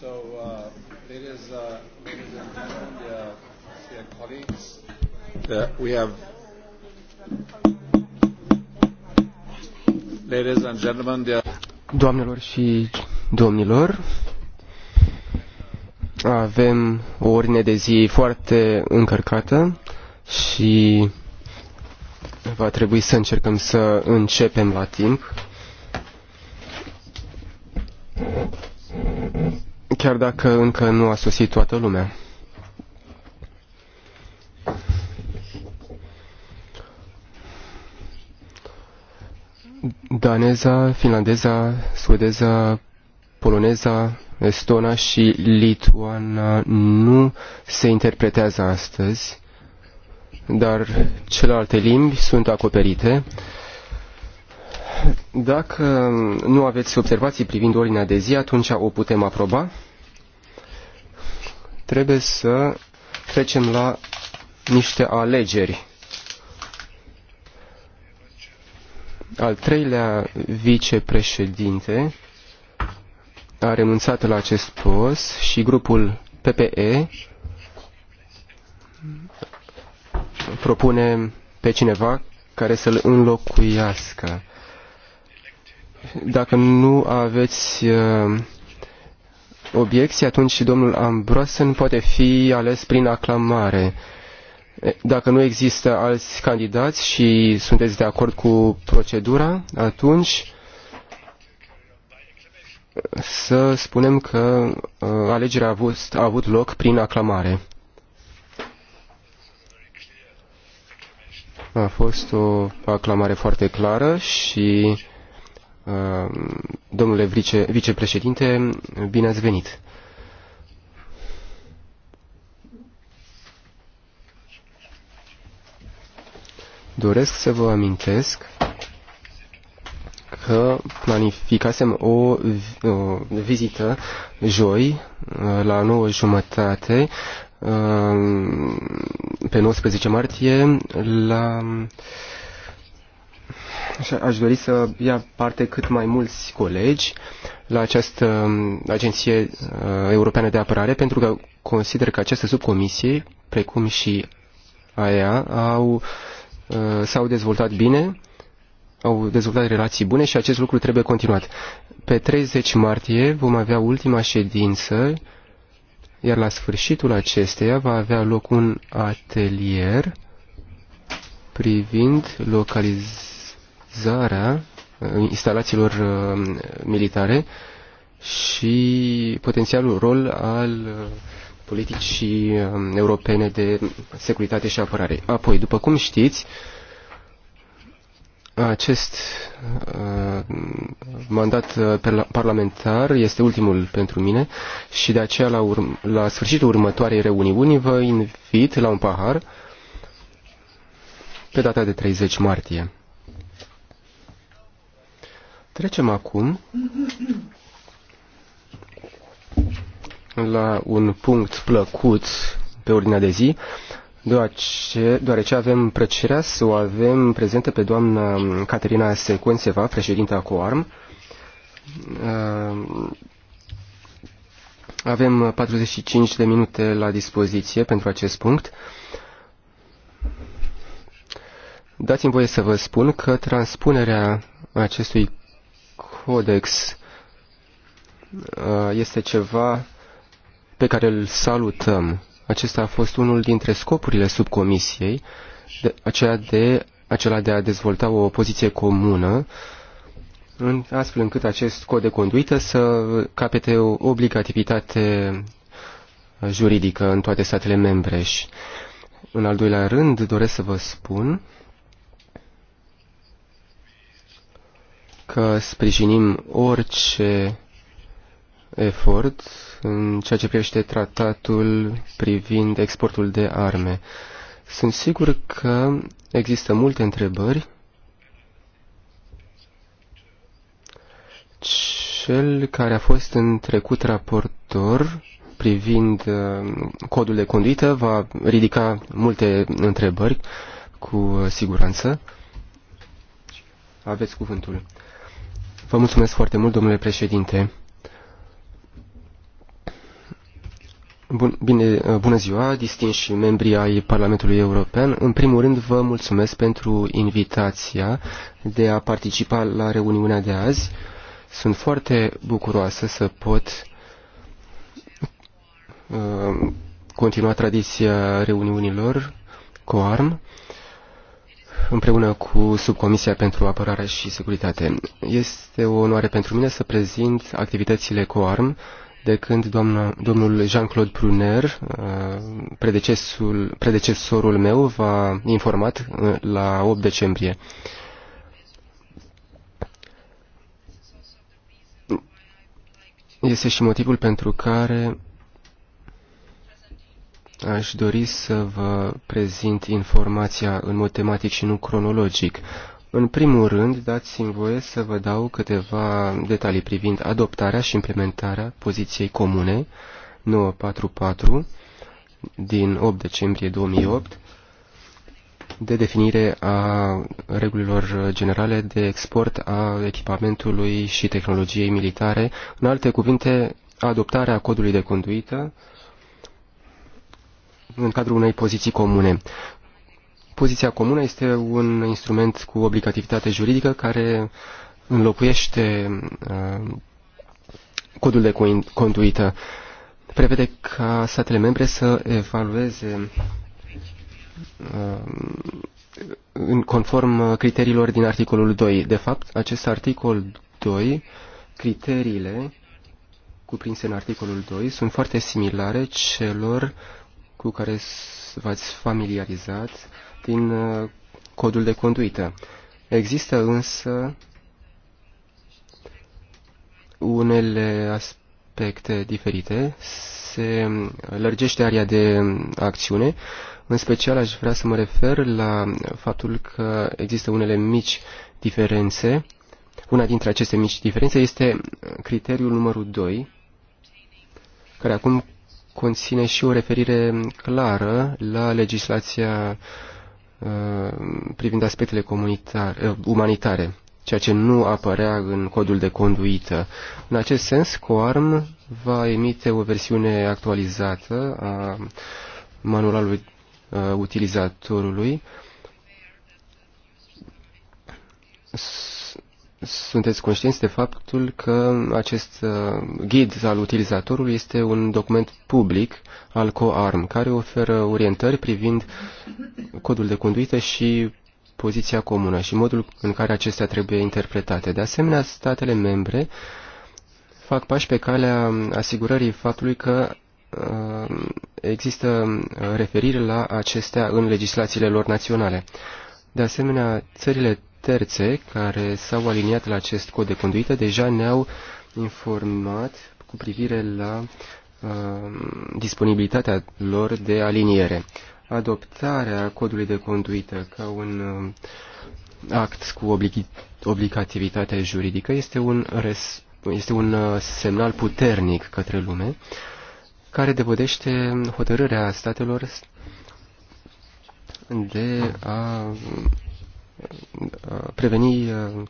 So, uh, ladies, uh, ladies and gentlemen, dear, dear colleagues, uh, we have. Ladies and gentlemen, dear. Doamnelor și domnilor, avem o ordine de zi foarte încărcată și va trebui să încercăm să începem la timp. chiar dacă încă nu a sosit toată lumea. daneza, finlandeza, suedeza, poloneza, estona și lituana nu se interpretează astăzi, dar celelalte limbi sunt acoperite. Dacă nu aveți observații privind ordinea de zi, atunci o putem aproba trebuie să trecem la niște alegeri. Al treilea vicepreședinte a renunțat la acest post și grupul PPE propune pe cineva care să-l înlocuiască. Dacă nu aveți uh, obiecții, atunci și domnul Ambrosen poate fi ales prin aclamare. Dacă nu există alți candidați și sunteți de acord cu procedura, atunci să spunem că uh, alegerea a avut, a avut loc prin aclamare. A fost o aclamare foarte clară și Uh, domnule vice, vicepreședinte, bine ați venit! Doresc să vă amintesc că planificasem o, o vizită joi uh, la 9 jumătate uh, pe 19 martie la aș dori să ia parte cât mai mulți colegi la această Agenție uh, Europeană de Apărare, pentru că consider că aceste subcomisii, precum și aia, au, uh, s-au dezvoltat bine, au dezvoltat relații bune și acest lucru trebuie continuat. Pe 30 martie vom avea ultima ședință, iar la sfârșitul acesteia va avea loc un atelier privind localizarea modernizarea uh, instalațiilor uh, militare și potențialul rol al uh, politicii europene de securitate și apărare. Apoi, după cum știți, acest mandat parlamentar este ultimul pentru mine și de aceea la, urm- la sfârșitul următoarei reuniuni vă invit la un pahar pe data de 30 martie. Trecem acum la un punct plăcut pe ordinea de zi, deoarece, deoarece avem plăcerea să o avem prezentă pe doamna Caterina Secuenseva, președinta COARM. Uh, avem 45 de minute la dispoziție pentru acest punct. Dați-mi voie să vă spun că transpunerea acestui codex uh, este ceva pe care îl salutăm. Acesta a fost unul dintre scopurile subcomisiei, de, aceea de, acela de a dezvolta o poziție comună, în, astfel încât acest cod de conduită să capete o obligativitate juridică în toate statele membre. Și, în al doilea rând, doresc să vă spun că sprijinim orice efort în ceea ce privește tratatul privind exportul de arme. Sunt sigur că există multe întrebări. Cel care a fost în trecut raportor privind uh, codul de conduită va ridica multe întrebări cu siguranță. Aveți cuvântul. Vă mulțumesc foarte mult, domnule președinte. Bun, bine, bună ziua, distinși membri ai Parlamentului European. În primul rând, vă mulțumesc pentru invitația de a participa la reuniunea de azi. Sunt foarte bucuroasă să pot uh, continua tradiția reuniunilor COARM împreună cu Subcomisia pentru Apărare și Securitate. Este o onoare pentru mine să prezint activitățile COARM de când doamna, domnul Jean-Claude Pruner, uh, predecesorul meu, va a informat uh, la 8 decembrie. Este și motivul pentru care Aș dori să vă prezint informația în mod tematic și nu cronologic. În primul rând, dați-mi voie să vă dau câteva detalii privind adoptarea și implementarea poziției comune 944 din 8 decembrie 2008 de definire a regulilor generale de export a echipamentului și tehnologiei militare, în alte cuvinte, adoptarea codului de conduită în cadrul unei poziții comune. Poziția comună este un instrument cu obligativitate juridică care înlocuiește uh, codul de conduită. Prevede ca statele membre să evalueze uh, în conform criteriilor din articolul 2. De fapt, acest articol 2, criteriile cuprinse în articolul 2 sunt foarte similare celor cu care v-ați familiarizat din uh, codul de conduită. Există însă unele aspecte diferite. Se lărgește area de acțiune. În special aș vrea să mă refer la faptul că există unele mici diferențe. Una dintre aceste mici diferențe este criteriul numărul 2, care acum conține și o referire clară la legislația uh, privind aspectele uh, umanitare, ceea ce nu apărea în codul de conduită. În acest sens, COARM va emite o versiune actualizată a manualului uh, utilizatorului sunteți conștienți de faptul că acest uh, ghid al utilizatorului este un document public al COARM, care oferă orientări privind codul de conduită și poziția comună și modul în care acestea trebuie interpretate. De asemenea, statele membre fac pași pe calea asigurării faptului că uh, există referire la acestea în legislațiile lor naționale. De asemenea, țările terțe care s-au aliniat la acest cod de conduită deja ne-au informat cu privire la uh, disponibilitatea lor de aliniere. Adoptarea codului de conduită ca un uh, act cu oblig obligativitate juridică este un, res este un uh, semnal puternic către lume care dovedește hotărârea statelor de a preveni uh,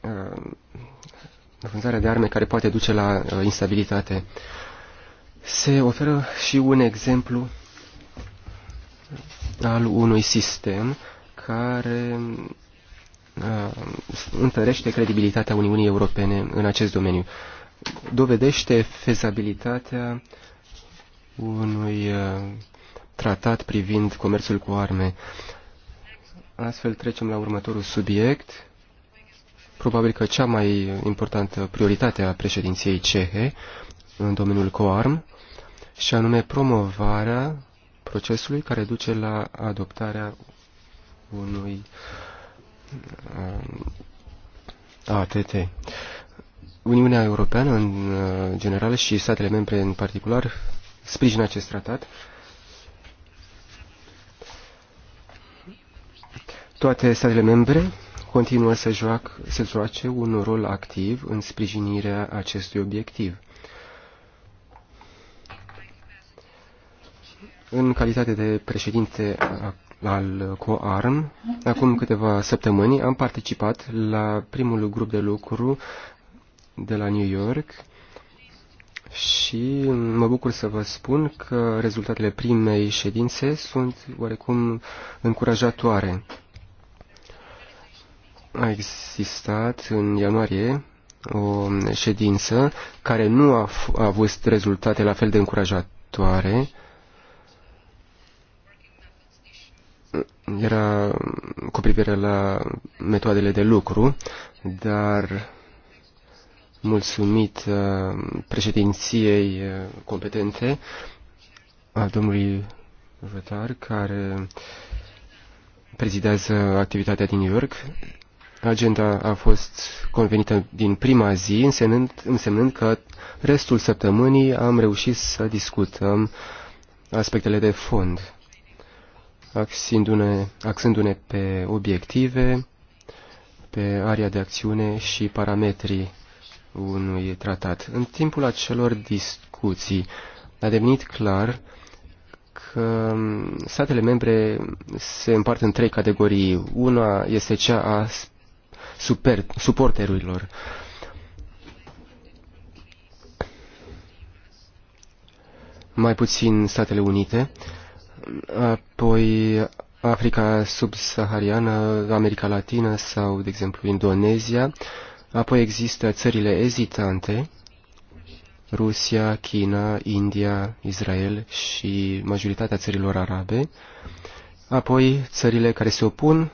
uh, vânzarea de arme care poate duce la uh, instabilitate. Se oferă și un exemplu al unui sistem care întărește credibilitatea Uniunii Europene în acest domeniu. Dovedește fezabilitatea unui tratat privind comerțul cu arme. Astfel trecem la următorul subiect. Probabil că cea mai importantă prioritate a președinției cehe în domeniul COARM, și anume promovarea procesului care duce la adoptarea unui uh, ATT. Uniunea Europeană în uh, general și statele membre în particular sprijină acest tratat Toate statele membre continuă să, joacă, să joace un rol activ în sprijinirea acestui obiectiv. În calitate de președinte al COARM, acum câteva săptămâni am participat la primul grup de lucru de la New York și mă bucur să vă spun că rezultatele primei ședințe sunt oarecum încurajatoare a existat în ianuarie o ședință care nu a, a avut rezultate la fel de încurajatoare. Era cu privire la metodele de lucru, dar mulțumit uh, președinției uh, competente a domnului Vătar, care prezidează activitatea din New York, Agenda a fost convenită din prima zi, însemnând, însemnând că restul săptămânii am reușit să discutăm aspectele de fond, axându-ne, axându-ne pe obiective, pe area de acțiune și parametrii unui tratat. În timpul acelor discuții a devenit clar că statele membre se împart în trei categorii. Una este cea a super, suporterilor. Mai puțin Statele Unite, apoi Africa subsahariană, America Latină sau, de exemplu, Indonezia. Apoi există țările ezitante, Rusia, China, India, Israel și majoritatea țărilor arabe. Apoi țările care se opun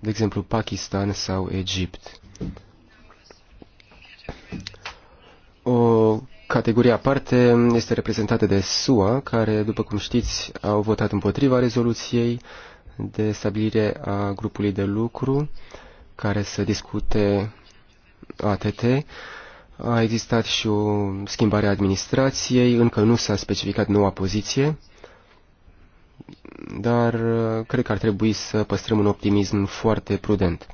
de exemplu Pakistan sau Egipt. O categorie aparte este reprezentată de SUA, care, după cum știți, au votat împotriva rezoluției de stabilire a grupului de lucru care să discute ATT. A existat și o schimbare a administrației, încă nu s-a specificat noua poziție dar uh, cred că ar trebui să păstrăm un optimism foarte prudent.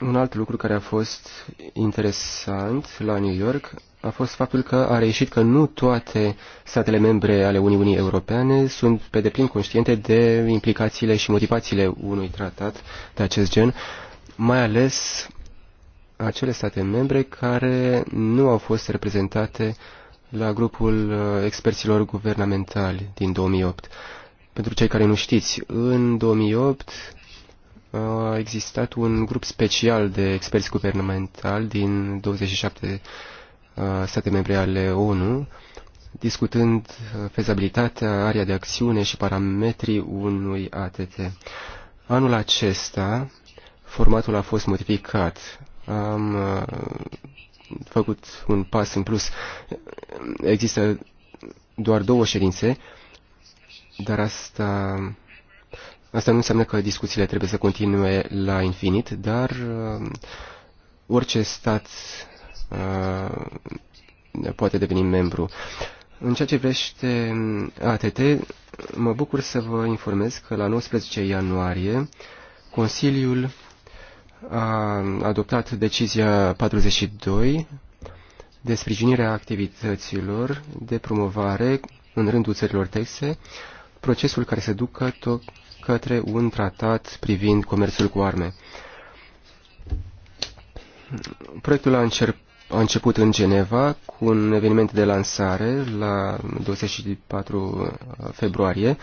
Un alt lucru care a fost interesant la New York a fost faptul că a reieșit că nu toate statele membre ale Uniunii Europene sunt pe deplin conștiente de implicațiile și motivațiile unui tratat de acest gen, mai ales acele state membre care nu au fost reprezentate uh, la grupul uh, experților guvernamentali din 2008. Pentru cei care nu știți, în 2008 uh, a existat un grup special de experți guvernamentali din 27 uh, state membre ale ONU, discutând fezabilitatea, area de acțiune și parametrii unui ATT. Anul acesta, formatul a fost modificat. Am făcut un pas în plus. Există doar două ședințe, dar asta, asta nu înseamnă că discuțiile trebuie să continue la infinit, dar uh, orice stat uh, poate deveni membru. În ceea ce privește ATT, mă bucur să vă informez că la 19 ianuarie Consiliul a adoptat decizia 42 de sprijinire a activităților de promovare în rândul țărilor texte, procesul care se ducă tot către un tratat privind comerțul cu arme. Proiectul a, a început în Geneva cu un eveniment de lansare la 24 februarie,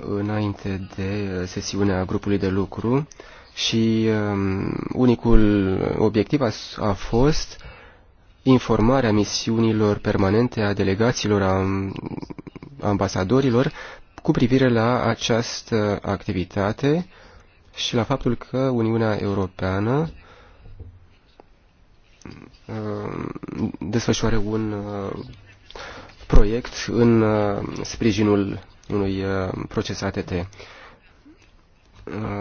înainte de sesiunea grupului de lucru și uh, unicul obiectiv a, a fost informarea misiunilor permanente a delegațiilor, a, a um, ambasadorilor cu privire la această activitate și la faptul că Uniunea Europeană um, desfășoare un uh, proiect în uh, sprijinul unui uh, proces ATT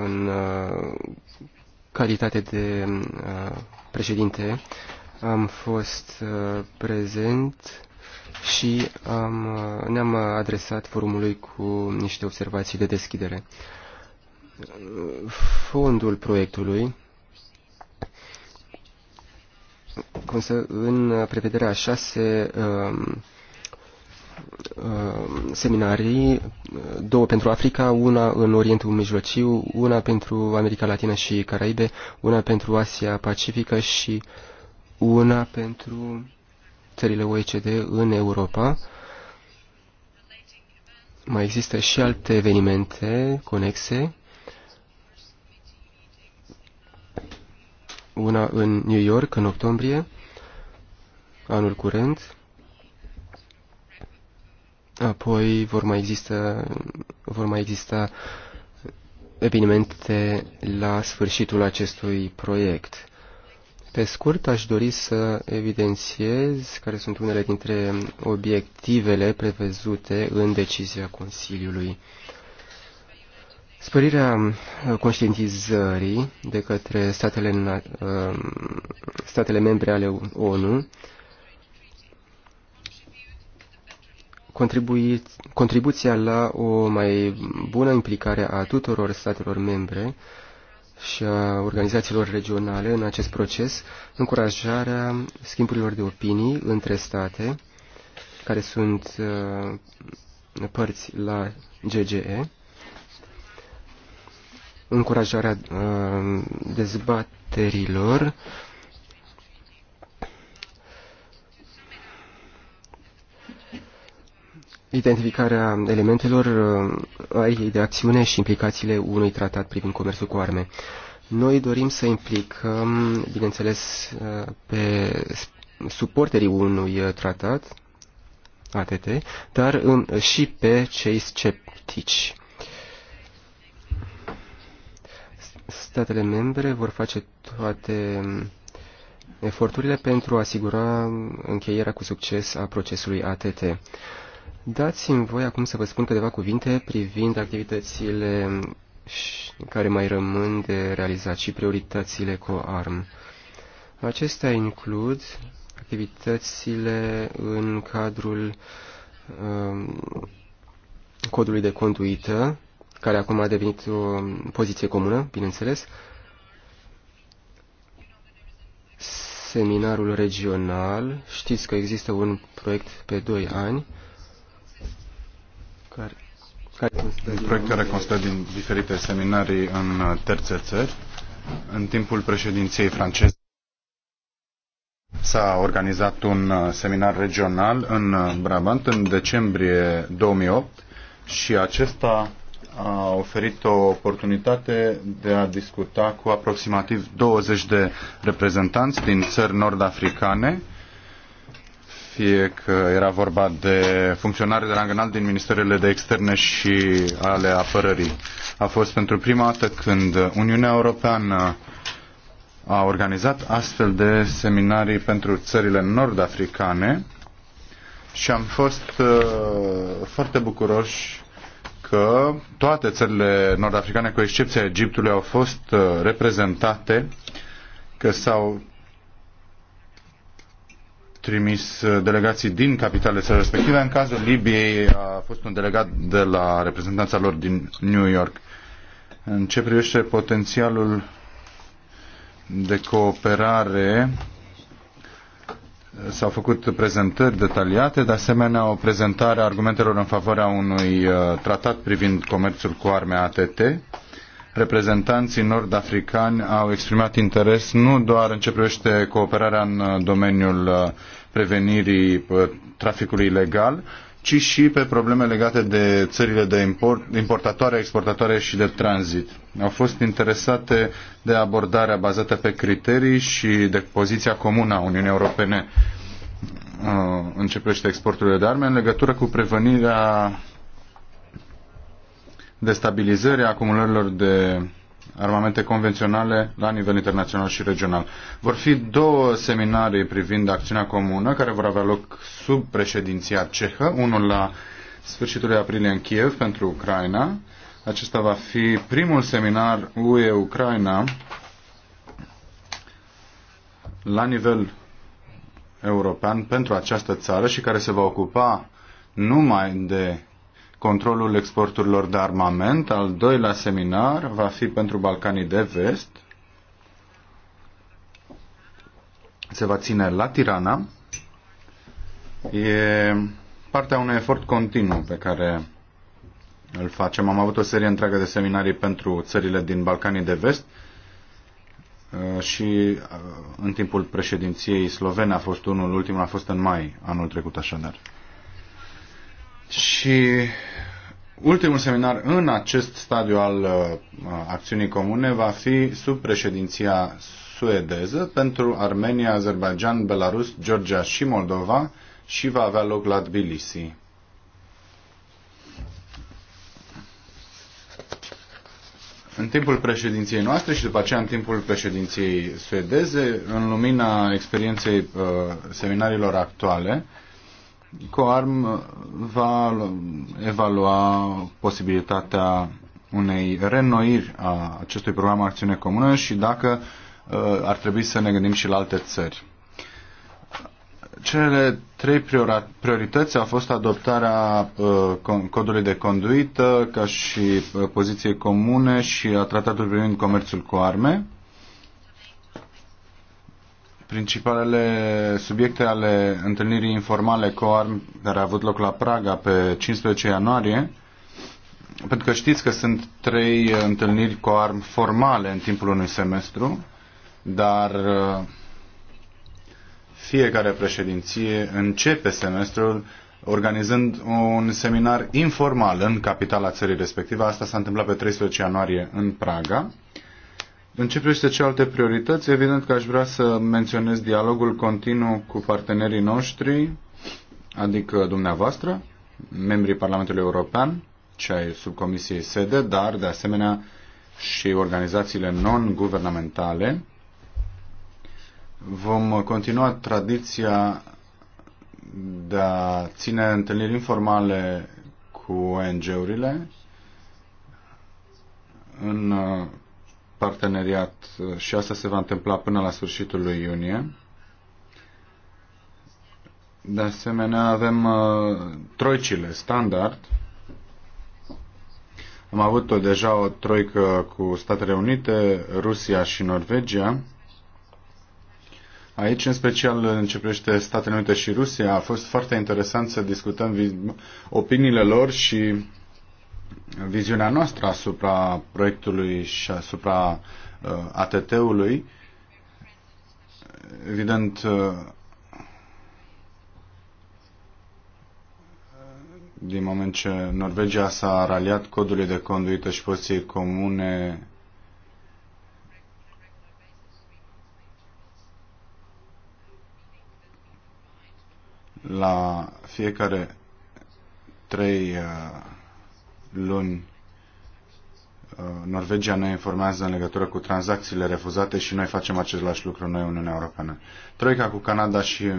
în uh, calitate de uh, președinte am fost uh, prezent și am, ne-am adresat forumului cu niște observații de deschidere. Fondul proiectului constă în prevederea șase uh, Uh, seminarii, uh, două pentru Africa, una în Orientul Mijlociu, una pentru America Latină și Caraibe, una pentru Asia Pacifică și una pentru țările OECD în Europa. Mai există și alte evenimente conexe, una în New York în octombrie, anul curent, Apoi vor mai exista, vor mai exista evenimente la sfârșitul acestui proiect. Pe scurt, aș dori să evidențiez care sunt unele dintre obiectivele prevăzute în decizia Consiliului. Spărirea conștientizării de către statele, ă, statele membre ale ONU contribuția la o mai bună implicare a tuturor statelor membre și a organizațiilor regionale în acest proces, încurajarea schimburilor de opinii între state care sunt uh, părți la GGE, încurajarea uh, dezbaterilor identificarea elementelor uh, de acțiune și implicațiile unui tratat privind comerțul cu arme. Noi dorim să implicăm, bineînțeles, uh, pe suporterii unui uh, tratat, ATT, dar um, și pe cei sceptici. Statele membre vor face toate um, eforturile pentru a asigura încheierea cu succes a procesului ATT. Dați-mi voi acum să vă spun câteva cuvinte privind activitățile care mai rămân de realizat și prioritățile cu arm. Acestea includ activitățile în cadrul um, codului de conduită, care acum a devenit o poziție comună, bineînțeles, seminarul regional, știți că există un proiect pe 2 ani, un proiect care constă din diferite seminarii în uh, terțe țări. În timpul președinției franceze s-a organizat un uh, seminar regional în uh, Brabant în decembrie 2008 și acesta a oferit o oportunitate de a discuta cu aproximativ 20 de reprezentanți din țări nord-africane fie că era vorba de funcționari de rang înalt din ministerele de externe și ale apărării. A fost pentru prima dată când Uniunea Europeană a organizat astfel de seminarii pentru țările nord-africane și am fost uh, foarte bucuroși că toate țările nord-africane, cu excepția Egiptului, au fost uh, reprezentate, că s-au trimis uh, delegații din capitalele țării respective. În cazul Libiei a fost un delegat de la reprezentanța lor din New York. În ce privește potențialul de cooperare, s-au făcut prezentări detaliate, de asemenea o prezentare a argumentelor în favoarea unui uh, tratat privind comerțul cu arme ATT. Reprezentanții nord-africani au exprimat interes nu doar în ce privește cooperarea în uh, domeniul prevenirii traficului ilegal, ci și pe probleme legate de țările de import, importatoare, exportatoare și de tranzit. Au fost interesate de abordarea bazată pe criterii și de poziția comună a Uniunii Europene uh, în ce privește exporturile de arme în legătură cu prevenirea destabilizării acumulărilor de armamente convenționale la nivel internațional și regional. Vor fi două seminarii privind acțiunea comună care vor avea loc sub președinția cehă, unul la sfârșitul aprilie în Kiev pentru Ucraina. Acesta va fi primul seminar UE-Ucraina la nivel european pentru această țară și care se va ocupa numai de controlul exporturilor de armament. Al doilea seminar va fi pentru Balcanii de Vest. Se va ține la Tirana. E partea unui efort continuu pe care îl facem. Am avut o serie întreagă de seminarii pentru țările din Balcanii de Vest uh, și uh, în timpul președinției slovene a fost unul, ultimul a fost în mai anul trecut așadar. Și Ultimul seminar în acest stadiu al uh, acțiunii comune va fi sub președinția suedeză pentru Armenia, Azerbaijan, Belarus, Georgia și Moldova și va avea loc la Tbilisi. În timpul președinției noastre și după aceea în timpul președinției suedeze, în lumina experienței uh, seminarilor actuale, uh, COARM uh, va evalua posibilitatea unei reînnoiri a acestui program Acțiune Comună și dacă uh, ar trebui să ne gândim și la alte țări. Cele trei priorități au fost adoptarea uh, codului de conduită ca și poziție comune și a tratatului privind comerțul cu arme, Principalele subiecte ale întâlnirii informale COARM care a avut loc la Praga pe 15 ianuarie, pentru că știți că sunt trei întâlniri COARM formale în timpul unui semestru, dar uh, fiecare președinție începe semestrul organizând un seminar informal în capitala țării respective. Asta s-a întâmplat pe 13 ianuarie în Praga. În ce privește celelalte priorități, evident că aș vrea să menționez dialogul continuu cu partenerii noștri, adică dumneavoastră, membrii Parlamentului European, cei ai comisiei sede, dar de asemenea și organizațiile non-guvernamentale. Vom continua tradiția de a ține întâlniri informale cu ONG-urile în parteneriat uh, și asta se va întâmpla până la sfârșitul lui iunie. De asemenea, avem uh, troicile standard. Am avut-o deja o troică cu Statele Unite, Rusia și Norvegia. Aici, în special, începește Statele Unite și Rusia. A fost foarte interesant să discutăm opiniile lor și viziunea noastră asupra proiectului și asupra uh, ATT-ului. Evident, uh, din moment ce Norvegia s-a raliat codului de conduită și poziții comune la fiecare trei uh, luni uh, Norvegia ne informează în legătură cu tranzacțiile refuzate și noi facem același lucru noi, Uniunea Europeană. Troica cu Canada și uh,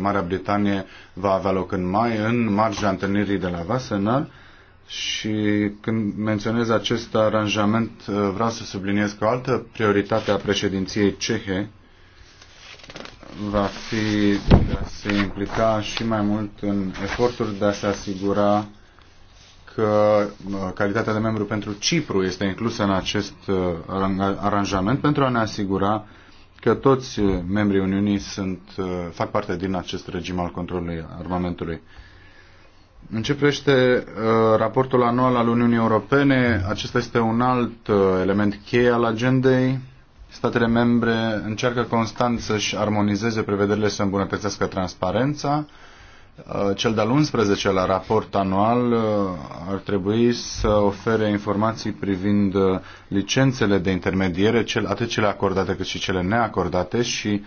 Marea Britanie va avea loc în mai, în marja întâlnirii de la Vasena și când menționez acest aranjament uh, vreau să subliniez că o altă prioritate a președinției cehe va fi de a se implica și mai mult în eforturi de a se asigura că uh, calitatea de membru pentru Cipru este inclusă în acest uh, aranjament pentru a ne asigura că toți uh, membrii Uniunii sunt, fac parte din acest regim al controlului armamentului. Începește raportul anual al Uniunii Europene. Acesta este un alt element cheie al agendei. Statele membre încearcă constant să-și armonizeze prevederile să îmbunătățească transparența Uh, cel de-al 11-lea raport anual uh, ar trebui să ofere informații privind uh, licențele de intermediere, atât cele acordate cât și cele neacordate și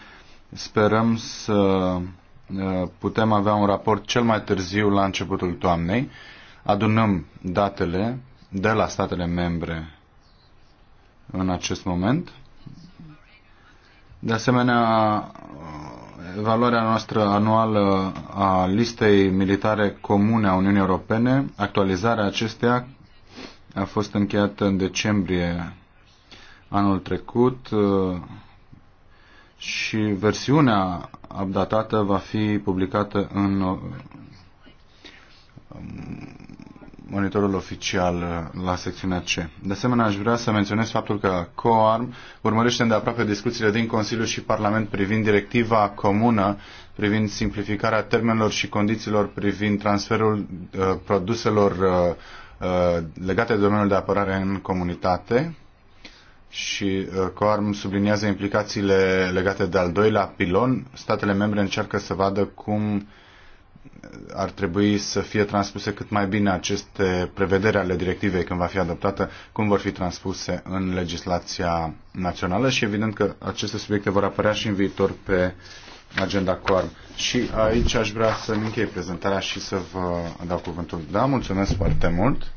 sperăm să putem avea un raport cel mai târziu la începutul toamnei. Adunăm datele de la statele membre în acest moment. De asemenea, Valoarea noastră anuală a listei militare comune a Uniunii Europene, actualizarea acesteia a fost încheiată în decembrie anul trecut uh, și versiunea updatată va fi publicată în monitorul oficial uh, la secțiunea C. De asemenea, aș vrea să menționez faptul că COARM urmărește de aproape discuțiile din Consiliu și Parlament privind directiva comună privind simplificarea termenelor și condițiilor privind transferul uh, produselor uh, uh, legate de domeniul de apărare în comunitate și uh, COARM subliniază implicațiile legate de al doilea pilon. Statele membre încearcă să vadă cum uh, ar trebui să fie transpuse cât mai bine aceste prevedere ale directivei când va fi adoptată, cum vor fi transpuse în legislația națională și evident că aceste subiecte vor apărea și în viitor pe agenda COARM. Și aici aș vrea să închei prezentarea și să vă dau cuvântul. Da, mulțumesc foarte mult.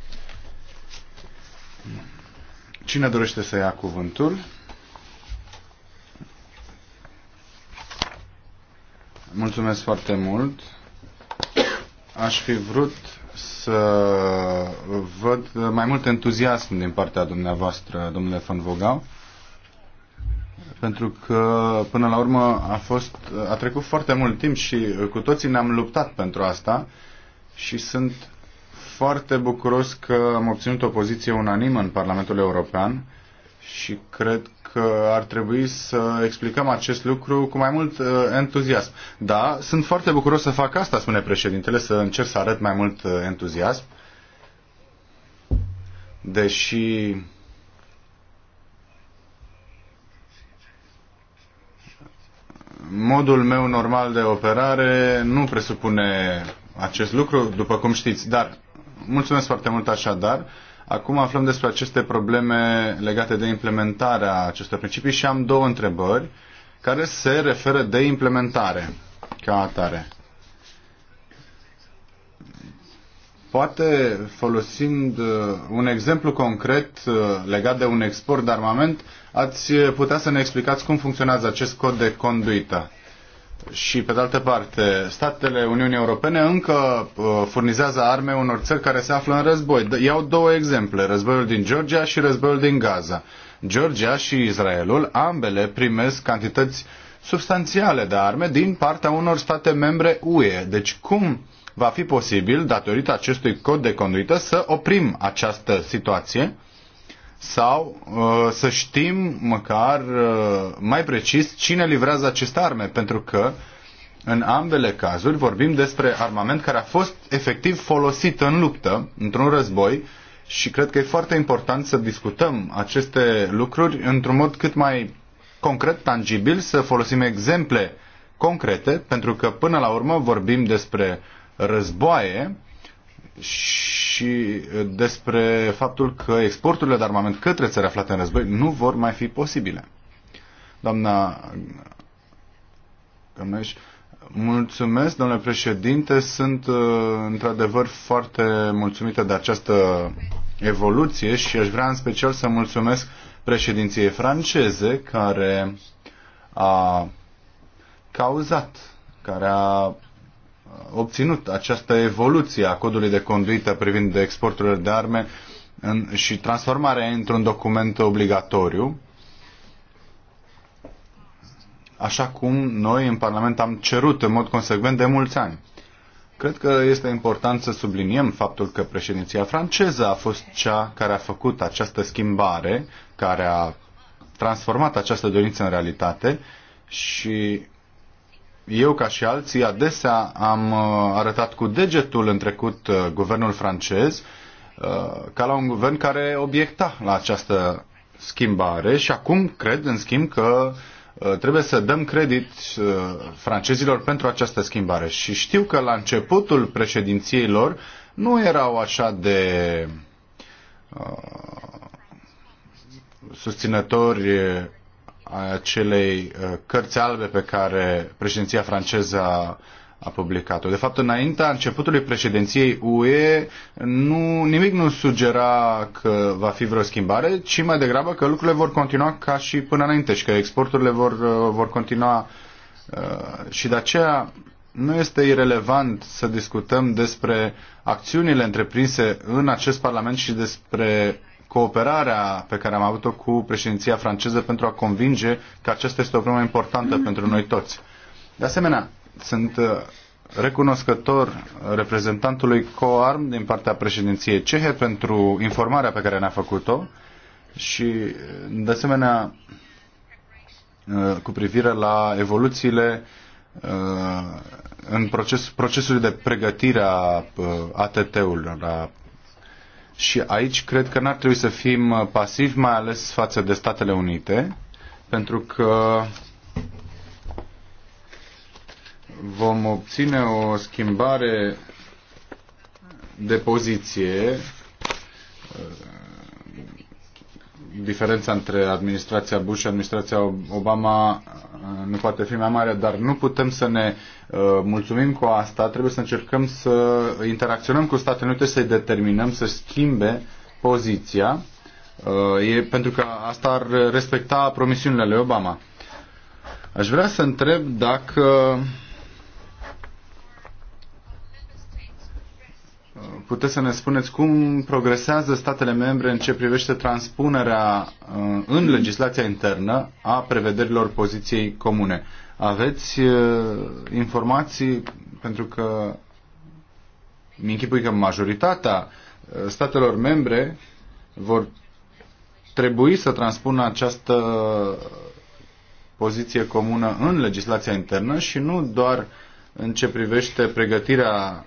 Cine dorește să ia cuvântul? Mulțumesc foarte mult. Aș fi vrut să văd mai mult entuziasm din partea dumneavoastră, domnule Van Vogau, pentru că până la urmă a, fost, a trecut foarte mult timp și cu toții ne-am luptat pentru asta și sunt foarte bucuros că am obținut o poziție unanimă în Parlamentul European și cred că ar trebui să explicăm acest lucru cu mai mult uh, entuziasm. Da, sunt foarte bucuros să fac asta, spune președintele, să încerc să arăt mai mult uh, entuziasm. Deși modul meu normal de operare nu presupune acest lucru, după cum știți, dar mulțumesc foarte mult așadar. Acum aflăm despre aceste probleme legate de implementarea acestor principii și am două întrebări care se referă de implementare ca atare. Poate folosind uh, un exemplu concret uh, legat de un export de armament, ați putea să ne explicați cum funcționează acest cod de conduită și, pe de altă parte, statele Uniunii Europene încă uh, furnizează arme unor țări care se află în război. Iau două exemple, războiul din Georgia și războiul din Gaza. Georgia și Israelul, ambele primesc cantități substanțiale de arme din partea unor state membre UE. Deci cum va fi posibil, datorită acestui cod de conduită, să oprim această situație? sau uh, să știm măcar uh, mai precis cine livrează aceste arme, pentru că în ambele cazuri vorbim despre armament care a fost efectiv folosit în luptă, într-un război, și cred că e foarte important să discutăm aceste lucruri într-un mod cât mai concret, tangibil, să folosim exemple concrete, pentru că până la urmă vorbim despre războaie și despre faptul că exporturile de armament către țări aflate în război nu vor mai fi posibile. Doamna Gămeș, mulțumesc, domnule președinte, sunt uh, într-adevăr foarte mulțumită de această evoluție și aș vrea în special să mulțumesc președinției franceze care a cauzat, care a obținut această evoluție a codului de conduită privind exporturile de arme în, și transformarea într-un document obligatoriu, așa cum noi în Parlament am cerut în mod consecvent de mulți ani. Cred că este important să subliniem faptul că președinția franceză a fost cea care a făcut această schimbare, care a transformat această dorință în realitate și eu ca și alții adesea am uh, arătat cu degetul în trecut uh, guvernul francez uh, ca la un guvern care obiecta la această schimbare și acum cred în schimb că trebuie să dăm credit francezilor pentru această schimbare și știu că la începutul președinției lor nu erau așa de susținători acelei uh, cărți albe pe care președinția franceză a a publicat-o. De fapt, înaintea începutului președinției UE, nu, nimic nu sugera că va fi vreo schimbare, ci mai degrabă că lucrurile vor continua ca și până înainte și că exporturile vor, uh, vor continua. Uh, și de aceea nu este irelevant să discutăm despre acțiunile întreprinse în acest Parlament și despre cooperarea pe care am avut-o cu președinția franceză pentru a convinge că aceasta este o problemă importantă pentru noi toți. De asemenea, sunt uh, recunoscător reprezentantului COARM din partea președinției cehe pentru informarea pe care ne-a făcut-o și, de asemenea, uh, cu privire la evoluțiile uh, în proces, procesul de pregătire a ATT-ului, a și aici cred că n-ar trebui să fim uh, pasivi, mai ales față de Statele Unite, pentru că vom obține o schimbare de poziție uh, diferența între administrația Bush și administrația Obama uh, nu poate fi mai mare, dar nu putem să ne uh, mulțumim cu asta, trebuie să încercăm să interacționăm cu Statele Unite, să-i determinăm să schimbe poziția, uh, e, pentru că asta ar respecta promisiunile lui Obama. Aș vrea să întreb dacă puteți să ne spuneți cum progresează statele membre în ce privește transpunerea uh, în legislația internă a prevederilor poziției comune. Aveți uh, informații pentru că mi închipui că majoritatea uh, statelor membre vor trebui să transpună această poziție comună în legislația internă și nu doar în ce privește pregătirea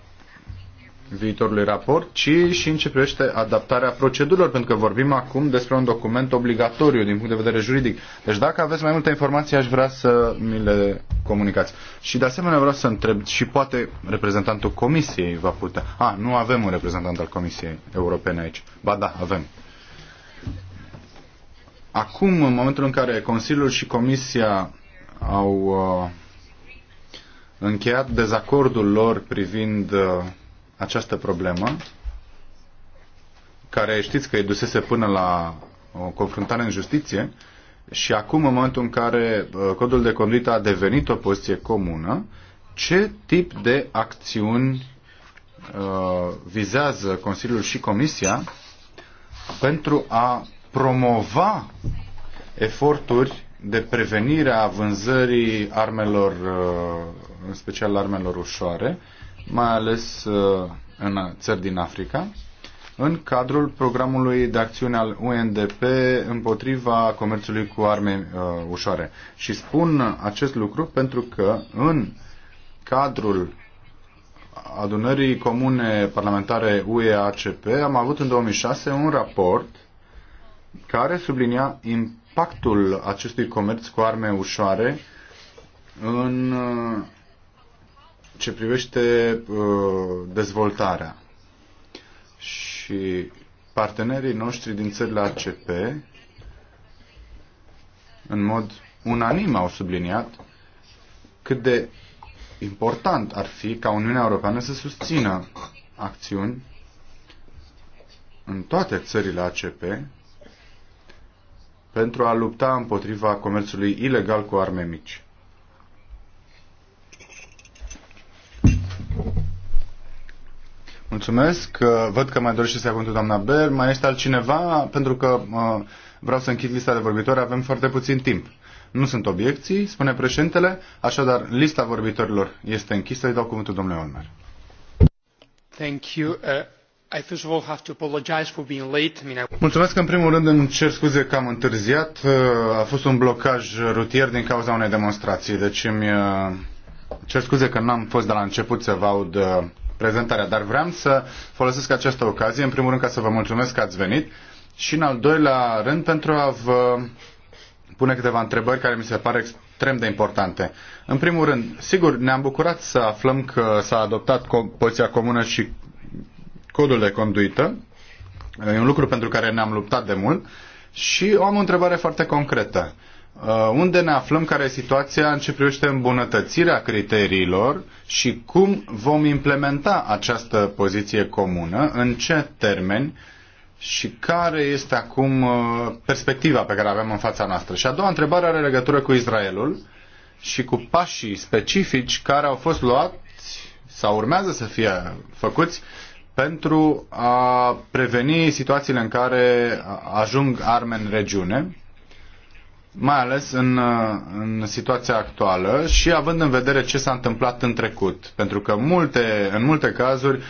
viitorului raport, ci și în ce privește adaptarea procedurilor, pentru că vorbim acum despre un document obligatoriu din punct de vedere juridic. Deci dacă aveți mai multe informații, aș vrea să mi le comunicați. Și de asemenea vreau să întreb și poate reprezentantul Comisiei va putea. A, nu avem un reprezentant al Comisiei Europene aici. Ba da, avem. Acum, în momentul în care Consiliul și Comisia au uh, încheiat dezacordul lor privind uh, această problemă, care știți că îi dusese până la o confruntare în justiție, și acum, în momentul în care uh, codul de conduită a devenit o poziție comună, ce tip de acțiuni uh, vizează Consiliul și Comisia pentru a promova eforturi de prevenire a vânzării armelor, uh, în special armelor ușoare, mai ales uh, în țări din Africa, în cadrul programului de acțiune al UNDP împotriva comerțului cu arme uh, ușoare. Și spun acest lucru pentru că în cadrul adunării comune parlamentare UEACP am avut în 2006 un raport care sublinia impactul acestui comerț cu arme ușoare în uh, ce privește uh, dezvoltarea. Și partenerii noștri din țările ACP în mod unanim au subliniat cât de important ar fi ca Uniunea Europeană să susțină acțiuni în toate țările ACP pentru a lupta împotriva comerțului ilegal cu arme mici. Mulțumesc. Văd că mai dorește să ia cuvântul doamna Ber. Mai este altcineva? Pentru că vreau să închid lista de vorbitori. Avem foarte puțin timp. Nu sunt obiecții, spune președintele. Așadar, lista vorbitorilor este închisă. Îi dau cuvântul domnului Olmer. Thank you. Uh... I first of all have to apologize for being late. I mean, I... Mulțumesc în primul rând, îmi cer scuze că am întârziat. Uh, a fost un blocaj rutier din cauza unei demonstrații, deci îmi uh, cer scuze că n-am fost de la început să vă aud uh, prezentarea, dar vreau să folosesc această ocazie, în primul rând, ca să vă mulțumesc că ați venit și, în al doilea rând, pentru a vă pune câteva întrebări care mi se pare extrem de importante. În primul rând, sigur, ne-am bucurat să aflăm că s-a adoptat poziția comună și codul de conduită. E un lucru pentru care ne-am luptat de mult. Și o am o întrebare foarte concretă. Uh, Uh, unde ne aflăm, care e situația în ce privește îmbunătățirea criteriilor și cum vom implementa această poziție comună, în ce termeni și care este acum uh, perspectiva pe care avem în fața noastră. Și a doua întrebare are legătură cu Israelul și cu pașii specifici care au fost luați sau urmează să fie făcuți pentru a preveni situațiile în care ajung arme în regiune mai ales în, uh, în situația actuală și având în vedere ce s-a întâmplat în trecut. Pentru că multe, în multe cazuri,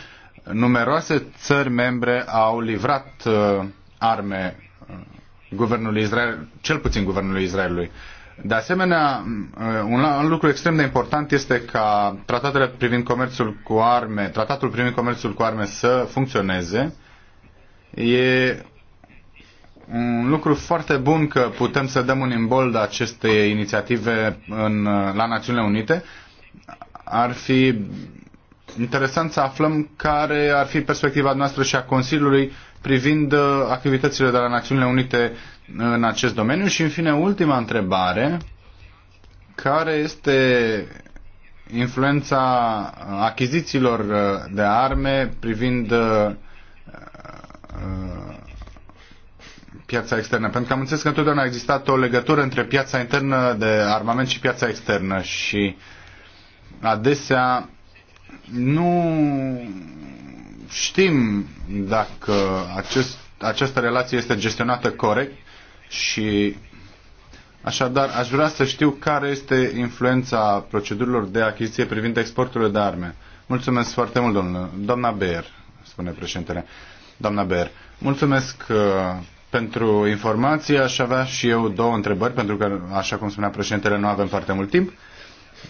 numeroase țări membre au livrat uh, arme uh, guvernului Israel, cel puțin guvernului Israelului. De asemenea, uh, un lucru extrem de important este ca tratatele privind comerțul cu arme, tratatul privind comerțul cu arme să funcționeze. E un lucru foarte bun că putem să dăm un imbold acestei inițiative în, la Națiunile Unite. Ar fi interesant să aflăm care ar fi perspectiva noastră și a Consiliului privind uh, activitățile de la Națiunile Unite în acest domeniu. Și, în fine, ultima întrebare, care este influența achizițiilor uh, de arme privind uh, piața externă? Pentru că am înțeles că întotdeauna a existat o legătură între piața internă de armament și piața externă și adesea nu știm dacă acest, această relație este gestionată corect și așadar aș vrea să știu care este influența procedurilor de achiziție privind exporturile de arme. Mulțumesc foarte mult, domnule. Doamna Beer, spune președintele. Doamna Beer, mulțumesc uh, pentru informații. Aș avea și eu două întrebări, pentru că, așa cum spunea președintele, nu avem foarte mult timp.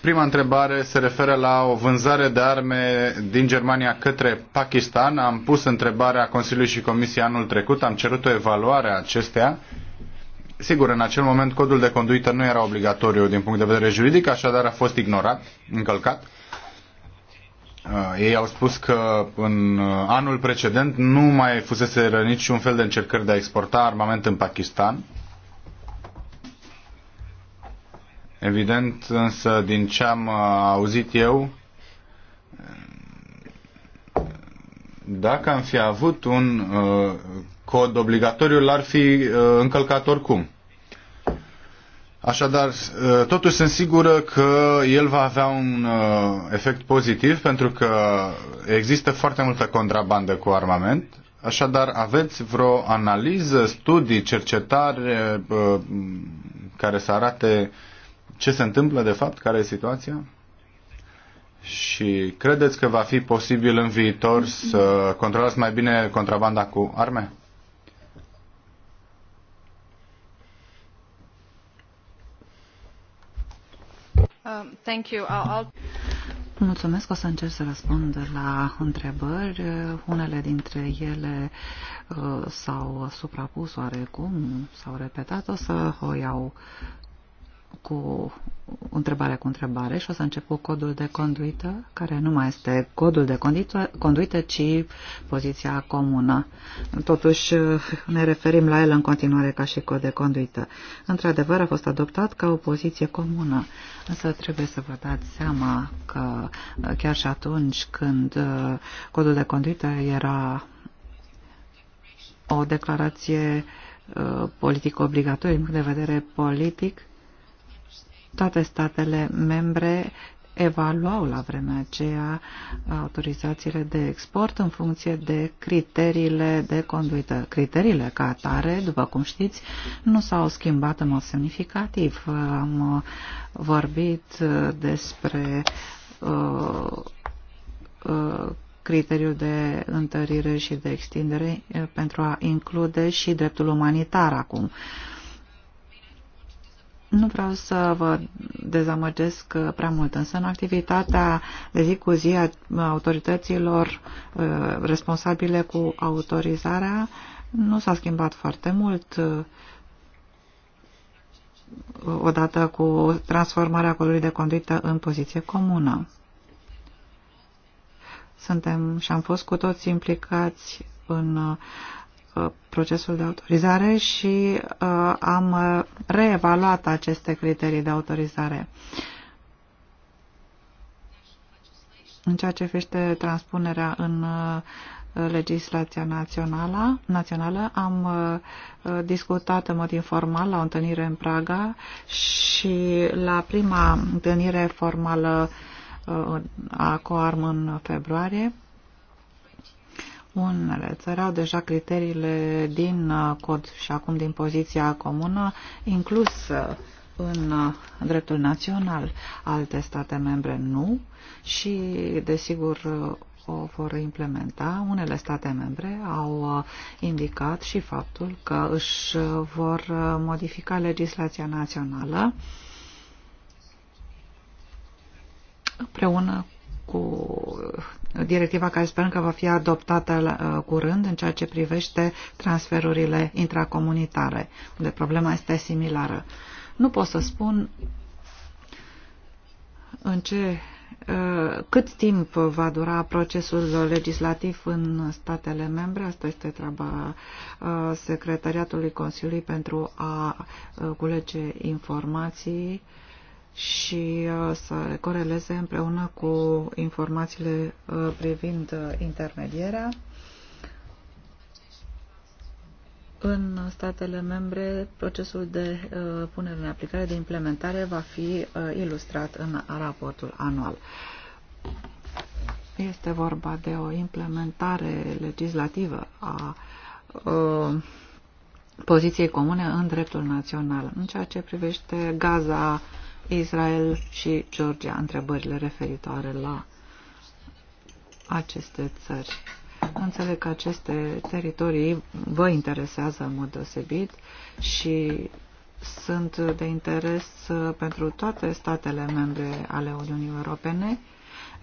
Prima întrebare se referă la o vânzare de arme din Germania către Pakistan. Am pus întrebarea Consiliului și Comisiei anul trecut, am cerut o evaluare a acestea. Sigur, în acel moment codul de conduită nu era obligatoriu din punct de vedere juridic, așadar a fost ignorat, încălcat. Uh, ei au spus că în uh, anul precedent nu mai fusese niciun fel de încercări de a exporta armament în Pakistan. Evident, însă, din ce am uh, auzit eu, dacă am fi avut un uh, cod obligatoriu, l-ar fi uh, încălcat oricum. Așadar, ă, totuși sunt sigură că el va avea un ă, efect pozitiv pentru că există foarte multă contrabandă cu armament. Așadar, aveți vreo analiză, studii, cercetare ă, care să arate ce se întâmplă de fapt, care e situația? Și credeți că va fi posibil în viitor să controlați mai bine contrabanda cu arme? Mulțumesc, o să încerc să răspund la întrebări. Unele dintre ele uh, s-au suprapus oarecum, s-au repetat. O să o iau cu întrebare cu întrebare și o să încep cu codul de conduită, care nu mai este codul de conduită, conduită ci poziția comună. Totuși uh, ne referim la el în continuare ca și cod de conduită. Într-adevăr a fost adoptat ca o poziție comună Însă trebuie să vă dați seama că uh, chiar și atunci când uh, codul de conduită era o declarație uh, politic obligatorie, din punct de vedere politic, toate statele membre evaluau la vremea aceea autorizațiile de export în funcție de criteriile de conduită. Criteriile ca atare, după cum știți, nu s-au schimbat în mod semnificativ. Am uh, vorbit uh, despre uh, criteriul de întărire și de extindere pentru a include și dreptul umanitar acum. Uh, nu vreau să vă dezamăgesc uh, prea mult, însă în activitatea de zi cu zi a uh, autorităților uh, responsabile cu autorizarea nu s-a schimbat foarte mult odată cu transformarea codului de conduită în poziție comună. Suntem și am fost cu toți implicați în Uh, procesul de autorizare și uh, am uh, reevaluat aceste criterii de autorizare. În ceea ce privește transpunerea în legislația națională, națională am discutat în mod informal la o întâlnire în Praga și la prima întâlnire formală a COARM în februarie unele țări au deja criteriile din cod și acum din poziția comună inclus uh, în uh, dreptul național. Alte state membre nu și, desigur, uh, o vor implementa. Unele state membre au indicat și faptul că își vor modifica legislația națională împreună cu directiva care sperăm că va fi adoptată uh, curând în ceea ce privește transferurile intracomunitare. unde problema este similară. Nu pot să spun în ce, uh, cât timp va dura procesul legislativ în statele membre. Asta este treaba uh, Secretariatului Consiliului pentru a culege informații și uh, să coreleze împreună cu informațiile uh, privind uh, intermedierea. În statele membre, procesul de punere în aplicare, de implementare, va fi ilustrat în raportul anual. Este vorba de o implementare legislativă a poziției comune în dreptul național. În ceea ce privește Gaza, Israel și Georgia, întrebările referitoare la aceste țări. Înțeleg că aceste teritorii vă interesează în mod deosebit și sunt de interes uh, pentru toate statele membre ale Uniunii Europene.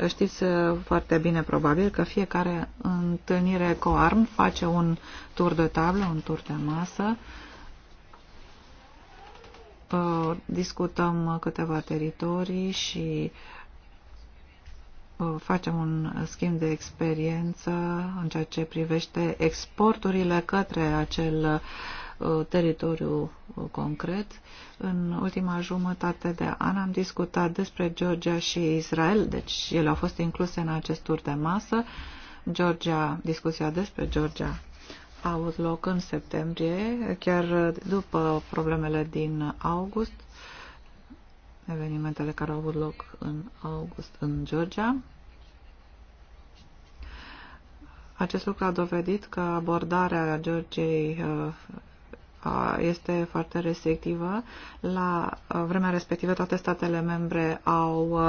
Știți uh, foarte bine, probabil, că fiecare întâlnire ARM face un tur de tablă, un tur de masă, Uh, discutăm câteva teritorii și uh, facem un schimb de experiență în ceea ce privește exporturile către acel uh, teritoriu concret. În ultima jumătate de an am discutat despre Georgia și Israel, deci ele au fost incluse în acest tur de masă. Georgia, discuția despre Georgia avut loc în septembrie, chiar după problemele din august, evenimentele care au avut loc în august în Georgia. Acest lucru a dovedit că abordarea Georgiei uh, este foarte restrictivă. La vremea respectivă toate statele membre au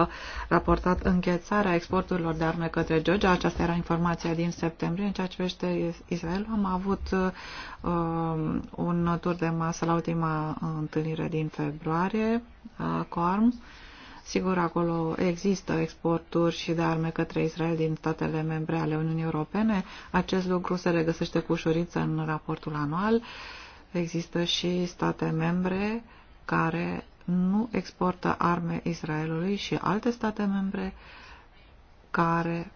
raportat înghețarea exporturilor de arme către Georgia. Aceasta era informația din septembrie. În ceea ce vește Israel, am avut un tur de masă la ultima întâlnire din februarie, COARM. Sigur, acolo există exporturi și de arme către Israel din statele membre ale Uniunii Europene. Acest lucru se regăsește cu ușurință în raportul anual. Uh, Există și state membre care nu exportă arme Israelului și alte state membre care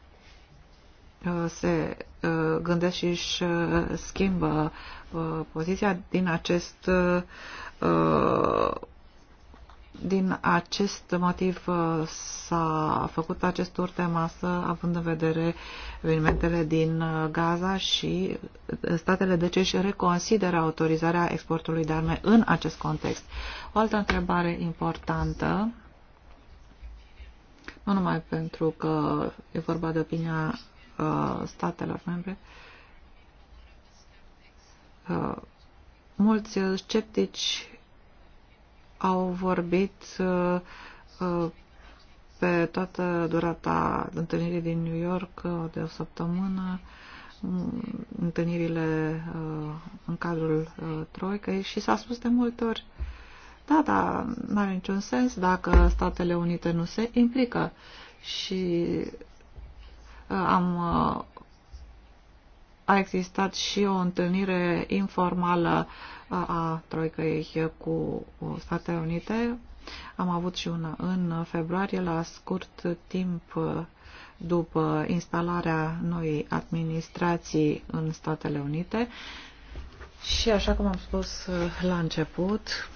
uh, se uh, gândesc și își uh, schimbă poziția din acest din acest motiv uh, s-a făcut acest tur de masă, având în vedere evenimentele din uh, Gaza și uh, statele de ce își reconsideră autorizarea exportului de arme în acest context. O altă întrebare importantă, nu numai pentru că e vorba de opinia statelor membre, mulți sceptici au vorbit uh, uh, pe toată durata întâlnirii din New York uh, de o săptămână, mm, întâlnirile în cadrul Troicăi și s-a spus de multe ori, da, da, nu are niciun sens dacă Statele Unite nu se implică și am a existat și o întâlnire informală a Troicăi cu Statele Unite. Am avut și una în februarie, la scurt timp după instalarea noii administrații în Statele Unite. Și așa cum am spus uh, la început,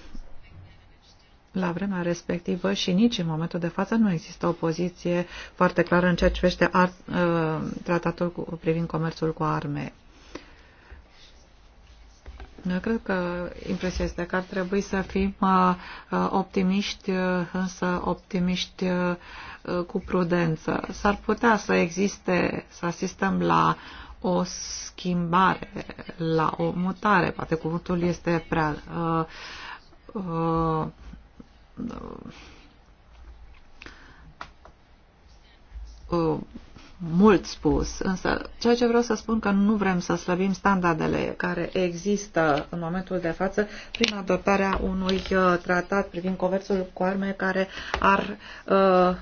la vremea respectivă și nici în momentul de față nu există o poziție foarte clară în ceea ce privește uh, tratatul cu, privind comerțul cu arme. Eu cred că impresia este că ar trebui să fim uh, uh, optimiști, uh, însă optimiști cu prudență. S-ar putea să existe, să asistăm la o schimbare, la o mutare, poate cuvântul este prea... Uh, uh, uh, mult spus, însă ceea ce vreau să spun că nu vrem să slăbim standardele care există în momentul de față prin adoptarea unui uh, tratat privind comerțul cu arme care ar uh,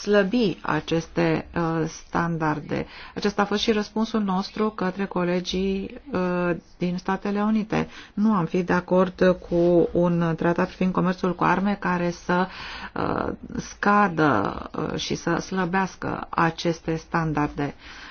slăbi aceste uh, standarde. Acesta a fost și răspunsul nostru către colegii uh, din Statele Unite. Nu am fi de acord cu un tratat privind comerțul cu arme care să uh, scadă uh, și să slăbească aceste standarde. Uh,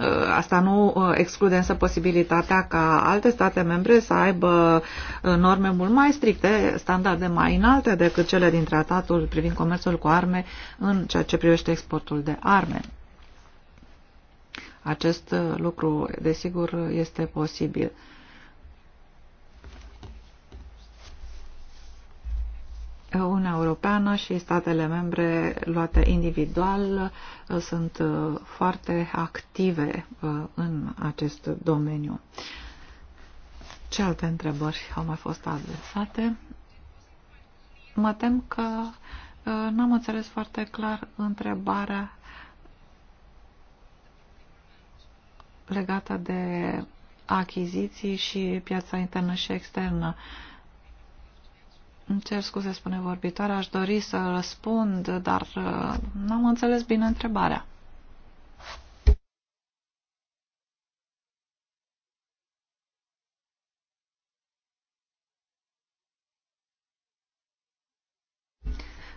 Ă, asta nu ă, exclude însă posibilitatea ca alte state membre să aibă ă, norme mult mai stricte, standarde mai înalte decât cele din tratatul privind comerțul cu arme în ceea ce privește exportul de arme. Acest lucru, desigur, este posibil. Uniunea Europeană și statele membre luate individual uh, sunt uh, foarte active uh, în acest domeniu. Ce alte întrebări au mai fost adresate? Mă tem că n-am înțeles foarte clar întrebarea legată de achiziții și piața internă și externă. Uh, îmi cer scuze, spune vorbitoarea, aș dori să răspund, dar uh, nu am înțeles bine întrebarea.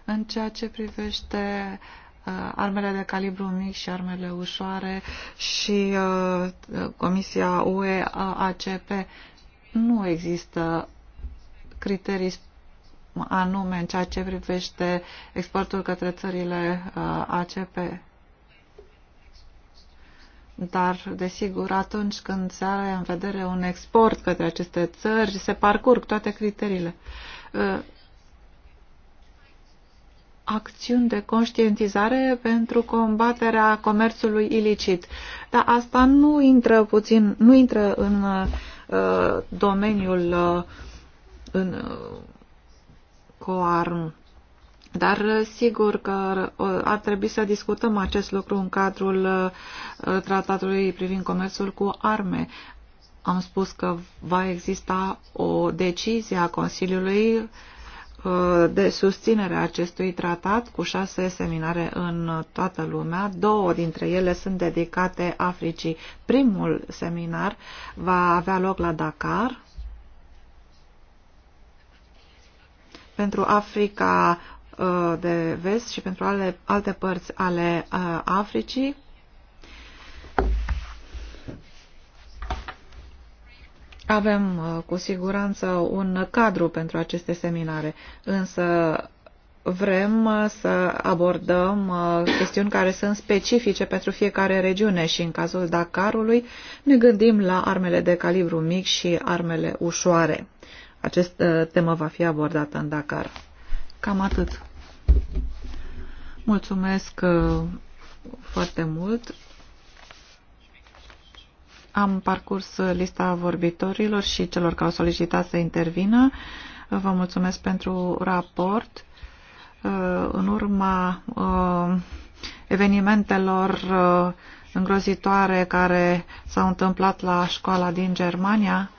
În ceea ce privește uh, armele de calibru mic și armele ușoare și uh, Comisia UE-ACP, nu există criterii anume în ceea ce privește exportul către țările uh, ACP. Dar, desigur, atunci când se are în vedere un export către aceste țări, se parcurg toate criteriile. Uh, acțiuni de conștientizare pentru combaterea comerțului ilicit. Dar asta nu intră puțin, nu intră în uh, domeniul uh, în uh, armă, Dar uh, sigur că uh, ar trebui să discutăm acest lucru în cadrul uh, tratatului privind comerțul cu arme. Am spus că va exista o decizie a Consiliului de susținere a acestui tratat cu șase seminare în toată lumea. Două dintre ele sunt dedicate Africii. Primul seminar va avea loc la Dakar pentru Africa uh, de vest și pentru ale, alte părți ale uh, Africii. Avem uh, cu siguranță un cadru pentru aceste seminare, însă vrem să abordăm chestiuni care sunt specifice pentru fiecare regiune și în cazul Dakarului ne gândim la armele de calibru mic și armele ușoare această uh, temă va fi abordată în Dakar. Cam atât. Mulțumesc uh, foarte mult. Am parcurs lista vorbitorilor și celor care au solicitat să intervină. Vă mulțumesc pentru raport. Uh, în urma evenimentelor îngrozitoare care s-au întâmplat la școala din Germania,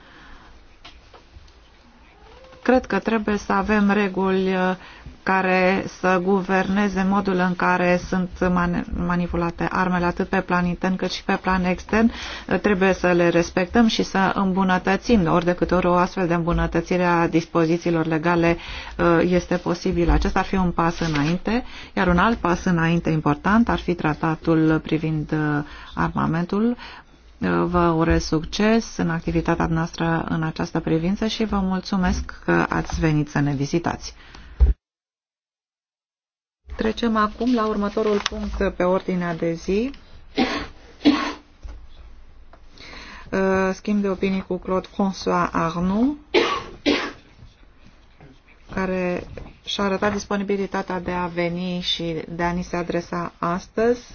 Cred că trebuie să avem reguli uh, care să guverneze modul în care sunt manipulate armele atât pe plan intern cât și pe plan extern. Uh, trebuie să le respectăm și să îmbunătățim. Ori de câte ori o astfel de îmbunătățire a dispozițiilor legale uh, este posibilă. Acesta ar fi un pas înainte, iar un alt pas înainte important ar fi tratatul privind armamentul. Vă urez succes în activitatea noastră în această privință și vă mulțumesc că ați venit să ne vizitați. Trecem acum la următorul punct pe ordinea de zi. Uh, schimb de opinii cu Claude François Arnoux, care și-a arătat disponibilitatea de a veni și de a ni se adresa astăzi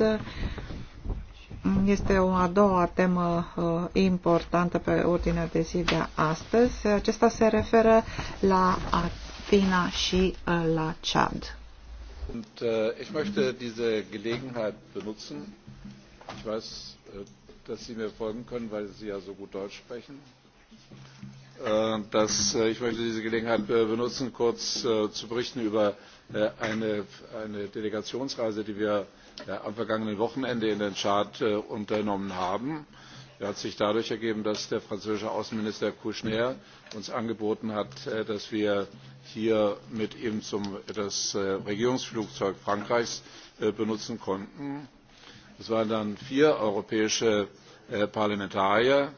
este o a doua temă uh, importantă pe ordinea de zi de astăzi. Acesta se referă la Atina și uh, la Chad. Und äh, ich möchte diese Gelegenheit benutzen. Ich weiß, äh, dass Sie mir folgen können, weil Sie ja so gut Deutsch sprechen. Äh, dass, äh, ich möchte diese Gelegenheit benutzen, kurz äh, zu berichten über äh, eine, eine Delegationsreise, die wir äh, Äh, am vergangenen Wochenende in den Tschad äh, unternommen haben. Er hat sich dadurch ergeben, dass der französische Außenminister Kouchner uns angeboten hat, äh, dass wir hier mit ihm zum, das Regierungsflugzeug Frankreichs benutzen konnten. Es waren dann vier europäische Parlamentarier,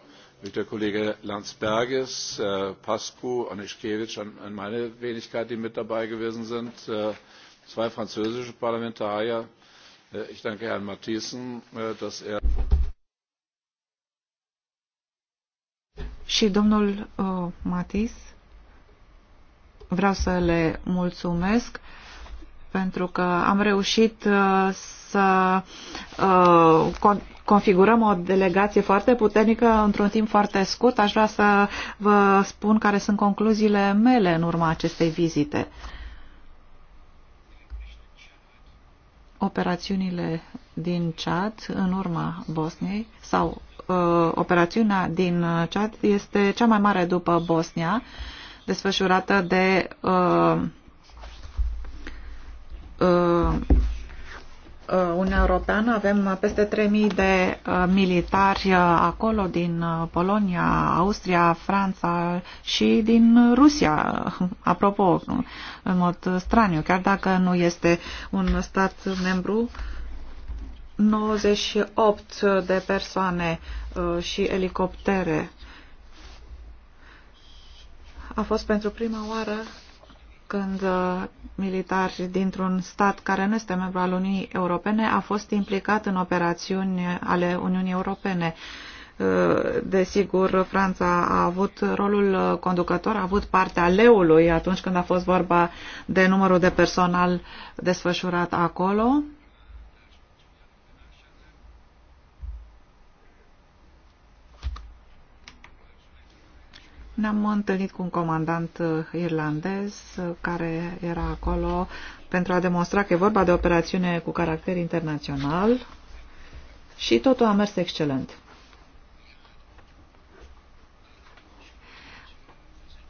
der Kollege Landsbergis, Pascu, Onischkewitsch und meine Wenigkeit, die mit dabei gewesen sind, zwei französische Parlamentarier, Äh, ich danke herrn Mathiesen, äh, dass er Și domnul uh, Matis, vreau să le mulțumesc pentru că am reușit uh, să uh, con configurăm o delegație foarte puternică într-un timp foarte scurt. Aș vrea să vă spun care sunt concluziile mele în urma acestei vizite. Uh, operațiunile din Chad în urma Bosniei sau uh, operațiunea din uh, Chad este cea mai mare după Bosnia, desfășurată de uh, uh, Uniunea Europeană avem peste 3.000 de uh, militari uh, acolo din uh, Polonia, Austria, Franța și din Rusia, apropo, în mod straniu, chiar dacă nu este un stat membru, 98 de persoane și elicoptere. A fost pentru prima oară când uh, militari dintr-un stat care nu este membru al Uniunii Europene a fost implicat în operațiuni ale Uniunii Europene. Uh, desigur, Franța a avut rolul uh, conducător, a avut partea leului atunci când a fost vorba de numărul de personal desfășurat acolo Ne-am întâlnit cu un comandant uh, irlandez uh, care era acolo pentru a demonstra că e vorba de operațiune cu caracter internațional și totul a mers excelent.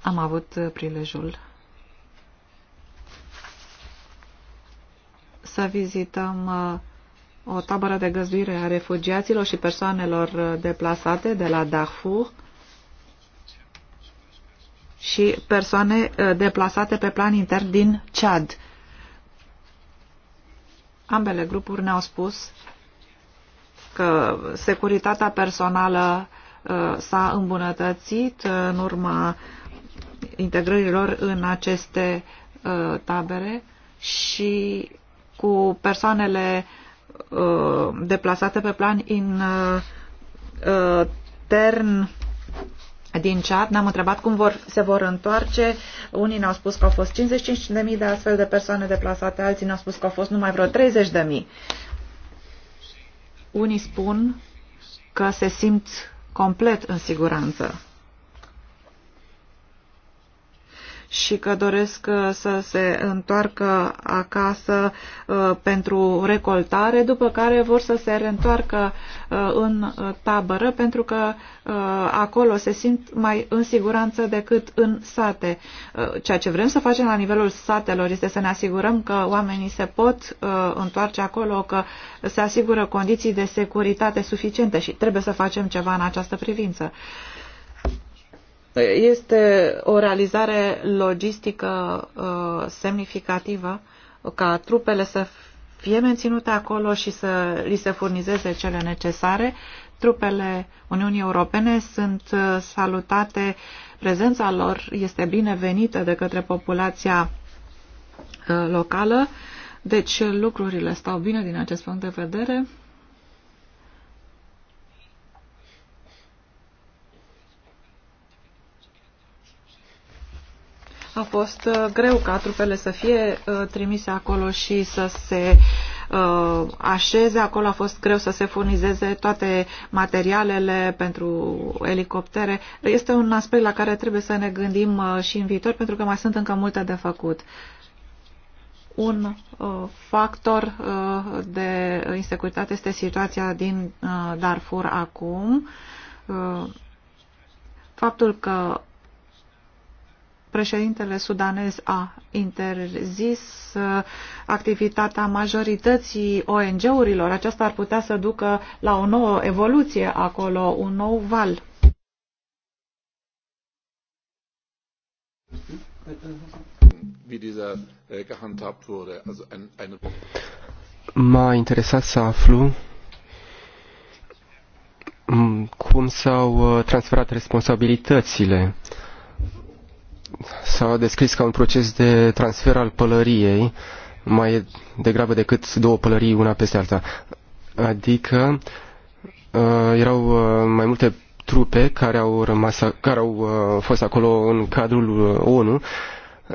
Am avut uh, prilejul să vizităm o tabără de găzduire a refugiaților și persoanelor deplasate de la Darfur, și persoane uh, deplasate pe plan intern din Chad. Ambele grupuri ne-au spus că securitatea personală uh, s-a îmbunătățit în urma integrărilor în aceste uh, tabere și cu persoanele deplasate pe plan intern din chat, ne-am întrebat cum vor, se vor întoarce. Unii ne-au spus că au fost 55.000 de astfel de persoane deplasate, alții ne-au spus că au fost numai vreo 30.000. Unii spun că se simt complet în siguranță. și că doresc uh, să se întoarcă acasă uh, pentru recoltare, după care vor să se reîntoarcă uh, în tabără pentru că acolo se simt mai în siguranță decât în sate. Ceea ce vrem să facem la nivelul satelor este să ne asigurăm că oamenii se pot întoarce acolo, că se asigură condiții de securitate suficiente și trebuie să facem ceva în această privință. Este o realizare logistică uh, semnificativă ca trupele să fie menținute acolo și să li se furnizeze cele necesare. Trupele Uniunii Europene sunt uh, salutate, prezența lor este binevenită de către populația uh, locală, deci lucrurile stau bine din acest punct de vedere. A fost uh, greu ca trupele să fie uh, trimise acolo și să se uh, așeze. Acolo a fost greu să se furnizeze toate materialele pentru elicoptere. Este un aspect la care trebuie să ne gândim și în viitor, pentru că mai sunt încă multe de făcut un factor de insecuritate este situația din Darfur acum. faptul că președintele sudanez a interzis uh, activitatea majorității ONG-urilor. Aceasta ar putea să ducă la o nouă evoluție acolo, un nou val. Äh, M-a interesat să aflu cum s-au uh, transferat responsabilitățile s-a descris ca un proces de transfer al pălăriei, mai degrabă decât două pălării una peste alta. Adică uh, erau uh, mai multe trupe care au, rămas, care au uh, fost acolo în cadrul uh, ONU,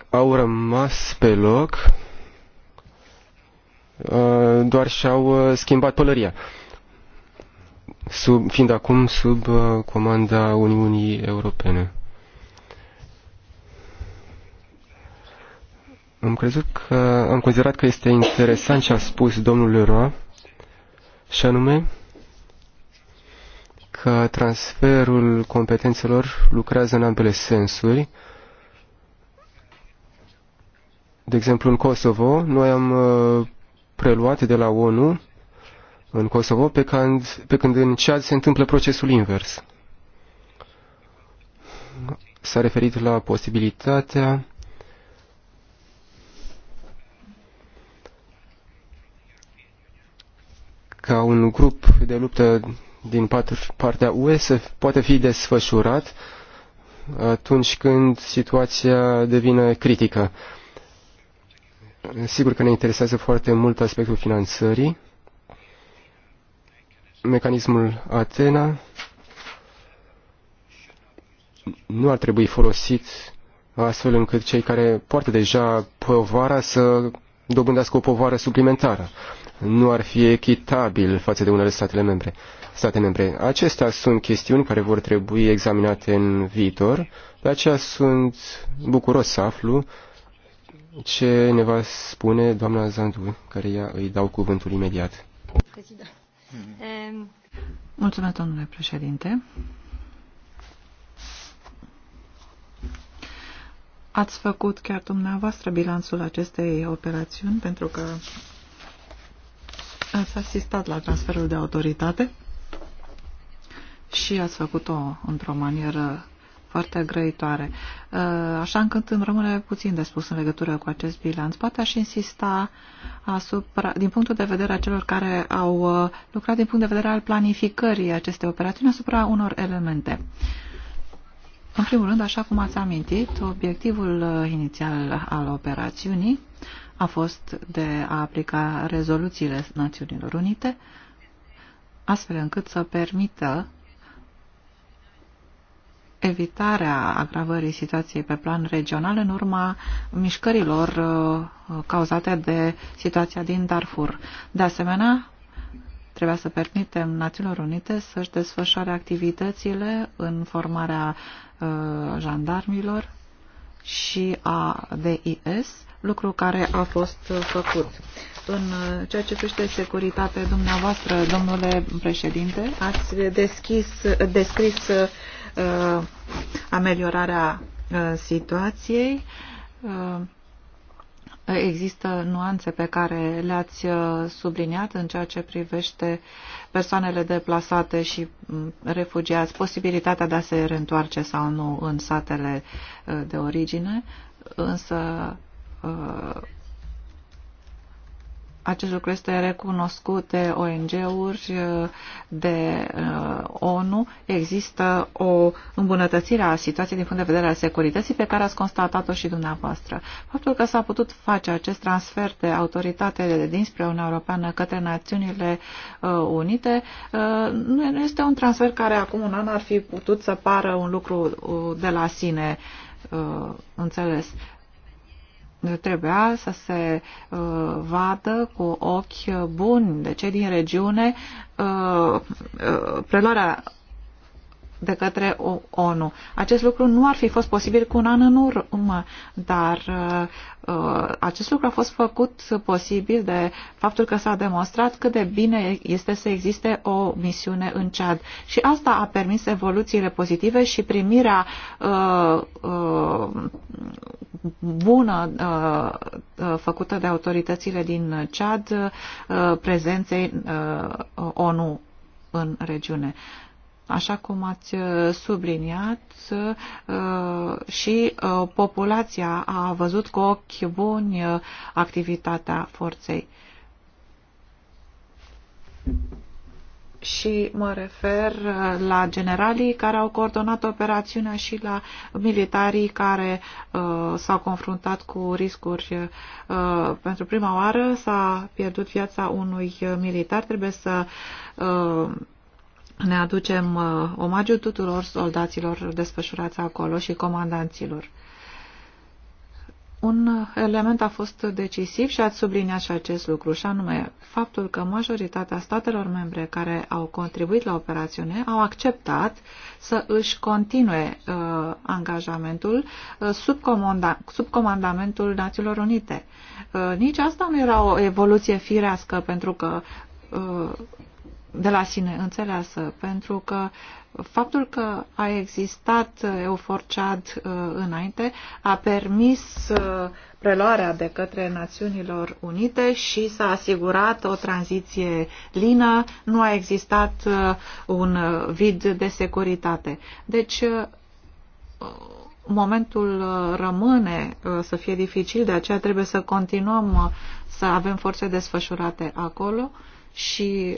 au rămas pe loc, uh, doar și-au uh, schimbat pălăria, sub, fiind acum sub uh, comanda Uniunii Europene. Am crezut că, am considerat că este interesant ce a spus domnul Leroy, și anume că transferul competențelor lucrează în ambele sensuri. De exemplu, în Kosovo, noi am uh, preluat de la ONU în Kosovo, pe când, pe când în Chad se întâmplă procesul invers. S-a referit la posibilitatea ca un grup de luptă din partea UE să poate fi desfășurat atunci când situația devine critică. Sigur că ne interesează foarte mult aspectul finanțării. Mecanismul Atena nu ar trebui folosit astfel încât cei care poartă deja povara să dobândească o povară suplimentară nu ar fi echitabil față de unele statele membre. State membre. Acestea sunt chestiuni care vor trebui examinate în viitor, de aceea sunt bucuros să aflu ce ne va spune doamna Zandu, care ea îi dau cuvântul imediat. Mulțumesc, domnule președinte. Ați făcut chiar dumneavoastră bilanțul acestei operațiuni, pentru că Ați asistat la transferul de autoritate și ați făcut-o într-o manieră foarte grăitoare. Uh, așa încât îmi rămâne puțin de spus în legătură cu acest bilanț. Poate aș insista asupra, din punctul de vedere a celor care au uh, lucrat din punct de vedere al planificării acestei operațiuni asupra unor elemente. În primul rând, așa cum ați amintit, obiectivul uh, inițial al operațiunii a fost de a aplica rezoluțiile Națiunilor Unite, astfel încât să permită evitarea agravării situației pe plan regional în urma mișcărilor uh, cauzate de situația din Darfur. De asemenea, trebuia să permitem Națiunilor Unite să-și desfășoare activitățile în formarea uh, jandarmilor și a DIS lucru care a fost făcut. În uh, ceea ce privește securitatea dumneavoastră, domnule președinte, ați deschis, descris uh, ameliorarea uh, situației. Uh, Există nuanțe pe care le-ați uh, subliniat în ceea ce privește persoanele deplasate și mm, refugiați, posibilitatea de a se reîntoarce sau nu în satele uh, de origine, însă Uh, acest lucru este recunoscut de ONG-uri, uh, de uh, ONU. Există o îmbunătățire a situației din punct de vedere al securității pe care ați constatat-o și dumneavoastră. Faptul că s-a putut face acest transfer de autoritate dinspre Uniunea Europeană către Națiunile Unite nu este un transfer care acum un an ar fi putut să pară un lucru de la sine înțeles. Trebuia să se uh, vadă cu ochi buni de cei din regiune uh, uh, preluarea de către ONU. Acest lucru nu ar fi fost posibil cu un an în urmă, dar uh, uh, acest lucru a fost făcut posibil de faptul că s-a demonstrat cât de bine este să existe o misiune în Chad. Și asta a permis evoluțiile pozitive și primirea uh, bună făcută de autoritățile din Chad prezenței ONU în regiune. Așa cum ați uh, subliniat, uh, și uh, populația a văzut cu ochi buni activitatea forței. Și mă refer la generalii care au coordonat operațiunea și la militarii care uh, s-au confruntat cu riscuri. Uh, pentru prima oară s-a pierdut viața unui militar. Trebuie să uh, ne aducem uh, omagiu tuturor soldaților desfășurați acolo și comandanților. Un element a fost decisiv și ați subliniat și acest lucru, și anume faptul că majoritatea statelor membre care au contribuit la operațiune au acceptat să își continue uh, angajamentul uh, sub, comanda, sub comandamentul Națiunilor Unite. Uh, nici asta nu era o evoluție firească, pentru că uh, de la sine înțeleasă, pentru că faptul că a existat euforciad uh, înainte a permis uh, preluarea de către Națiunilor Unite și s-a asigurat o tranziție lină, nu a existat uh, un vid de securitate. Deci, momentul rămâne să fie dificil, de aceea trebuie să continuăm să avem forțe desfășurate acolo și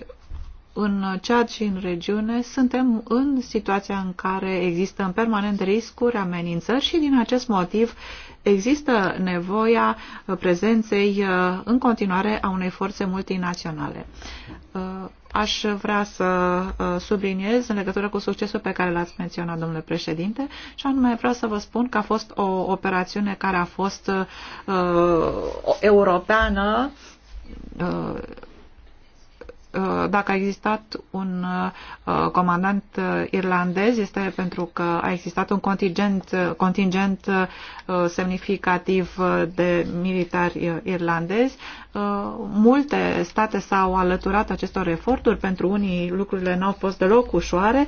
în Chad și în regiune, suntem în situația în care există în permanent riscuri, amenințări și din acest motiv există nevoia prezenței uh, în continuare a unei forțe multinaționale. Uh, aș vrea să uh, subliniez în legătură cu succesul pe care l-ați menționat, domnule președinte, și anume vreau să vă spun că a fost o operațiune care a fost uh, europeană uh, Uh, dacă a existat un uh, comandant uh, irlandez, este pentru că a existat un contingent, contingent semnificativ de militari irlandezi. Multe state s-au alăturat acestor eforturi, pentru unii lucrurile nu au fost deloc ușoare,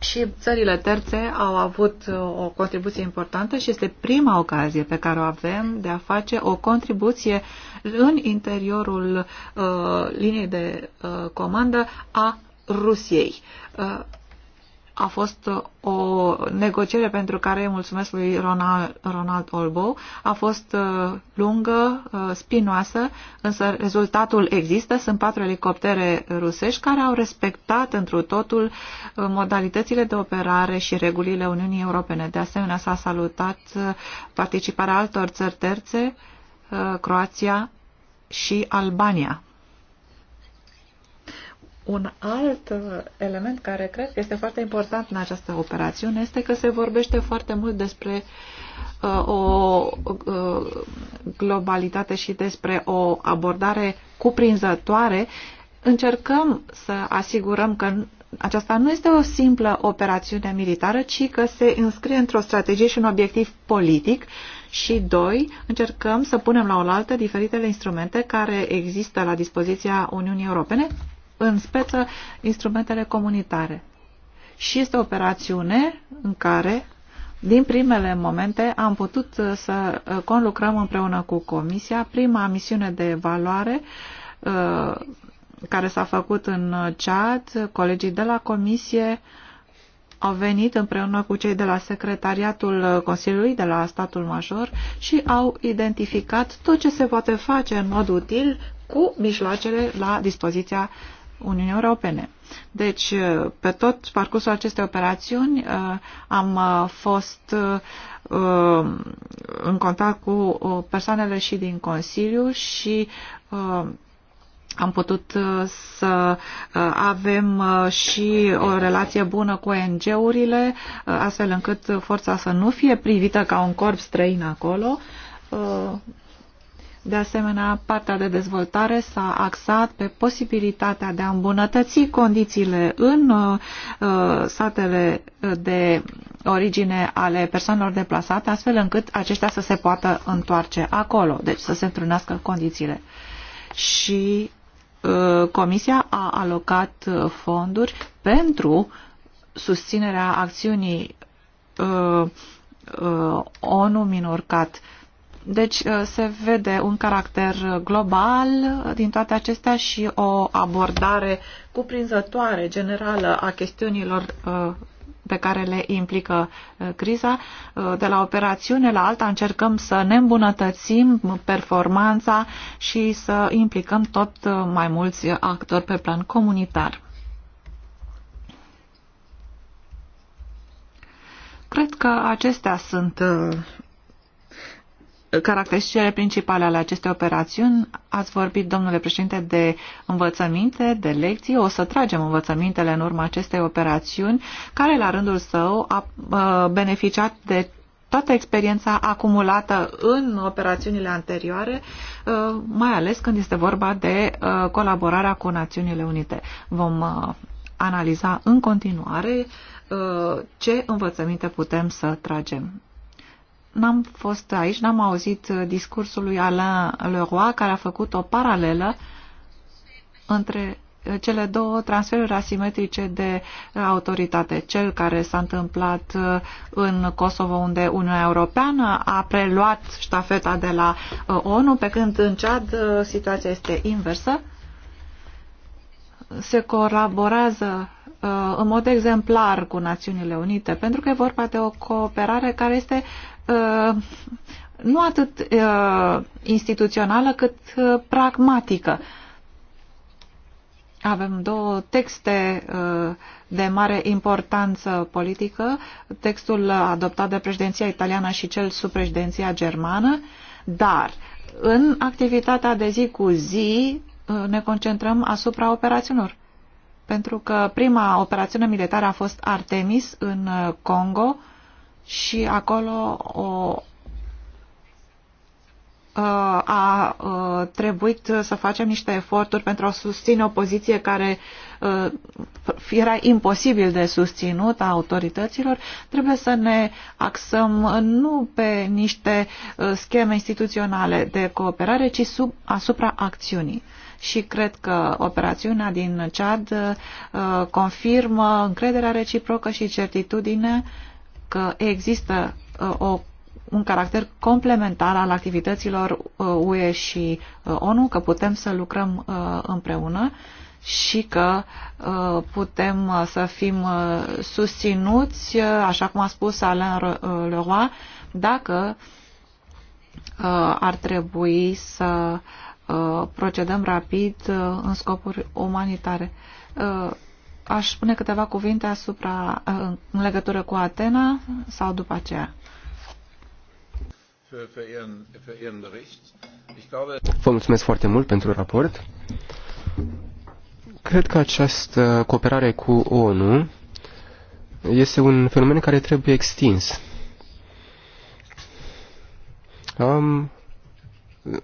și țările terțe au avut o contribuție importantă și este prima ocazie pe care o avem de a face o contribuție uh, în interiorul uh, liniei de uh, comandă a Rusiei. Uh, a fost uh, o negociere pentru care mulțumesc lui Ronald, Ronald Olbo. A fost uh, lungă, uh, spinoasă, însă rezultatul există. Sunt patru elicoptere rusești care au respectat întru totul modalitățile de operare și regulile Uniunii Europene. De asemenea, s-a salutat participarea altor țări terțe Uh, Croația și Albania. Un alt uh, element care cred că este foarte important în această operațiune este că se vorbește foarte mult despre uh, o uh, globalitate și despre o abordare cuprinzătoare. Încercăm să asigurăm că aceasta nu este o simplă operațiune militară, ci că se înscrie într-o strategie și un obiectiv politic și, doi, încercăm să punem la oaltă diferitele instrumente care există la dispoziția Uniunii Europene, în speță instrumentele comunitare. Și este o operațiune în care, din primele momente, am putut să uh, conlucrăm împreună cu Comisia. Prima misiune de evaluare uh, care s-a făcut în uh, chat, colegii de la comisie au venit împreună cu cei de la secretariatul uh, Consiliului, de la statul major și au identificat tot ce se poate face în mod util cu mijloacele la dispoziția Uniunii Europene. Deci, uh, pe tot parcursul acestei operațiuni am fost în contact cu persoanele și din Consiliu și am putut uh, să uh, avem uh, și o relație bună cu ONG-urile, astfel încât forța să nu fie privită ca un corp străin acolo. De asemenea, partea de dezvoltare s-a axat pe posibilitatea de a îmbunătăți condițiile în satele de origine ale persoanelor deplasate, astfel încât aceștia să se poată întoarce acolo, deci să se întrunească condițiile. Și Uh, Comisia a alocat uh, fonduri pentru susținerea acțiunii uh, ONU minorcat. Deci se vede un caracter global din toate acestea și o abordare cuprinzătoare, generală a chestiunilor pe care le implică uh, criza. Uh, de la operațiune la alta încercăm să ne îmbunătățim performanța și să implicăm tot uh, mai mulți actori pe plan comunitar. Cred că acestea sunt caracteristicile principale ale acestei operațiuni, ați vorbit, domnule președinte, de învățăminte, de lecții. O să tragem învățămintele în urma acestei operațiuni, care la rândul său a beneficiat de toată experiența acumulată în operațiunile anterioare, mai ales când este vorba de colaborarea cu Națiunile Unite. Vom analiza în continuare ce învățăminte putem să tragem n-am fost aici, n-am auzit uh, discursul lui Alain Leroy, care a făcut o paralelă între uh, cele două transferuri asimetrice de uh, autoritate. Cel care s-a întâmplat în Kosovo, unde Uniunea Europeană a preluat ștafeta de la ONU, pe când în Chad situația este inversă. Se colaborează în mod exemplar cu Națiunile Unite, pentru că e vorba de o cooperare care este Uh, nu atât uh, instituțională cât uh, pragmatică. Avem două texte de mare importanță politică, textul adoptat de președinția italiană și cel sub președinția germană, dar în activitatea de zi cu zi ne concentrăm asupra operațiunilor. Pentru că prima operațiune militară a fost Artemis în Congo, și acolo o, ă, a ă, trebuit să facem niște eforturi pentru a susține o poziție care ă, era imposibil de susținut a autorităților, trebuie să ne axăm nu pe niște scheme instituționale de cooperare, ci sub, asupra acțiunii. Și cred că operațiunea din Chad confirmă încrederea reciprocă și certitudine uh, că există uh, o, un caracter complementar al activităților UE uh, și uh, ONU, că putem să lucrăm împreună și că putem să fim susținuți, așa cum a spus Alain Leroy, dacă ar trebui să procedăm rapid în scopuri umanitare aș spune câteva cuvinte asupra, uh, în legătură cu Atena sau după aceea. Vă mulțumesc foarte mult pentru raport. Cred că această cooperare cu ONU este un fenomen care trebuie extins. Am uh,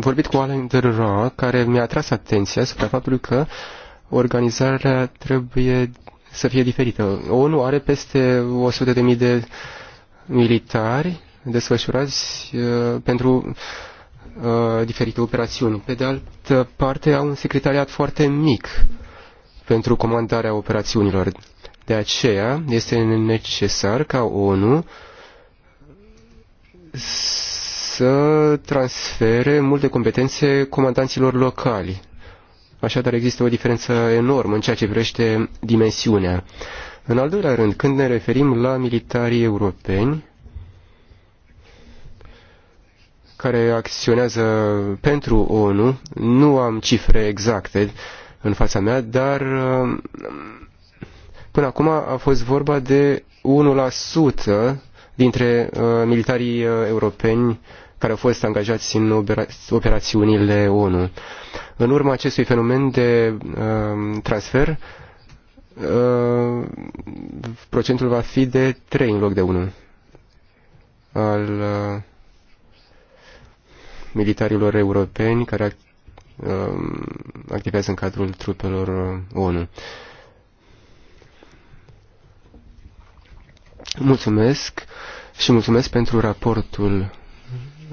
vorbit cu Alan Derra, care mi-a atras atenția asupra faptului că uh, organizarea trebuie să fie diferită. ONU are peste 100.000 de militari desfășurați uh, pentru uh, diferite operațiuni. Pe de altă parte, au un secretariat foarte mic pentru comandarea operațiunilor. De aceea este necesar ca ONU să transfere multe competențe comandanților locali Așadar există o diferență enormă în ceea ce privește dimensiunea. În al doilea rând, când ne referim la militarii europeni care acționează pentru ONU, nu am cifre exacte în fața mea, dar până acum a fost vorba de 1% dintre uh, militarii uh, europeni care au fost angajați în operațiunile ONU. În urma acestui fenomen de uh, transfer, uh, procentul va fi de 3 în loc de 1 al uh, militarilor europeni care uh, activează în cadrul trupelor ONU. Mulțumesc și mulțumesc pentru raportul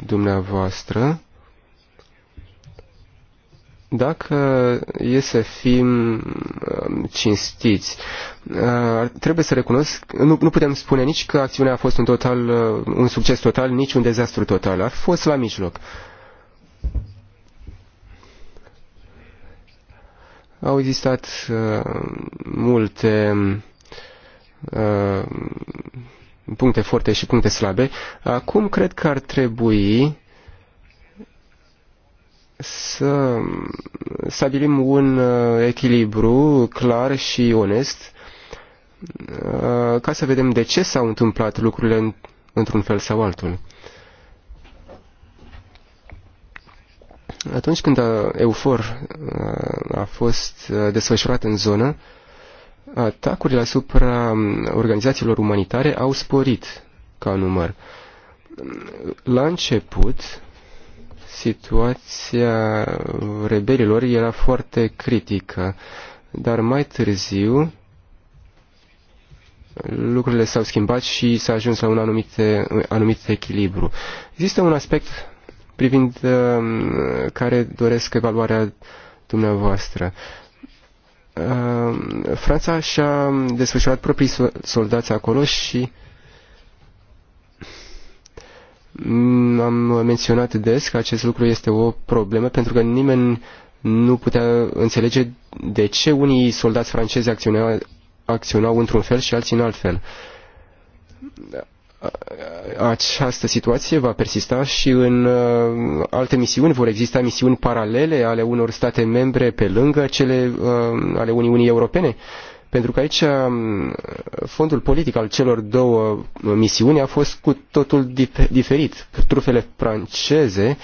dumneavoastră. Dacă e să fim um, cinstiți, uh, trebuie să recunosc, nu, nu putem spune nici că acțiunea a fost un, total, uh, un succes total, nici un dezastru total. A fost la mijloc. Au existat uh, multe uh, puncte forte și puncte slabe. Acum cred că ar trebui să stabilim un uh, echilibru clar și onest uh, ca să vedem de ce s-au întâmplat lucrurile într-un fel sau altul. Atunci când uh, EUFOR a fost desfășurat în zonă, atacurile asupra um, organizațiilor umanitare au sporit ca număr. La început, situația rebelilor era foarte critică, dar mai târziu lucrurile s-au schimbat și s-a ajuns la un anumit anumit echilibru. Există un aspect privind uh, care doresc evaluarea dumneavoastră. Uh, Franța și-a desfășurat proprii soldați acolo și uh, Mm, am menționat des că acest lucru este o problemă pentru că nimeni nu putea înțelege de ce unii soldați francezi acționau, acționau într-un fel și alții în alt fel. Această situație va persista și în uh, alte misiuni. Vor exista misiuni paralele ale unor state membre pe lângă cele uh, ale Uniunii Europene. Uh, pentru că aici um, fondul politic al celor două uh, misiuni a fost cu totul diferit. Trufele franceze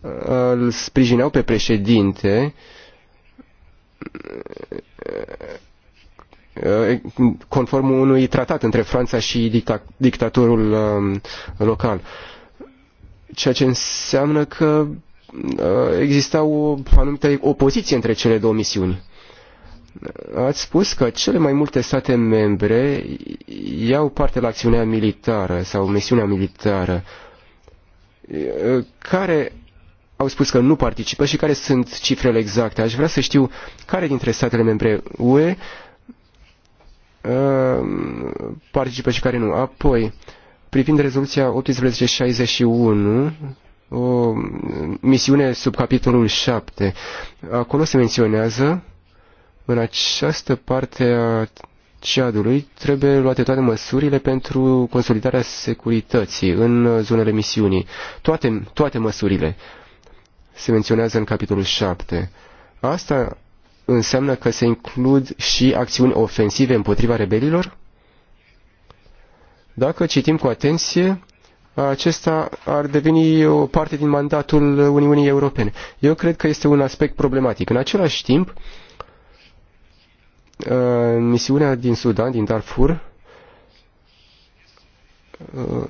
uh, îl sprijineau pe președinte uh, conform unui tratat între Franța și dictatorul um, local. Ceea ce înseamnă că exista o anumită opoziție între cele două misiuni. Ați spus că cele mai multe state membre iau parte la acțiunea militară sau misiunea militară. Care au spus că nu participă și care sunt cifrele exacte? Aș vrea să știu care dintre statele membre UE um, participă și care nu. Apoi, privind rezoluția 1861, o misiune sub capitolul 7, acolo se menționează în această parte a Ciadului trebuie luate toate măsurile pentru consolidarea securității în zonele misiunii. Toate, toate măsurile se menționează în capitolul 7. Asta înseamnă că se includ și acțiuni ofensive împotriva rebelilor? Dacă citim cu atenție, acesta ar deveni o parte din mandatul Uniunii Europene. Eu cred că este un aspect problematic. În același timp, misiunea din Sudan, din Darfur, uh,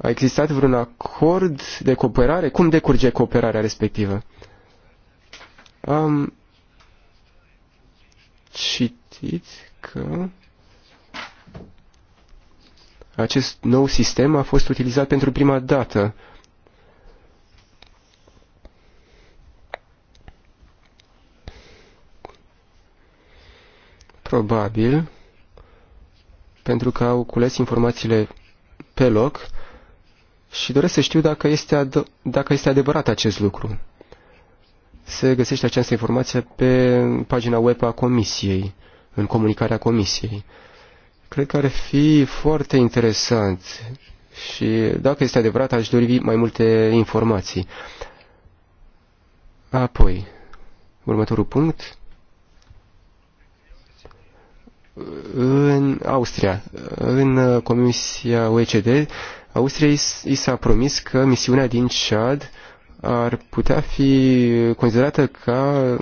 A existat vreun acord de cooperare? Cum decurge cooperarea respectivă? Am citit că acest nou sistem a fost utilizat pentru prima dată. Probabil, pentru că au cules informațiile pe loc și doresc să știu dacă este, dacă este adevărat acest lucru. Se găsește această informație pe pagina web a Comisiei, în comunicarea Comisiei. Cred că ar fi foarte interesant și dacă este adevărat aș dori mai multe informații. Apoi, următorul punct. În Austria, în Comisia OECD, Austria i s-a promis că misiunea din Chad ar putea fi considerată ca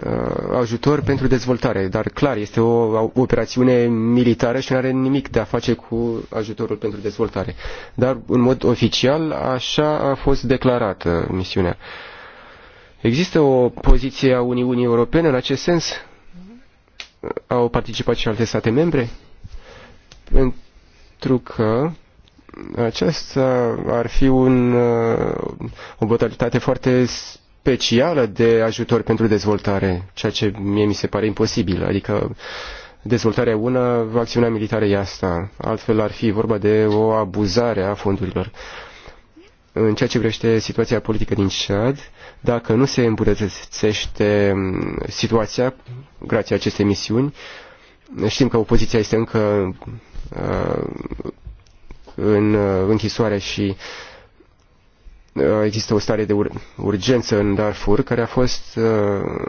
Uh, ajutor pentru dezvoltare, dar clar, este o operațiune militară și nu are nimic de a face cu ajutorul pentru dezvoltare. Dar, în mod oficial, așa a fost declarată misiunea. Există o poziție a Uniunii Europene în acest sens? Au participat și alte state membre? Pentru că aceasta ar fi un, uh, o modalitate foarte specială de ajutor pentru dezvoltare, ceea ce mie mi se pare imposibil. Adică dezvoltarea una, acțiunea militară e asta. Altfel ar fi vorba de o abuzare a fondurilor. În ceea ce privește situația politică din Chad, dacă nu se îmbunătățește mm, situația grație acestei misiuni, știm că opoziția este încă uh, în uh, închisoare și uh, Uh, există o stare de ur urgență în Darfur care a fost uh,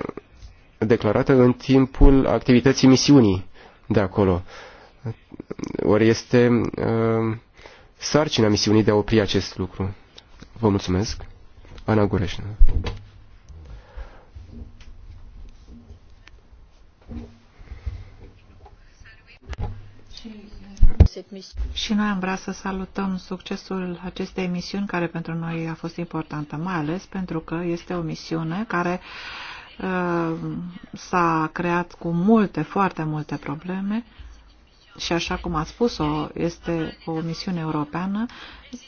declarată în timpul activității misiunii de acolo. Ori este uh, sarcina misiunii de a opri acest lucru. Vă mulțumesc. Ana Gureșna. Și noi am vrea să salutăm succesul acestei misiuni care pentru noi a fost importantă, mai ales pentru că este o misiune care uh, s-a creat cu multe, foarte multe probleme și așa cum a spus-o, este o misiune europeană,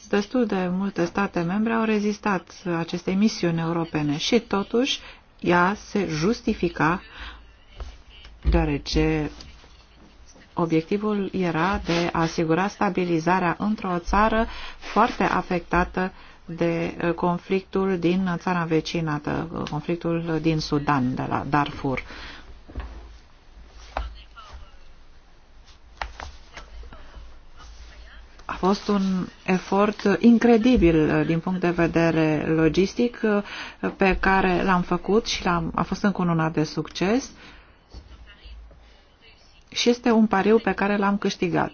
destul de multe state membre au rezistat acestei misiuni europene și totuși ea se justifica deoarece obiectivul era de a asigura stabilizarea într-o țară foarte afectată de uh, conflictul din țara vecinată, uh, conflictul din Sudan, de la Darfur. A fost un efort incredibil uh, din punct de vedere logistic pe care l-am făcut și am a fost încununat de succes și este un pariu pe care l-am câștigat.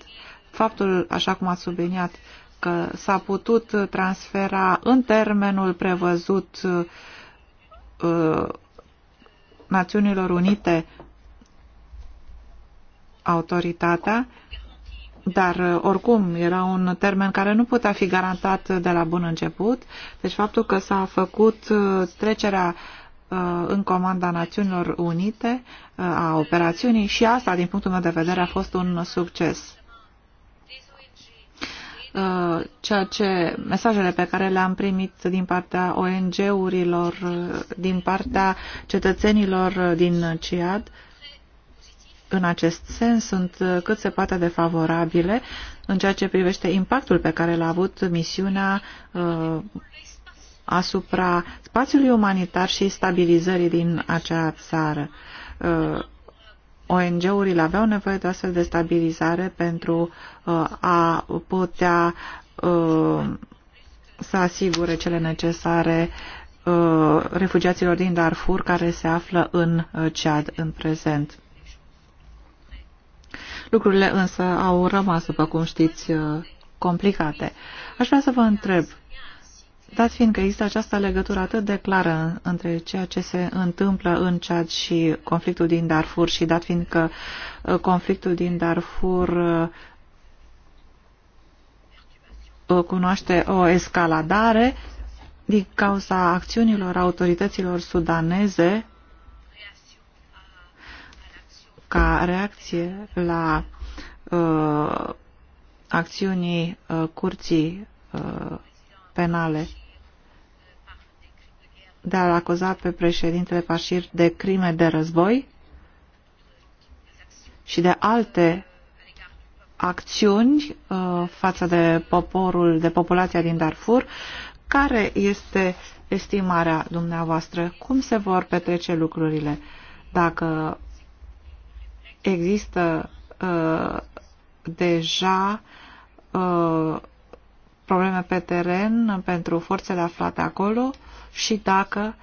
Faptul, așa cum a subliniat, că s-a putut transfera în termenul prevăzut uh, Națiunilor Unite autoritatea, dar uh, oricum era un termen care nu putea fi garantat de la bun început. Deci faptul că s-a făcut uh, trecerea uh, Uh, în comanda Națiunilor Unite uh, a operațiunii și asta, din punctul meu de vedere, a fost un succes. Uh, ceea ce, mesajele pe care le-am primit din partea ONG-urilor, din partea cetățenilor din CIAD, în acest sens sunt cât se poate de favorabile în ceea ce privește impactul pe care l-a avut misiunea asupra spațiului umanitar și stabilizării din acea țară. Uh, ONG-urile aveau nevoie de astfel de stabilizare pentru uh, a putea uh, să asigure cele necesare refugiaților din Darfur care se află în Chad în prezent. Lucrurile însă au rămas, după cum știți, complicate. Aș vrea să vă întreb Dat fiind că există această legătură atât de clară între ceea ce se întâmplă în Chad și conflictul din Darfur și dat fiind că uh, conflictul din Darfur uh, uh, cunoaște o escaladare din cauza acțiunilor autorităților sudaneze ca reacție la uh, acțiunii uh, curții uh, penale de a-l acuza pe președintele Pașir de crime de război și de alte acțiuni uh, față de poporul, de populația din Darfur. Care este estimarea dumneavoastră? Cum se vor petrece lucrurile? Dacă există uh, deja uh, probleme pe teren pentru forțele aflate acolo, și dacă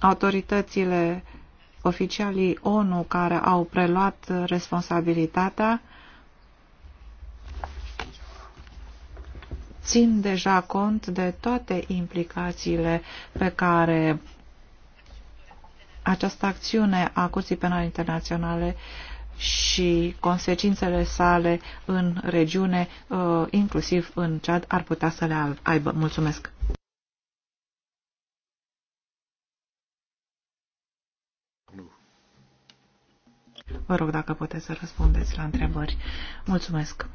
autoritățile oficialii ONU care au preluat responsabilitatea țin deja cont de toate implicațiile pe care această acțiune a Curții Penale Internaționale și consecințele sale în regiune, uh, inclusiv în Chad, ar putea să le aibă. Mulțumesc! Vă rog dacă puteți să răspundeți la întrebări. Mulțumesc.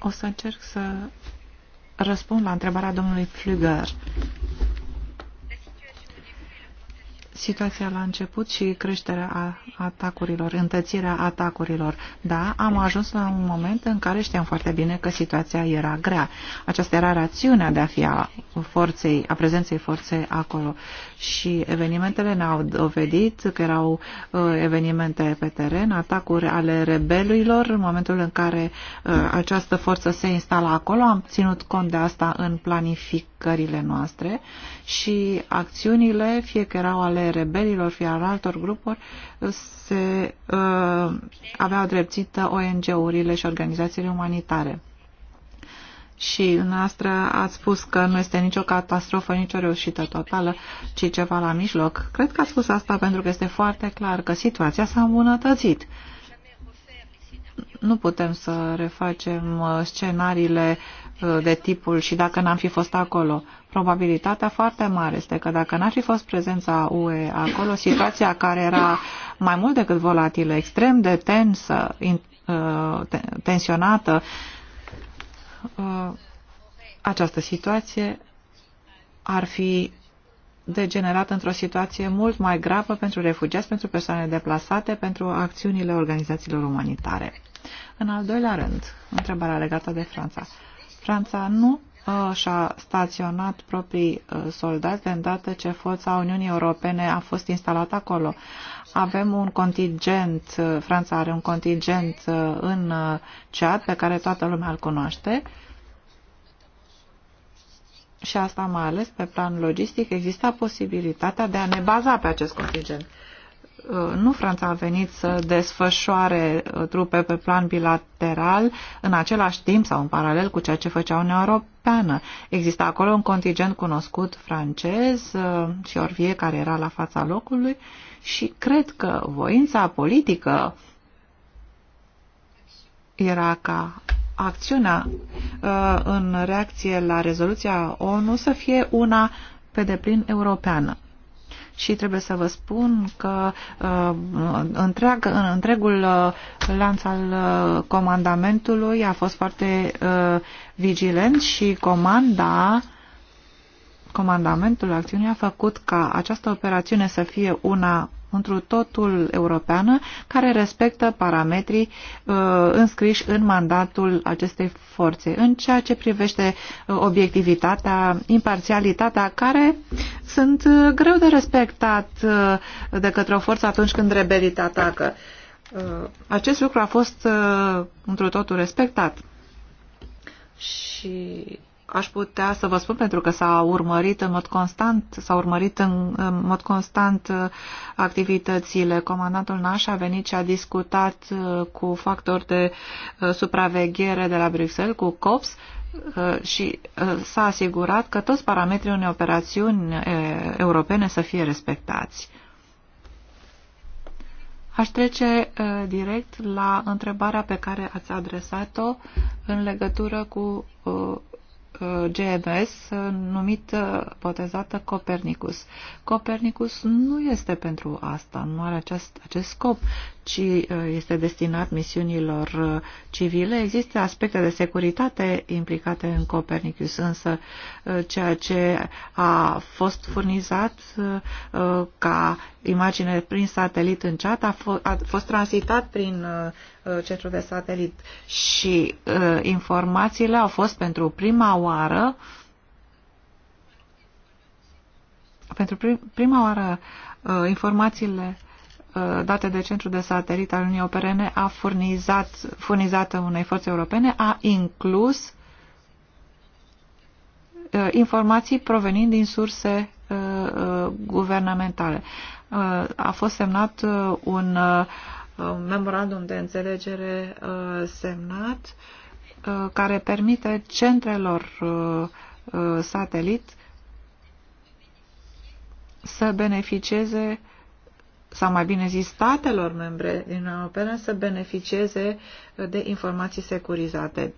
O să încerc să răspund la întrebarea domnului Flüger situația la început și creșterea atacurilor, întățirea atacurilor. Da, am ajuns la un moment în care știam foarte bine că situația era grea. Aceasta era rațiunea de a fi a, forței, a prezenței forței acolo. Și evenimentele ne-au dovedit că erau uh, evenimente pe teren, atacuri ale rebelilor. În momentul în care uh, această forță se instala acolo, am ținut cont de asta în planificările noastre și acțiunile, fie că erau ale rebelilor, fie al altor grupuri, se uh, aveau dreptită ONG-urile și organizațiile umanitare. Și noastră ați spus că nu este nicio catastrofă, nicio reușită totală, ci ceva la mijloc. Cred că ați spus asta pentru că este foarte clar că situația s-a îmbunătățit. Uh, nu putem să refacem uh, scenariile uh, de tipul și dacă n-am fi fost acolo. Probabilitatea foarte mare este că dacă n-ar fi fost prezența UE acolo, situația care era mai mult decât volatilă, extrem de tensă, uh, tensionată, această situație ar fi degenerat într-o situație mult mai gravă pentru refugiați, pentru persoane deplasate, pentru acțiunile organizațiilor umanitare. În al doilea rând, întrebarea legată de Franța. Franța nu uh, și-a staționat proprii uh, soldați de îndată ce forța Uniunii Europene a fost instalată acolo. Avem un contingent, uh, Franța are un contingent în Ceat pe care toată lumea îl cunoaște, și asta mai ales pe plan logistic, exista posibilitatea de a ne baza pe acest contingent. Uh, nu Franța a venit să desfășoare uh, trupe pe plan bilateral în același timp sau în paralel cu ceea ce făcea Uniunea Europeană. Exista acolo un contingent cunoscut francez și uh, Orvie care era la fața locului și cred că voința politică era ca acțiunea uh, în reacție la rezoluția ONU să fie una pe deplin europeană și trebuie să vă spun că uh, întreag, întregul uh, lanț al uh, comandamentului a fost foarte uh, vigilent și comanda comandamentul acțiunii a făcut ca această operațiune să fie una întru totul europeană care respectă parametrii uh, înscriși în mandatul acestei forțe. În ceea ce privește uh, obiectivitatea, imparțialitatea, care sunt uh, greu de respectat uh, de către o forță atunci când rebelita atacă. Uh, acest lucru a fost uh, întru totul respectat. Și aș putea să vă spun, pentru că s-a urmărit în mod constant, s-a urmărit în, în mod constant uh, activitățile. Comandantul Naș a venit și a discutat uh, cu factori de uh, supraveghere de la Bruxelles, cu COPS, și s-a asigurat că toți parametrii unei operațiuni europene să fie respectați. Aș trece direct la întrebarea pe care ați adresat-o în legătură cu Uh, GMS uh, numit uh, botezată Copernicus. Copernicus nu este pentru asta, nu are acest, acest scop, ci uh, este destinat misiunilor uh, civile. Există aspecte de securitate implicate în Copernicus, însă uh, ceea ce a fost furnizat ca imagine prin satelit în chat a, a fost transitat prin centrul de satelit și informațiile au fost pentru prima oară pentru prima oară informațiile Uh, date de centru de satelit al Uniunii Europene a furnizat, furnizată unei forțe europene a inclus uh, informații provenind din surse uh, guvernamentale. A fost semnat un memorandum de înțelegere semnat care permite centrelor satelit să beneficieze uh, sau mai bine zis statelor membre din Europeană să beneficieze de informații securizate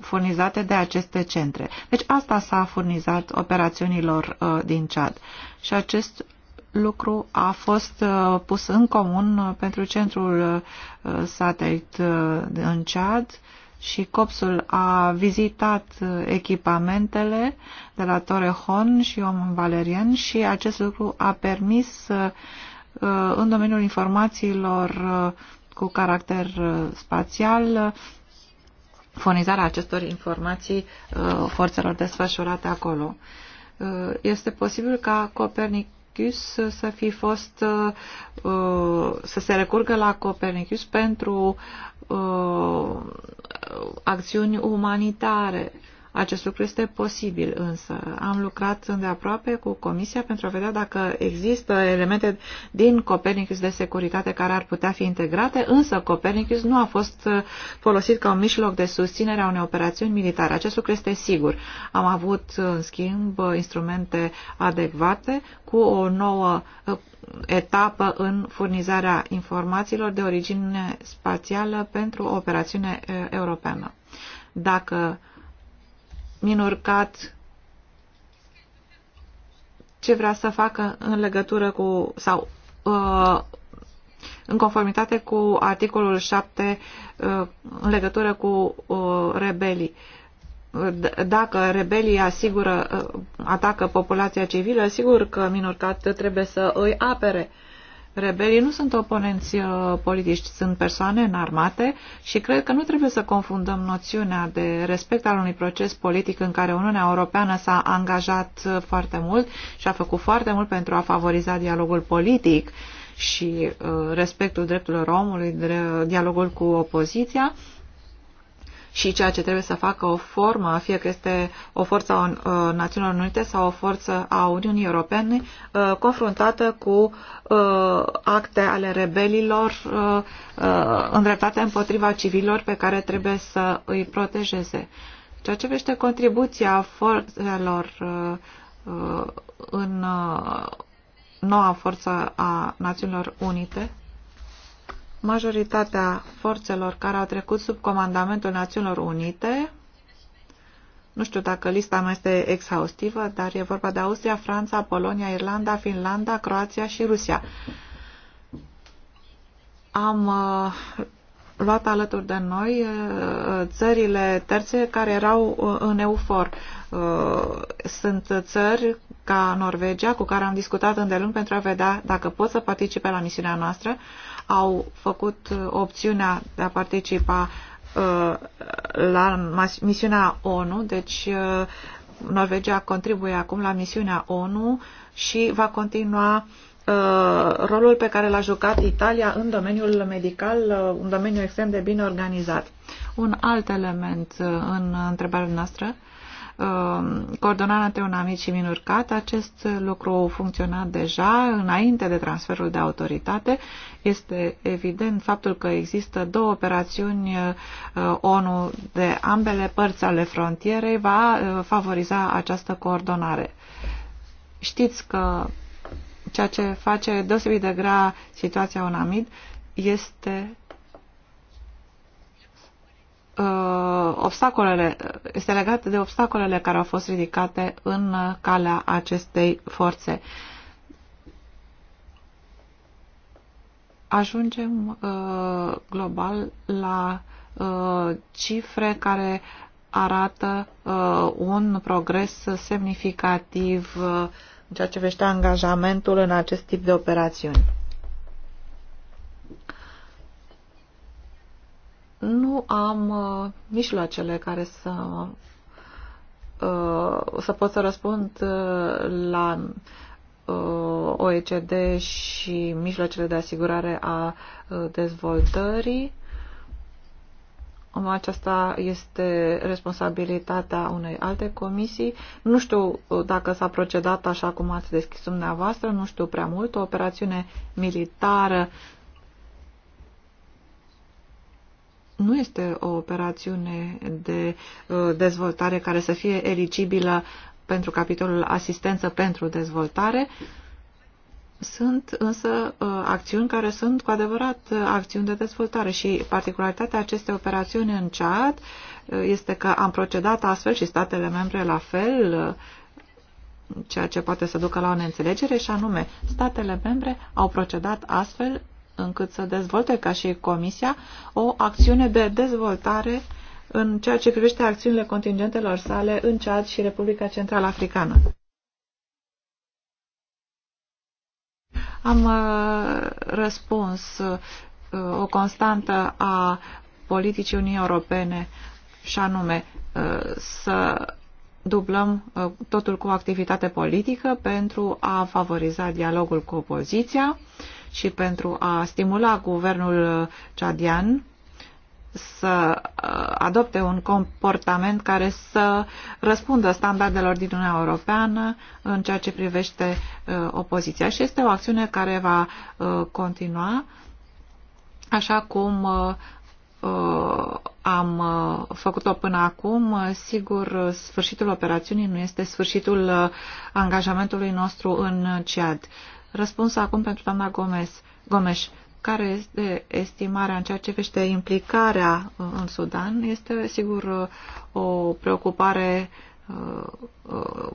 furnizate de aceste centre. Deci asta s-a furnizat operațiunilor uh, din Chad. Și acest lucru a fost uh, pus în comun uh, pentru centrul uh, satelit uh, în Chad și COPSul a vizitat uh, echipamentele de la Torehon și Om Valerian și acest lucru a permis uh, Uh, în domeniul informațiilor uh, cu caracter uh, spațial, furnizarea acestor informații forțelor desfășurate acolo. Este posibil ca Copernicus să fi fost să se recurgă la Copernicus pentru acțiuni umanitare acest lucru este posibil, însă am lucrat îndeaproape cu Comisia pentru a vedea dacă există elemente din Copernicus de securitate care ar putea fi integrate, însă Copernicus nu a fost uh, folosit ca un mijloc de susținere a unei operațiuni militare. Acest lucru este sigur. Am avut, în schimb, instrumente adecvate cu o nouă uh, etapă în furnizarea informațiilor de origine spațială pentru o operațiune uh, europeană. Dacă minurcat ce vrea să facă în legătură cu sau uh, în conformitate cu articolul 7 uh, în legătură cu uh, rebelii. Dacă rebelii asigură, uh, atacă populația civilă, sigur că minurcat trebuie să îi apere. Rebelii nu sunt oponenți uh, politici, sunt persoane înarmate și cred că nu trebuie să confundăm noțiunea de respect al unui proces politic în care Uniunea Europeană s-a angajat uh, foarte mult și a făcut foarte mult pentru a favoriza dialogul politic și uh, respectul drepturilor omului, dialogul cu opoziția, și ceea ce trebuie să facă o formă, fie că este o forță a Națiunilor Unite sau o forță a Uniunii Europene, confruntată cu acte ale rebelilor îndreptate împotriva civililor pe care trebuie să îi protejeze. Ceea ce vește contribuția forțelor în noua forță a Națiunilor Unite, majoritatea forțelor care au trecut sub comandamentul Națiunilor Unite, nu știu dacă lista mea este exhaustivă, dar e vorba de Austria, Franța, Polonia, Irlanda, Finlanda, Croația și Rusia. Am uh, luat alături de noi uh, țările terțe care erau uh, în eufor. Uh, sunt țări ca Norvegia, cu care am discutat îndelung pentru a vedea dacă pot să participe la misiunea noastră. Uh, au făcut uh, opțiunea de a participa uh, la misiunea ONU, deci uh, Norvegia contribuie acum la misiunea ONU și va continua rolul pe care l-a jucat Italia în domeniul medical, un domeniu extrem de bine organizat. Un alt element în întrebarea noastră Um, coordonarea între amic și MINURCAT. Acest lucru funcționa deja înainte de transferul de autoritate. Este evident faptul că există două operațiuni uh, ONU de ambele părți ale frontierei va uh, favoriza această coordonare. Știți că ceea ce face deosebit de grea situația UNAMID este uh, obstacolele, uh, este legat de obstacolele care au fost ridicate în uh, calea acestei forțe. Ajungem uh, global la uh, cifre care arată uh, un progres semnificativ uh, în ceea ce vește angajamentul în acest tip de operațiuni. nu am uh, mijloacele care să, uh, să pot să răspund uh, la uh, OECD și mijloacele de asigurare a uh, dezvoltării. Um, aceasta este responsabilitatea unei alte comisii. Nu știu uh, dacă s-a procedat așa cum ați deschis dumneavoastră, nu știu prea mult. O operațiune militară nu este o operațiune de uh, dezvoltare care să fie eligibilă pentru capitolul asistență pentru dezvoltare. Sunt însă uh, acțiuni care sunt cu adevărat uh, acțiuni de dezvoltare și particularitatea acestei operațiuni în Chad este că am procedat astfel și statele membre la fel, ceea ce poate să ducă la o neînțelegere și anume statele membre au procedat astfel încât să dezvolte, ca și Comisia, o acțiune de dezvoltare în ceea ce privește acțiunile contingentelor sale în Chad și Republica Central Africană. Am uh, răspuns uh, o constantă a politicii Uniunii Europene și anume uh, să dublăm totul cu activitate politică pentru a favoriza dialogul cu opoziția, și pentru a stimula guvernul Chadian să uh, adopte un comportament care să răspundă standardelor din Uniunea Europeană în ceea ce privește uh, opoziția. Și este o acțiune care va uh, continua așa cum am făcut-o până acum. Sigur, sfârșitul operațiunii nu este sfârșitul angajamentului nostru în CIAD. Răspuns acum pentru doamna Gomez. Gomes, care este estimarea în ceea ce vește implicarea uh, în Sudan? Este, sigur, uh, o preocupare uh,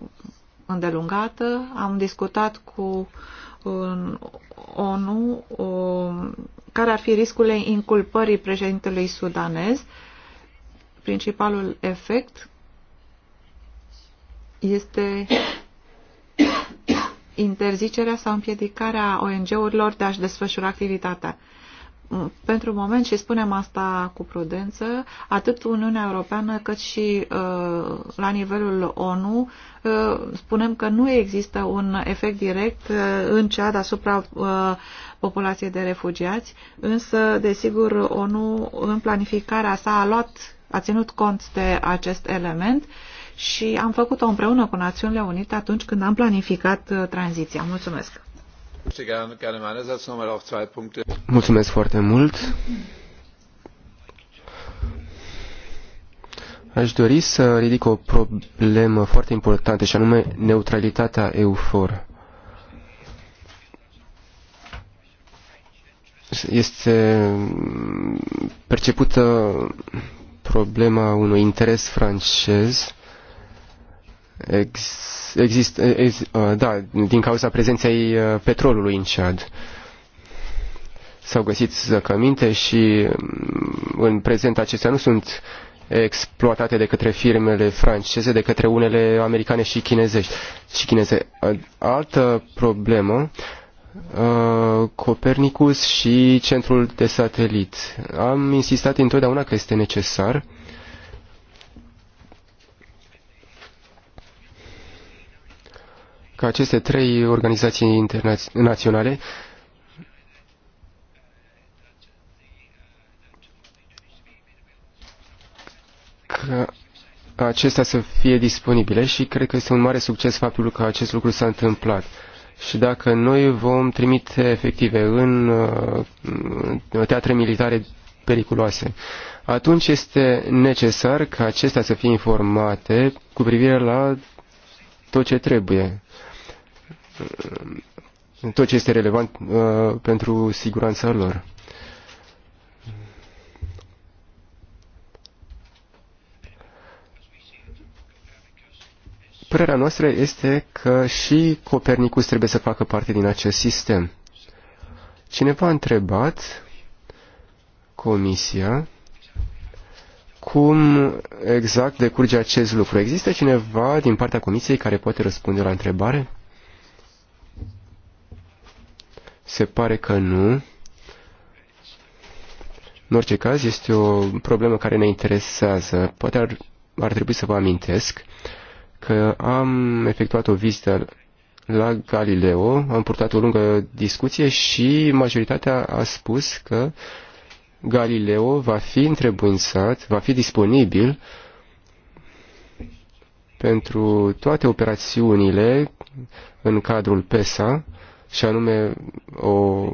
îndelungată. Am discutat cu ONU care ar fi riscurile inculpării președintelui sudanez. Principalul efect este interzicerea sau împiedicarea ONG-urilor de a-și desfășura activitatea. Pentru moment, și spunem asta cu prudență, atât Uniunea Europeană cât și uh, la nivelul ONU uh, spunem că nu există un efect direct uh, în cea asupra uh, populației de refugiați, însă, desigur, ONU în planificarea sa a luat, a ținut cont de acest element uh, și am făcut-o împreună cu Națiunile Unite atunci când am planificat uh, tranziția. Mulțumesc! Mulțumesc foarte mult! Aș dori să ridic o problemă foarte importantă și anume neutralitatea EUFOR. Este percepută problema unui interes francez Ex, exist, ex, da, din cauza prezenței petrolului în Chad. S-au găsit zăcăminte și mm, în prezent acestea nu sunt exploatate de către firmele franceze, de către unele americane și chinezești și chineze. Altă problemă, Copernicus și centrul de satelit. Am insistat întotdeauna că este necesar că aceste trei organizații internaționale că acestea să fie disponibile și cred că este un mare succes faptul că acest lucru s-a întâmplat. Și dacă noi vom trimite efective în uh, teatre militare periculoase, atunci este necesar ca acestea să fie informate cu privire la tot ce trebuie. Ehm, tot ce este relevant uh, pentru siguranța lor. Părerea noastră este că și Copernicus trebuie să facă parte din acest sistem. Cineva a întrebat Comisia cum exact decurge acest lucru. Există cineva din partea Comisiei care poate răspunde la întrebare? Se pare că nu. În orice caz, este o problemă care ne interesează. Poate ar, ar trebui să vă amintesc că am efectuat o vizită la Galileo, am purtat o lungă discuție și majoritatea a spus că Galileo va fi întrebuințat, va fi disponibil pentru toate operațiunile în cadrul PESA, și anume o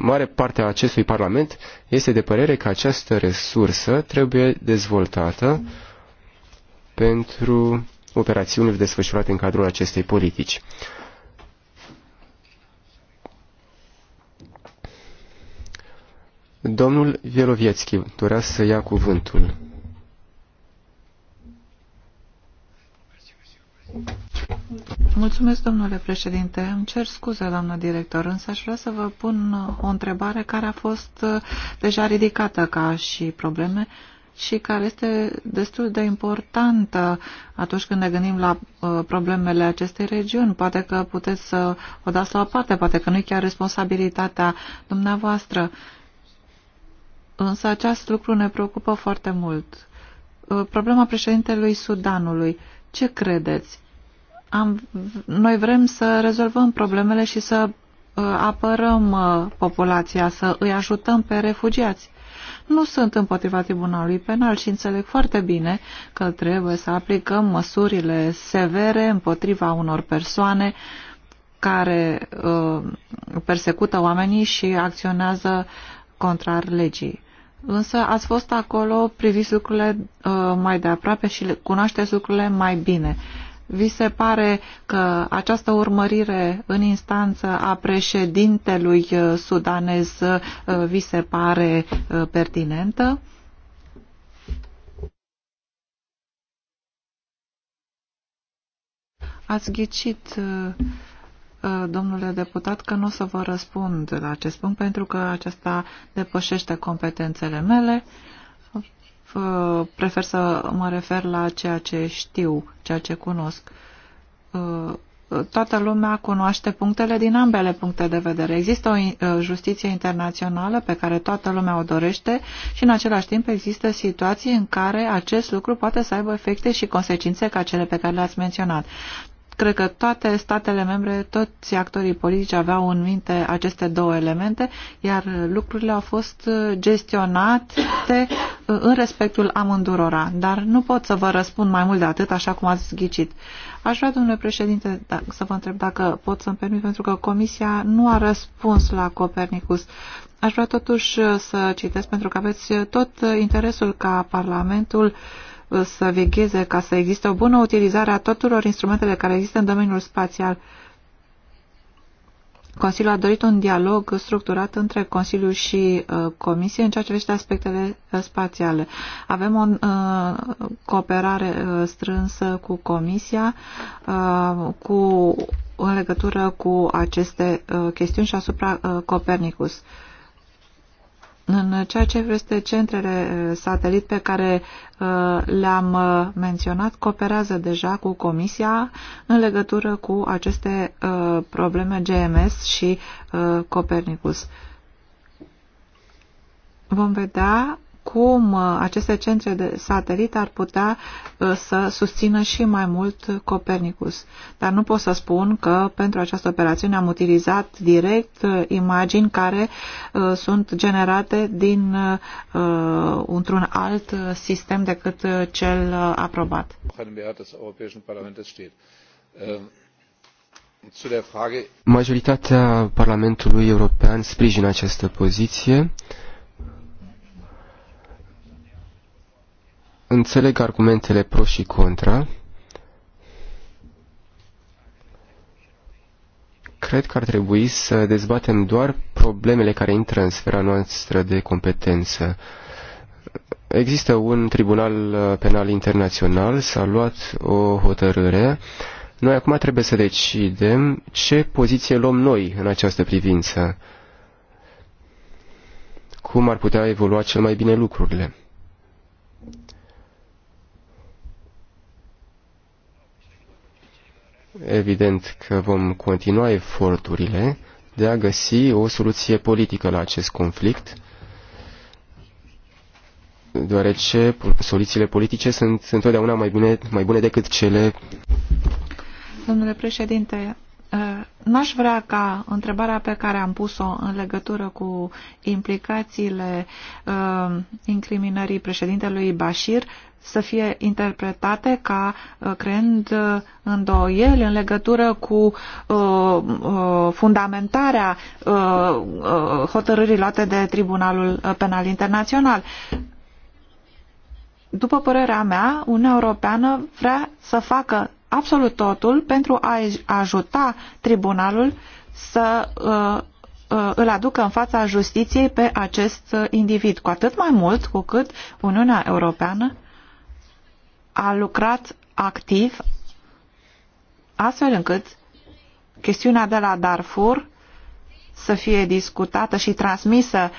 mare parte a acestui Parlament, este de părere că această resursă trebuie dezvoltată pentru operațiunile desfășurate în cadrul acestei politici. Domnul Vielovietski dorea să ia cuvântul. Thank you. Mulțumesc, domnule președinte. Îmi cer scuze, doamnă director, însă aș vrea să vă pun o întrebare care a fost uh, deja ridicată ca și probleme și care este destul de importantă atunci când ne gândim la uh, problemele acestei regiuni. Poate că puteți să o dați la o parte, poate că nu e chiar responsabilitatea dumneavoastră. Însă acest lucru ne preocupă foarte mult. Uh, problema președintelui Sudanului. Ce credeți? am, noi vrem să rezolvăm problemele și să uh, apărăm uh, populația, să îi ajutăm pe refugiați. Nu sunt împotriva tribunalului penal și înțeleg foarte bine că trebuie să aplicăm măsurile severe împotriva unor persoane care uh, persecută oamenii și acționează contrar legii. Însă ați fost acolo, priviți lucrurile uh, mai de aproape și cunoașteți lucrurile mai bine. Uh, vi se pare că această urmărire în instanță a președintelui uh, sudanez uh, vi se pare uh, pertinentă? Ați ghicit, domnule deputat, că nu o să vă răspund la acest punct, pentru că acesta depășește competențele mele. Uh, prefer să mă refer la ceea ce știu, ceea ce cunosc. Uh, toată lumea cunoaște punctele din ambele puncte de vedere. Există o uh, justiție internațională pe care toată lumea o dorește și în același timp există situații în care acest lucru poate să aibă efecte și consecințe ca cele pe care le-ați menționat cred că toate statele membre, toți actorii politici aveau în minte aceste două elemente, iar lucrurile au fost gestionate uh, în respectul amândurora. Dar nu pot să vă răspund mai mult de atât, așa cum ați ghicit. Aș vrea, domnule președinte, da, să vă întreb dacă pot să-mi permit, pentru că Comisia nu a răspuns la Copernicus. Aș vrea totuși să citesc, pentru că aveți tot interesul ca Parlamentul uh, să vegheze ca să existe o bună utilizare a tuturor instrumentele care există în domeniul spațial. Consiliul a dorit un dialog structurat între Consiliu și uh, Comisie în ceea ce privește aspectele uh, spațiale. Avem o uh, cooperare uh, strânsă cu Comisia uh, cu, în legătură cu aceste uh, chestiuni și asupra uh, Copernicus. Uh, în ceea ce vrește centrele eh, satelit pe care eh, le-am eh, menționat, cooperează deja cu Comisia în legătură cu aceste probleme GMS și Copernicus. Vom vedea cum uh, aceste centre de satelit ar putea uh, să susțină și mai mult Copernicus. Dar nu pot să spun că pentru această operațiune am utilizat direct uh, imagini care sunt generate din într-un alt sistem decât cel aprobat. Majoritatea Parlamentului European sprijină această poziție. înțeleg argumentele pro și contra. Cred că ar trebui să dezbatem doar problemele care intră în sfera noastră de competență. Există un tribunal uh, penal internațional, s-a luat o hotărâre. Noi acum trebuie să decidem ce poziție luăm noi în această privință. Cum ar putea evolua cel mai bine lucrurile. Evident că vom continua eforturile de a găsi o soluție politică la acest conflict, deoarece soluțiile politice sunt întotdeauna mai bune, mai bune decât cele. Domnule președinte, Uh, n-aș vrea ca întrebarea pe care am pus-o în legătură cu implicațiile uh, incriminării președintelui Bashir să fie interpretate ca uh, creând uh, îndoieli în legătură cu uh, uh, fundamentarea uh, uh, hotărârii luate de Tribunalul uh, Penal Internațional. După părerea mea, Uniunea Europeană vrea să facă absolut totul pentru a ajuta tribunalul să uh, uh, îl aducă în fața justiției pe acest individ, cu atât mai mult cu cât Uniunea Europeană a lucrat activ astfel încât chestiunea de la Darfur să fie discutată și transmisă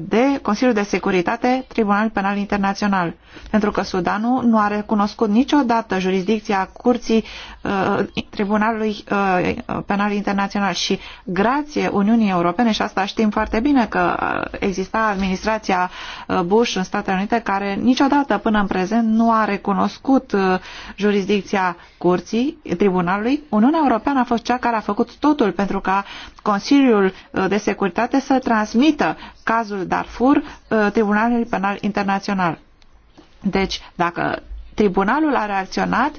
de Consiliul de Securitate Tribunal Penal Internațional, pentru că Sudanul nu a recunoscut niciodată jurisdicția Curții uh, Tribunalului uh, Penal Internațional și grație Uniunii Europene, și asta știm foarte bine că uh, exista administrația uh, Bush în Statele Unite care niciodată până în prezent nu a recunoscut uh, jurisdicția Curții Tribunalului, Uniunea Europeană a fost cea care a făcut totul pentru ca Consiliul uh, de Securitate să transmită cazul Darfur uh, Tribunalului Penal Internațional. Deci, dacă tribunalul a reacționat,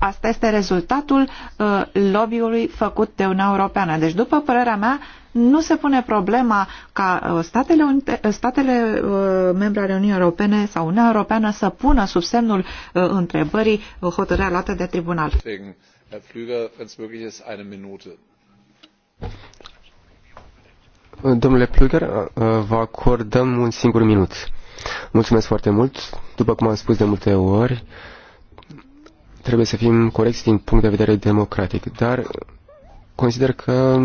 asta este rezultatul uh, lobby-ului făcut de Uniunea Europeană. Deci, după părerea mea, nu se pune problema ca uh, statele, statele membre ale Uniunii Europene sau Uniunea Europeană să pună sub semnul întrebării hotărârea luată de tribunal. Domnule Pluger, vă acordăm un singur minut. Mulțumesc foarte mult. După cum am spus de multe ori, trebuie să fim corecți din punct de vedere democratic, dar consider că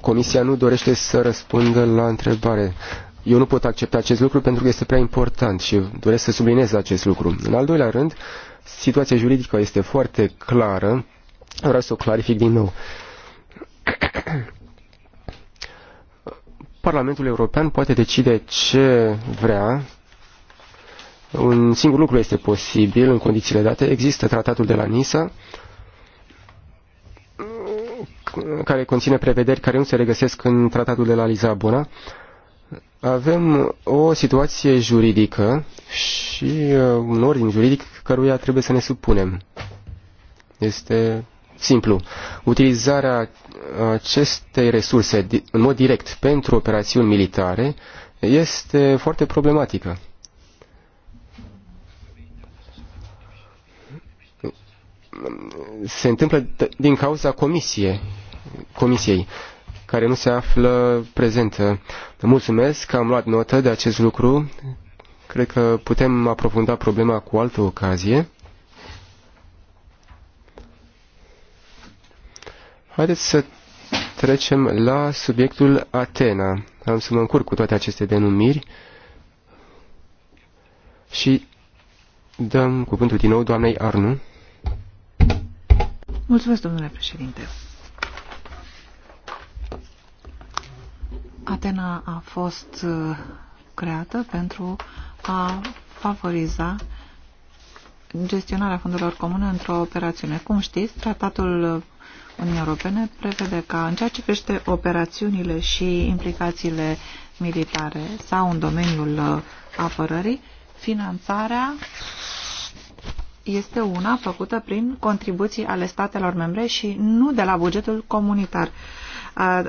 Comisia nu dorește să răspundă la întrebare. Eu nu pot accepta acest lucru pentru că este prea important și doresc să subliniez acest lucru. În al doilea rând, situația juridică este foarte clară. Vreau să o clarific din nou. Parlamentul European poate decide ce vrea. Un singur lucru este posibil în condițiile date. Există tratatul de la Nisa, care conține prevederi care nu se regăsesc în tratatul de la Lisabona. Avem o situație juridică și un ordin juridic căruia trebuie să ne supunem. Este simplu. Utilizarea acestei resurse în mod direct pentru operațiuni militare este foarte problematică. Se întâmplă din cauza comisie, comisiei, care nu se află prezentă. Mulțumesc că am luat notă de acest lucru. Cred că putem aprofunda problema cu altă ocazie. Haideți să trecem la subiectul Atena. Am să mă încurc cu toate aceste denumiri și dăm cuvântul din nou doamnei Arnu. Mulțumesc, domnule președinte. Atena a fost uh, creată pentru a favoriza gestionarea fondurilor comune într-o operațiune. Cum știți, tratatul Uniunii Europene prevede ca în ceea ce privește operațiunile și implicațiile militare sau în domeniul uh, apărării, finanțarea este una făcută prin contribuții ale statelor membre și nu de la bugetul comunitar. Uh,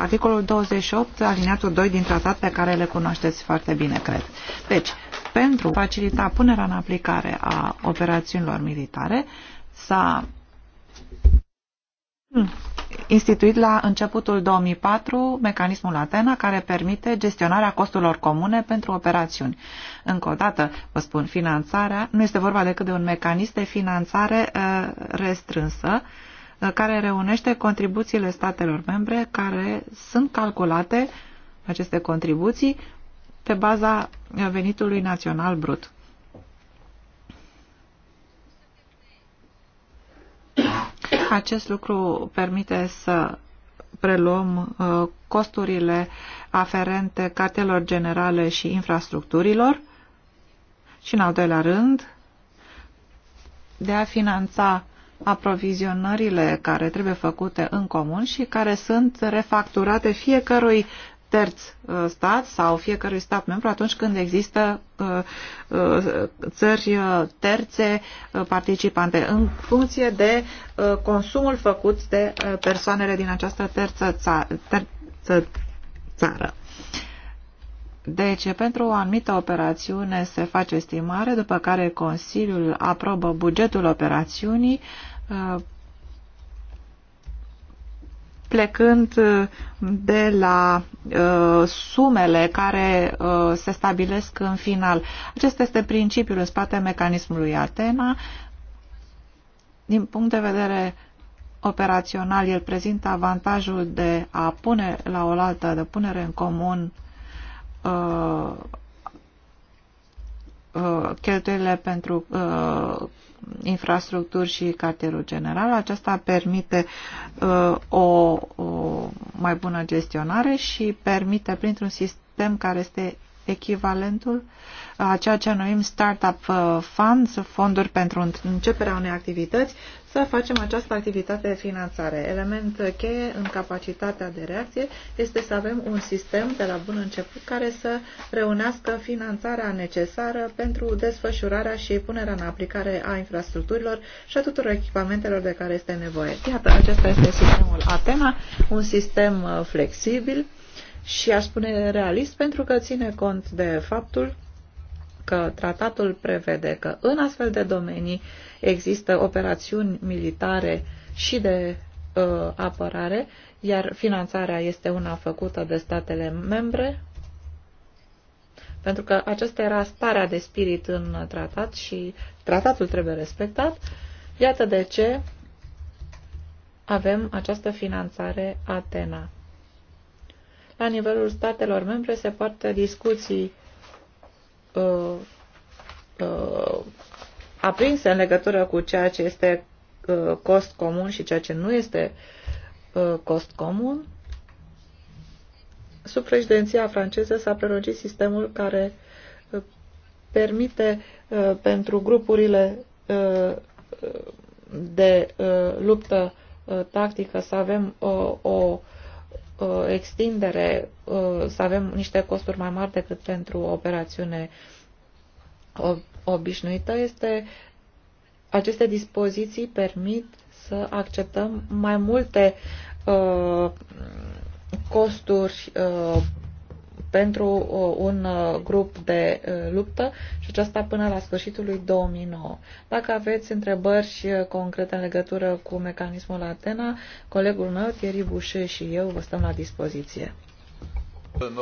articolul 28, aliniatul 2 din tratat pe care le cunoașteți foarte bine, cred. Deci, pentru facilita punerea în aplicare a operațiunilor militare, s-a instituit la începutul 2004 mecanismul Atena care permite gestionarea costurilor comune pentru operațiuni. Încă o dată, vă spun, finanțarea nu este vorba decât de un mecanism de finanțare uh, restrânsă uh, care reunește contribuțiile statelor membre care sunt calculate aceste contribuții pe baza venitului național brut. Acest lucru permite să preluăm uh, costurile aferente cartelor generale și infrastructurilor și, în al doilea rând, de a finanța aprovizionările care trebuie făcute în comun și care sunt refacturate fiecărui terț uh, stat sau fiecărui stat membru atunci când există uh, uh, țări terțe participante în funcție de consumul făcut de persoanele din această terță, țară, terță țară. Deci, pentru o anumită operațiune se face estimare, după care Consiliul aprobă bugetul operațiunii plecând uh, de la uh, sumele care uh, se stabilesc în final. Acesta este principiul în spate mecanismului Atena. Din punct de vedere operațional, el prezintă avantajul de a pune la oaltă, de punere în comun uh, uh cheltuielile pentru uh, infrastructuri și cartierul general. Aceasta permite uh, o, o mai bună gestionare și permite printr-un sistem care este echivalentul a ceea ce numim startup uh, funds, fonduri pentru începerea unei activități, să facem această activitate de finanțare. Element cheie în capacitatea de reacție este să avem un sistem de la bun început care să reunească finanțarea necesară pentru desfășurarea și punerea în aplicare a infrastructurilor și a tuturor echipamentelor de care este nevoie. Iată, acesta este sistemul Atena, un sistem uh, flexibil și aș spune realist pentru că ține cont de faptul că tratatul prevede că în astfel de domenii există operațiuni militare și de uh, apărare, iar finanțarea este una făcută de statele membre, pentru că aceasta era starea de spirit în tratat și tratatul trebuie respectat. Iată de ce avem această finanțare Atena. La nivelul statelor membre se poartă discuții uh, uh, aprinse în legătură cu ceea ce este uh, cost comun și ceea ce nu este uh, cost comun, sub președinția franceză s-a prelungit sistemul care uh, permite uh, pentru grupurile uh, de uh, luptă uh, tactică să avem uh, o, o Uh, extindere uh, să avem niște costuri mai mari decât pentru o operațiune obișnuită este aceste dispoziții permit să acceptăm mai multe uh, costuri pentru uh, un uh, grup de uh, luptă și aceasta până la sfârșitul lui 2009. Dacă aveți întrebări și concrete în legătură cu mecanismul Atena, colegul meu, Thierry Boucher și eu vă stăm la dispoziție. Äh,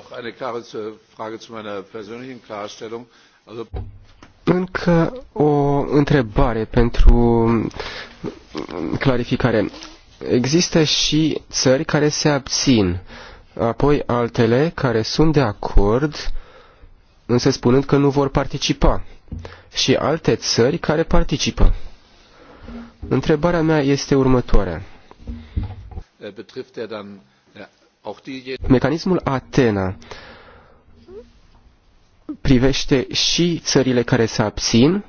Încă o întrebare pentru mm, clarificare. Există și țări care se abțin apoi altele care sunt de acord, însă spunând că nu vor participa, și alte țări care participă. Întrebarea mea este următoarea. Äh, er äh, Mecanismul Atena privește și țările care se abțin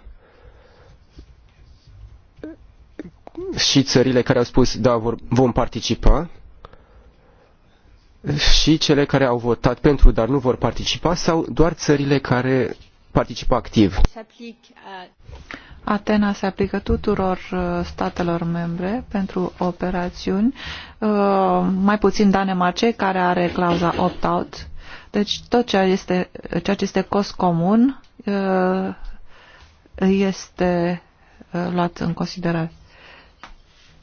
și țările care au spus da, vor, vom participa și cele care au votat pentru, dar nu vor participa, sau doar țările care participă activ? Atena se aplică tuturor uh, statelor membre pentru operațiuni, uh, mai puțin Danemarce care are clauza opt-out. Deci tot ceea, este, ceea ce este cost comun uh, este luat în considerare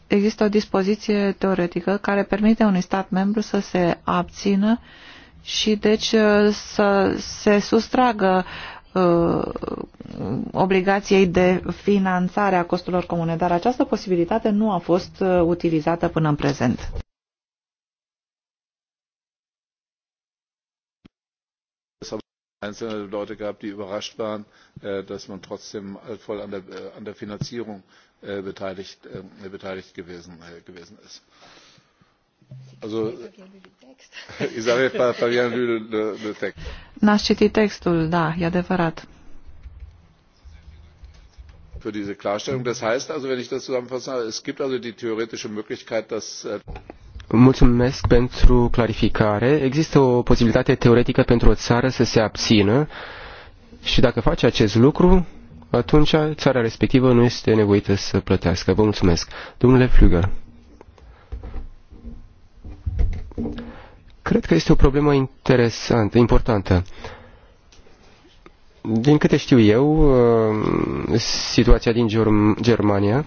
există o dispoziție teoretică care permite unui stat membru să se abțină și deci uh, să se sustragă uh, obligației de finanțare a costurilor comune, dar această posibilitate nu a fost uh, utilizată până în prezent. einzelne Leute gab, die überrascht waren, äh, dass man trotzdem äh, voll an der, äh, an der Finanzierung Äh, äh, beteiligt gewesen äh, ist. Isabel Fabian Lüdel, text. N-aș citit textul, da, e adevărat für diese klarstellung. das heißt also wenn ich das zusammenfasse es gibt also die theoretische möglichkeit dass Mulțumesc pentru clarificare. Există o posibilitate teoretică pentru o țară să se abțină și dacă face acest lucru, atunci țara respectivă nu este nevoită să plătească. Vă mulțumesc. Domnule Flügel. Cred că este o problemă interesantă, importantă. Din câte știu eu, uh, situația din Germ Germania,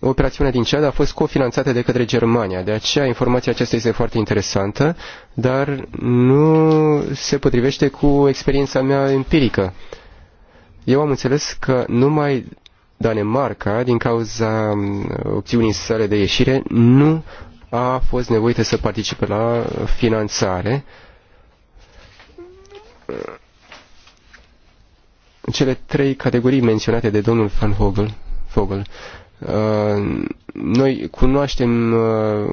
operațiunea din CEAD a fost cofinanțată de către Germania. De aceea informația aceasta este foarte interesantă, dar nu se potrivește cu experiența mea empirică. Eu am înțeles că numai Danemarca, din cauza mm, opțiunii sale de ieșire, nu a fost nevoită să participe la finanțare. Cele trei categorii menționate de domnul Van Hogel, Vogel uh, noi cunoaștem uh,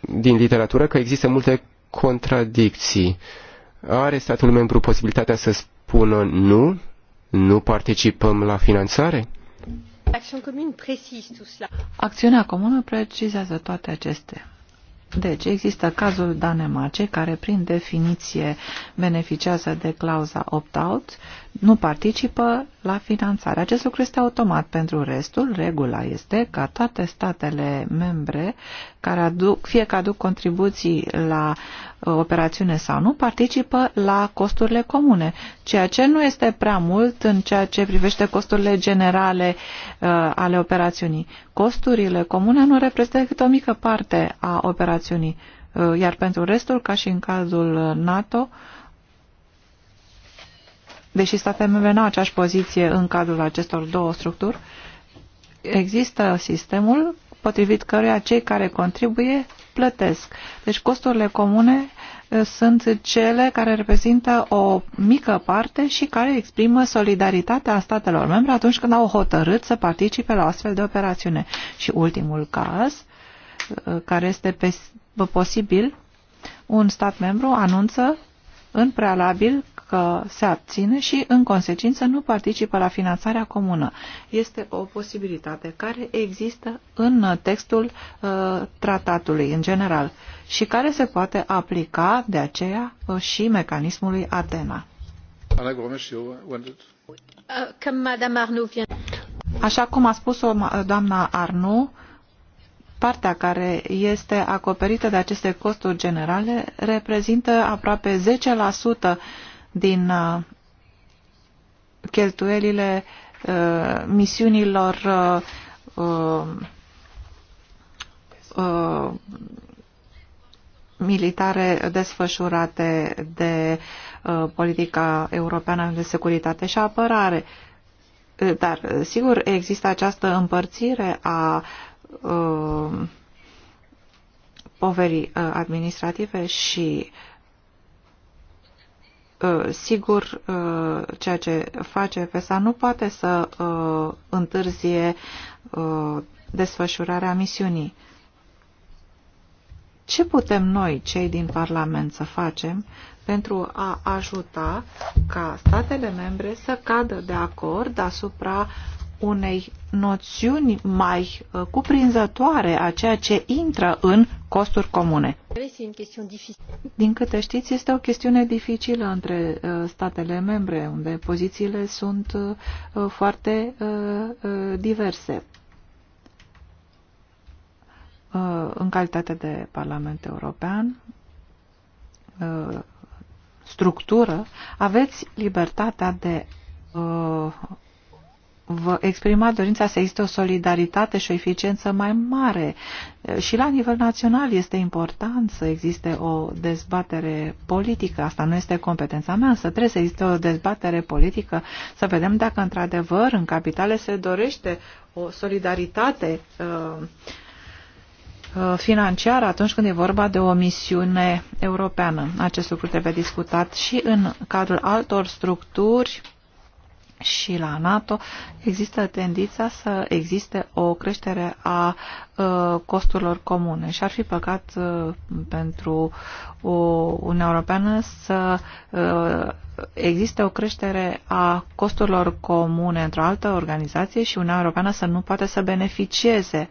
din literatură că există multe contradicții. Are statul membru posibilitatea să spună nu nu participăm la finanțare? Acțiunea comună precizează toate acestea. Deci, există cazul Danemarcei, care prin definiție beneficiază de clauza opt-out nu participă la finanțare. Acest lucru este automat pentru restul. Regula este ca toate statele membre care aduc, fie că aduc contribuții la uh, operațiune sau nu, participă la costurile comune, ceea ce nu este prea mult în ceea ce privește costurile generale uh, ale operațiunii. Costurile comune nu reprezintă decât o mică parte a operațiunii, uh, iar pentru restul, ca și în cazul uh, NATO, deși statele membre nu au aceeași poziție în cadrul acestor două structuri, există sistemul potrivit căruia cei care contribuie plătesc. Deci costurile comune eh, sunt cele care reprezintă o mică parte și care exprimă solidaritatea statelor membre atunci când au hotărât să participe la astfel de operațiune. Și ultimul caz, eh, care este posibil, un stat membru anunță în prealabil că se abține și, în consecință, nu participă la finanțarea comună. Este o posibilitate care există în textul uh, tratatului, în general, și care se poate aplica, de aceea, uh, și mecanismului Atena. Uh, Așa cum a spus-o doamna Arnu, Partea care este acoperită de aceste costuri generale reprezintă aproape 10% din uh, cheltuielile uh, misiunilor uh, militare desfășurate de politica europeană de securitate și apărare. Dar, sigur, există această împărțire a Um, poverii uh, administrative și uh, sigur uh, ceea ce face FESA nu poate să întârzie desfășurarea misiunii. Ce putem noi, cei din Parlament, să facem pentru a ajuta ca statele membre să cadă de acord asupra unei noțiuni mai uh, cuprinzătoare a ceea ce intră în costuri comune. Din câte știți, este o chestiune dificilă între uh, statele membre, unde pozițiile sunt uh, foarte diverse. În calitate de Parlament European, structură, aveți libertatea de vă exprima dorința să existe o solidaritate și o eficiență mai mare. Și la nivel național este important să existe o dezbatere politică. Asta nu este competența mea, însă trebuie să existe o dezbatere politică, să vedem dacă într-adevăr în capitale se dorește o solidaritate uh, uh financiar atunci când e vorba de o misiune europeană. Acest lucru trebuie discutat și în cadrul altor structuri și la NATO există tendința să existe o creștere a ă, costurilor comune și ar fi păcat ă, pentru o Uniunea Europeană să ă, existe o creștere a costurilor comune într-o altă organizație și Uniunea Europeană să nu poate să beneficieze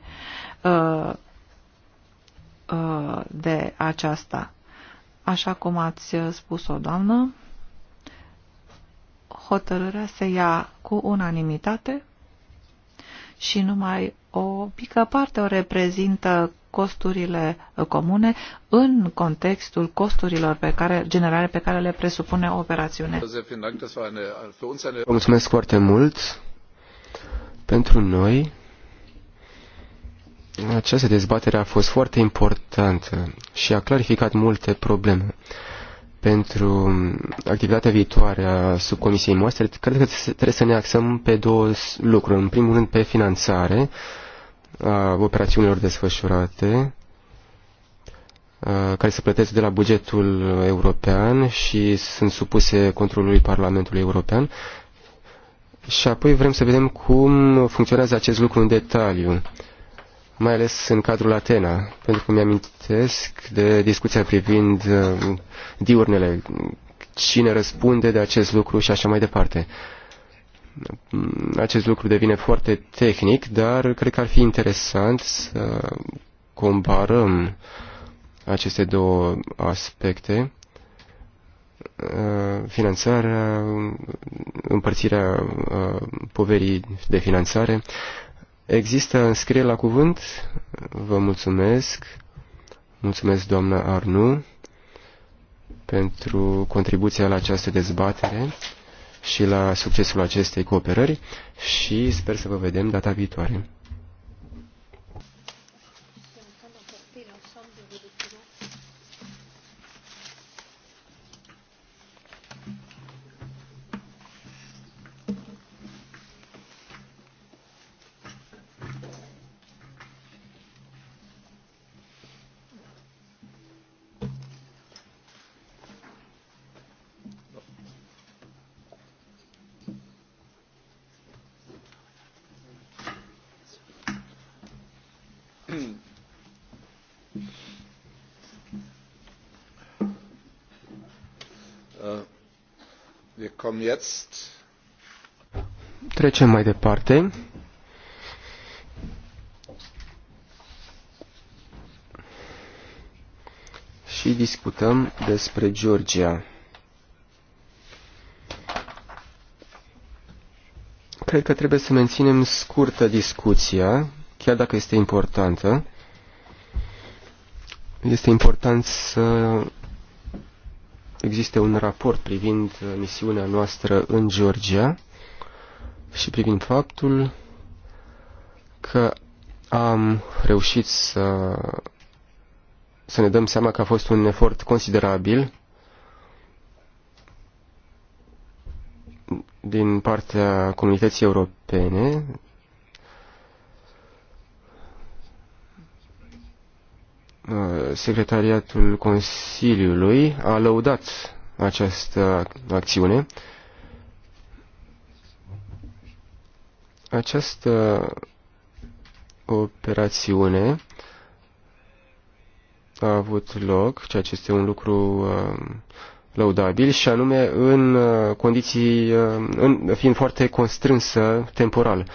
de aceasta. Așa cum ați spus-o, doamnă, hotărârea se ia cu unanimitate și numai o pică parte o reprezintă costurile comune în contextul costurilor pe care, generale pe care le presupune o operațiune. Vă mulțumesc foarte mult pentru noi. Această dezbatere a fost foarte importantă și a clarificat multe probleme pentru activitatea viitoare a subcomisiei noastre, cred că trebuie să ne axăm pe două lucruri. În primul rând pe finanțare a operațiunilor desfășurate, care se plătesc de la bugetul european și sunt supuse controlului Parlamentului European. Și apoi vrem să vedem cum funcționează acest lucru în detaliu mai ales în cadrul Atena, pentru că mi-amintesc de discuția privind uh, diurnele, cine răspunde de acest lucru și așa mai departe. Acest lucru devine foarte tehnic, dar cred că ar fi interesant să comparăm aceste două aspecte, uh, finanțarea, împărțirea uh, poverii de finanțare, Există înscrie la cuvânt? Vă mulțumesc. Mulțumesc, doamna Arnu, pentru contribuția la această dezbatere și la succesul acestei cooperări și sper să vă vedem data viitoare. Trecem mai departe. Și discutăm despre Georgia. Cred că trebuie să menținem scurtă discuția, chiar dacă este importantă. Este important să existe un raport privind misiunea noastră în Georgia și privind faptul că am reușit să, să ne dăm seama că a fost un efort considerabil din partea comunității europene Secretariatul Consiliului a lăudat această acțiune Această uh, operațiune a avut loc, ceea ce este un lucru uh, laudabil, și anume în uh, condiții, în, fiind foarte constrânsă temporal.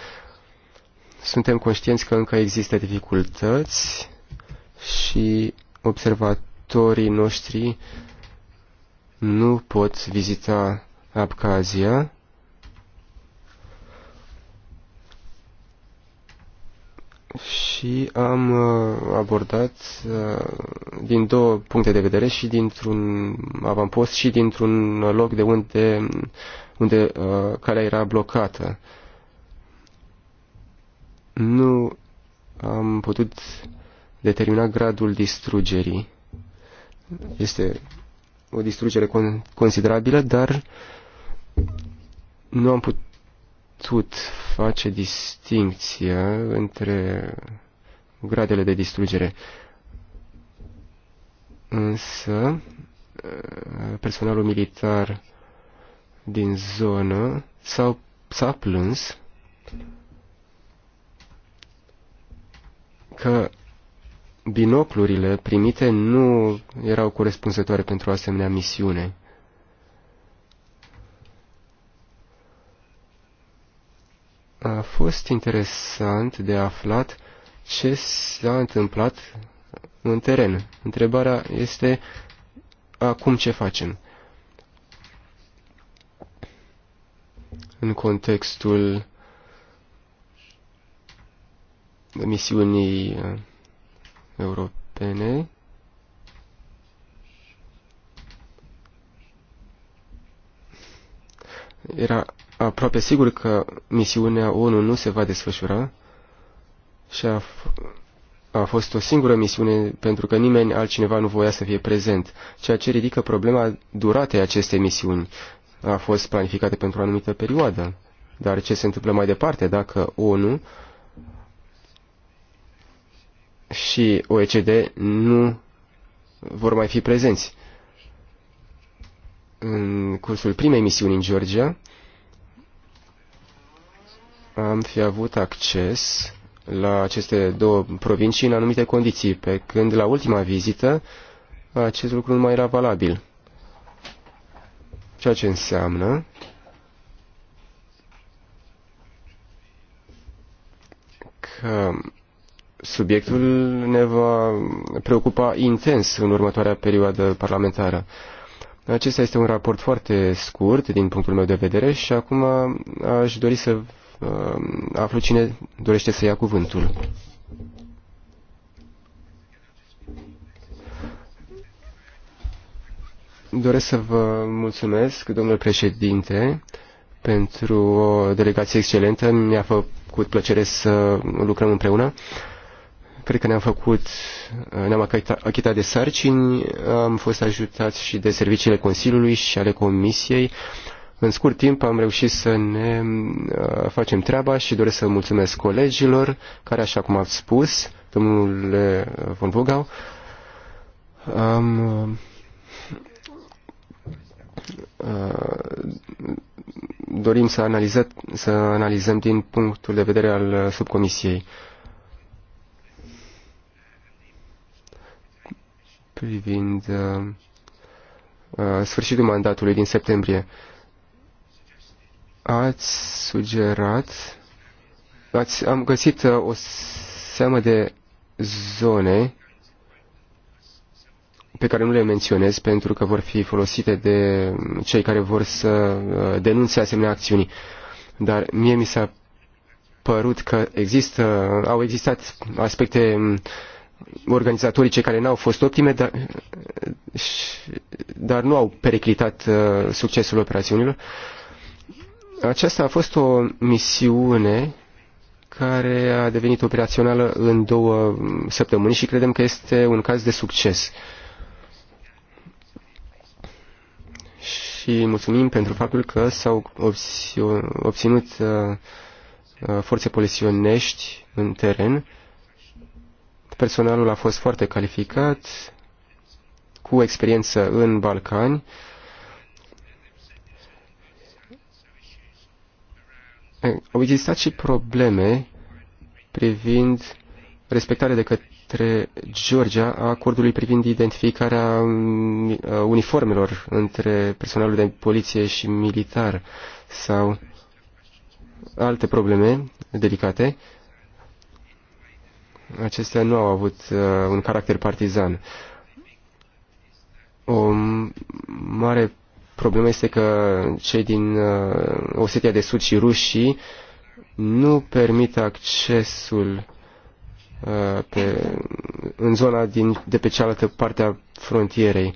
Suntem conștienți că încă există dificultăți și observatorii noștri nu pot vizita Abkhazia, și am uh, abordat uh, din două puncte de vedere și dintr-un avampost și dintr-un loc de unde, unde uh, calea era blocată. Nu am putut determina gradul distrugerii. Este o distrugere considerabilă, dar nu am putut putut face distincția între gradele de distrugere. Însă, personalul militar din zonă s-a plâns că binoclurile primite nu erau corespunzătoare pentru asemenea misiune. a fost interesant de aflat ce s-a întâmplat în teren. Întrebarea este acum ce facem? În contextul misiunii uh, europene, era aproape sigur că misiunea ONU nu se va desfășura și a, a fost o singură misiune pentru că nimeni altcineva nu voia să fie prezent, ceea ce ridică problema duratei acestei misiuni. A fost planificată pentru o anumită perioadă, dar ce se întâmplă mai departe dacă ONU și OECD nu vor mai fi prezenți? În cursul primei misiuni în Georgia, am fi avut acces la aceste două provincii în anumite condiții, pe când la ultima vizită acest lucru nu mai era valabil. Ceea ce înseamnă că subiectul ne va preocupa intens în următoarea perioadă parlamentară. Acesta este un raport foarte scurt din punctul meu de vedere și acum aș dori să Uh, aflu cine dorește să ia cuvântul. Doresc să vă mulțumesc, domnule președinte, pentru o delegație excelentă. Mi-a făcut plăcere să lucrăm împreună. Cred că ne-am făcut, ne-am achitat de sarcini, am fost ajutați și de serviciile Consiliului și ale Comisiei. Uh, în scurt timp am reușit să ne uh, facem treaba și doresc să mulțumesc colegilor care, așa cum ați spus, domnule uh, von Vogau, am uh, dorim să, analizăm, să analizăm din punctul de vedere al subcomisiei. Privind uh, sfârșitul mandatului din septembrie. Uh, ați sugerat, ați, am găsit uh, o seamă de zone pe care nu le menționez pentru că vor fi folosite de cei care vor să uh, denunțe asemenea acțiuni. Dar mie mi s-a părut că există, uh, au existat aspecte um, organizatorice care n-au fost optime, dar, dar nu au periclitat succesul operațiunilor. Uh, aceasta a fost o misiune care a devenit operațională în două săptămâni și credem că este un caz de succes. Și mulțumim pentru faptul că s-au obținut uh, uh, forțe polisionești în teren. Personalul a fost foarte calificat, cu experiență în Balcani au existat și probleme privind respectarea de către Georgia a acordului privind identificarea um, uh, uniformelor între personalul de poliție și militar sau alte probleme delicate. Acestea nu au avut uh, un caracter partizan. O mare Problema este că cei din uh, Osetia de Sud și rușii nu permit accesul uh, pe, în zona din, de pe cealaltă parte a frontierei.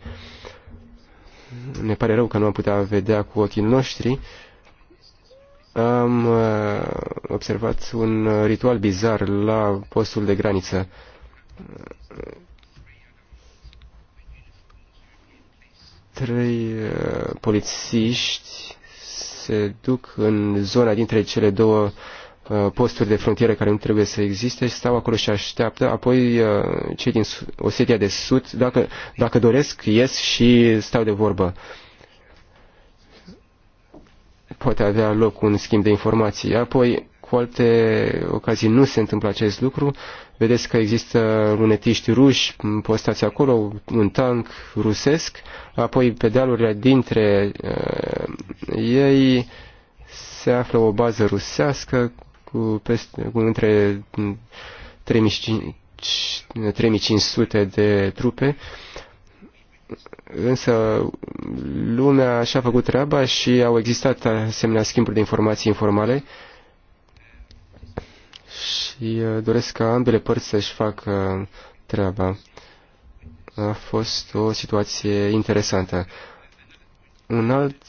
Ne pare rău că nu am putea vedea cu ochii noștri. Am uh, observat un ritual bizar la postul de graniță. trei uh, polițiști se duc în zona dintre cele două uh, posturi de frontieră care nu trebuie să existe și stau acolo și așteaptă. Apoi uh, cei din Osetia de Sud, dacă, dacă doresc, ies și stau de vorbă. Poate avea loc un schimb de informații. Apoi, cu alte ocazii nu se întâmplă acest lucru vedeți că există lunetiști ruși postați acolo, un tank rusesc, apoi pe dealurile dintre uh, ei se află o bază rusească cu, peste, cu între 3500 de trupe, însă lumea și-a făcut treaba și au existat asemenea schimburi de informații informale, uh, și uh, doresc ca ambele părți să-și facă uh, treaba. A fost o situație interesantă. Un alt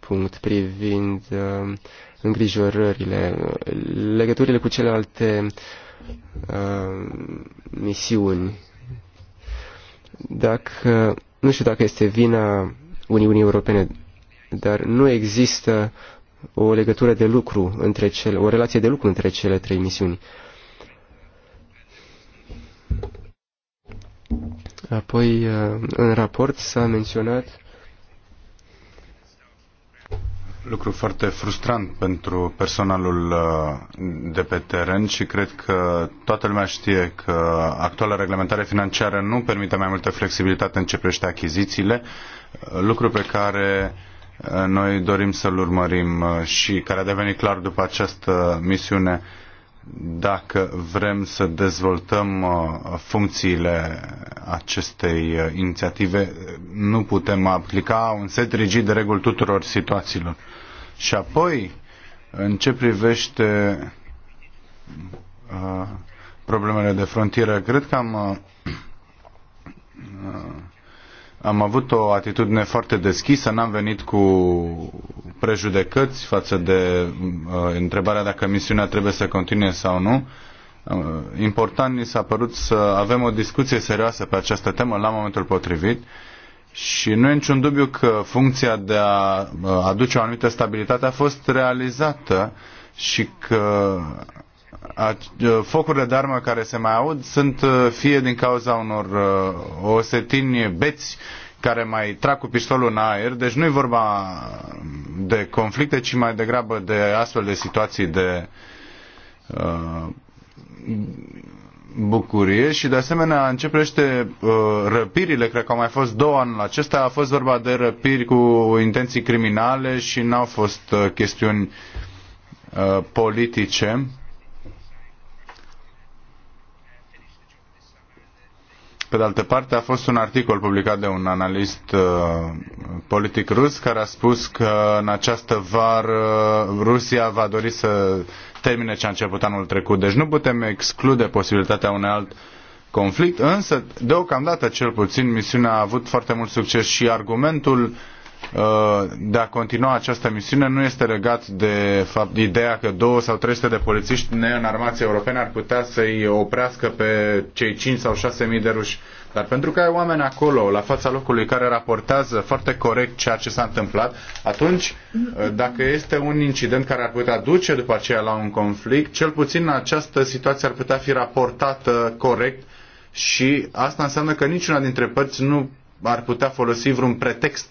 punct privind uh, îngrijorările, uh, legăturile cu celelalte uh, misiuni. Dacă, nu știu dacă este vina Uniunii Europene, dar nu există o legătură de lucru între cele, o relație de lucru între cele trei misiuni. Apoi, uh, în raport s-a menționat lucru foarte frustrant pentru personalul uh, de pe teren și cred că toată lumea știe că actuala reglementare financiară nu permite mai multă flexibilitate în ce privește achizițiile, uh, lucru pe care uh, noi dorim să-l urmărim uh, și care a devenit clar după această misiune dacă vrem să dezvoltăm uh, funcțiile acestei uh, inițiative, nu putem aplica un set rigid de reguli tuturor situațiilor. Și apoi, în ce privește problemele de frontieră, cred că am am avut o atitudine foarte deschisă, n-am venit cu prejudecăți față de uh, întrebarea dacă misiunea trebuie să continue sau nu. Uh, important mi s-a părut să avem o discuție serioasă pe această temă la momentul potrivit și nu e niciun dubiu că funcția de a uh, aduce o anumită stabilitate a fost realizată și că focurile de armă care se mai aud sunt uh, fie din cauza unor uh, osetini beți care mai trag cu pistolul în aer, deci nu e vorba de conflicte, ci mai degrabă de astfel de situații de uh, bucurie și de asemenea începește uh, răpirile, cred că au mai fost două anul acesta, a fost vorba de răpiri cu intenții criminale și n-au fost uh, chestiuni uh, politice Pe de altă parte, a fost un articol publicat de un analist uh, politic rus care a spus că în această vară Rusia va dori să termine ce a început anul trecut. Deci nu putem exclude posibilitatea unui alt conflict, însă deocamdată cel puțin misiunea a avut foarte mult succes și argumentul uh, de a continua această misiune nu este legat de fapt, ideea că două sau 300 de polițiști neînarmați europeni ar putea să-i oprească pe cei 5 sau 6 mii de ruși. Dar pentru că ai oameni acolo, la fața locului, care raportează foarte corect ceea ce s-a întâmplat, atunci, dacă este un incident care ar putea duce după aceea la un conflict, cel puțin această situație ar putea fi raportată corect și asta înseamnă că niciuna dintre părți nu ar putea folosi vreun pretext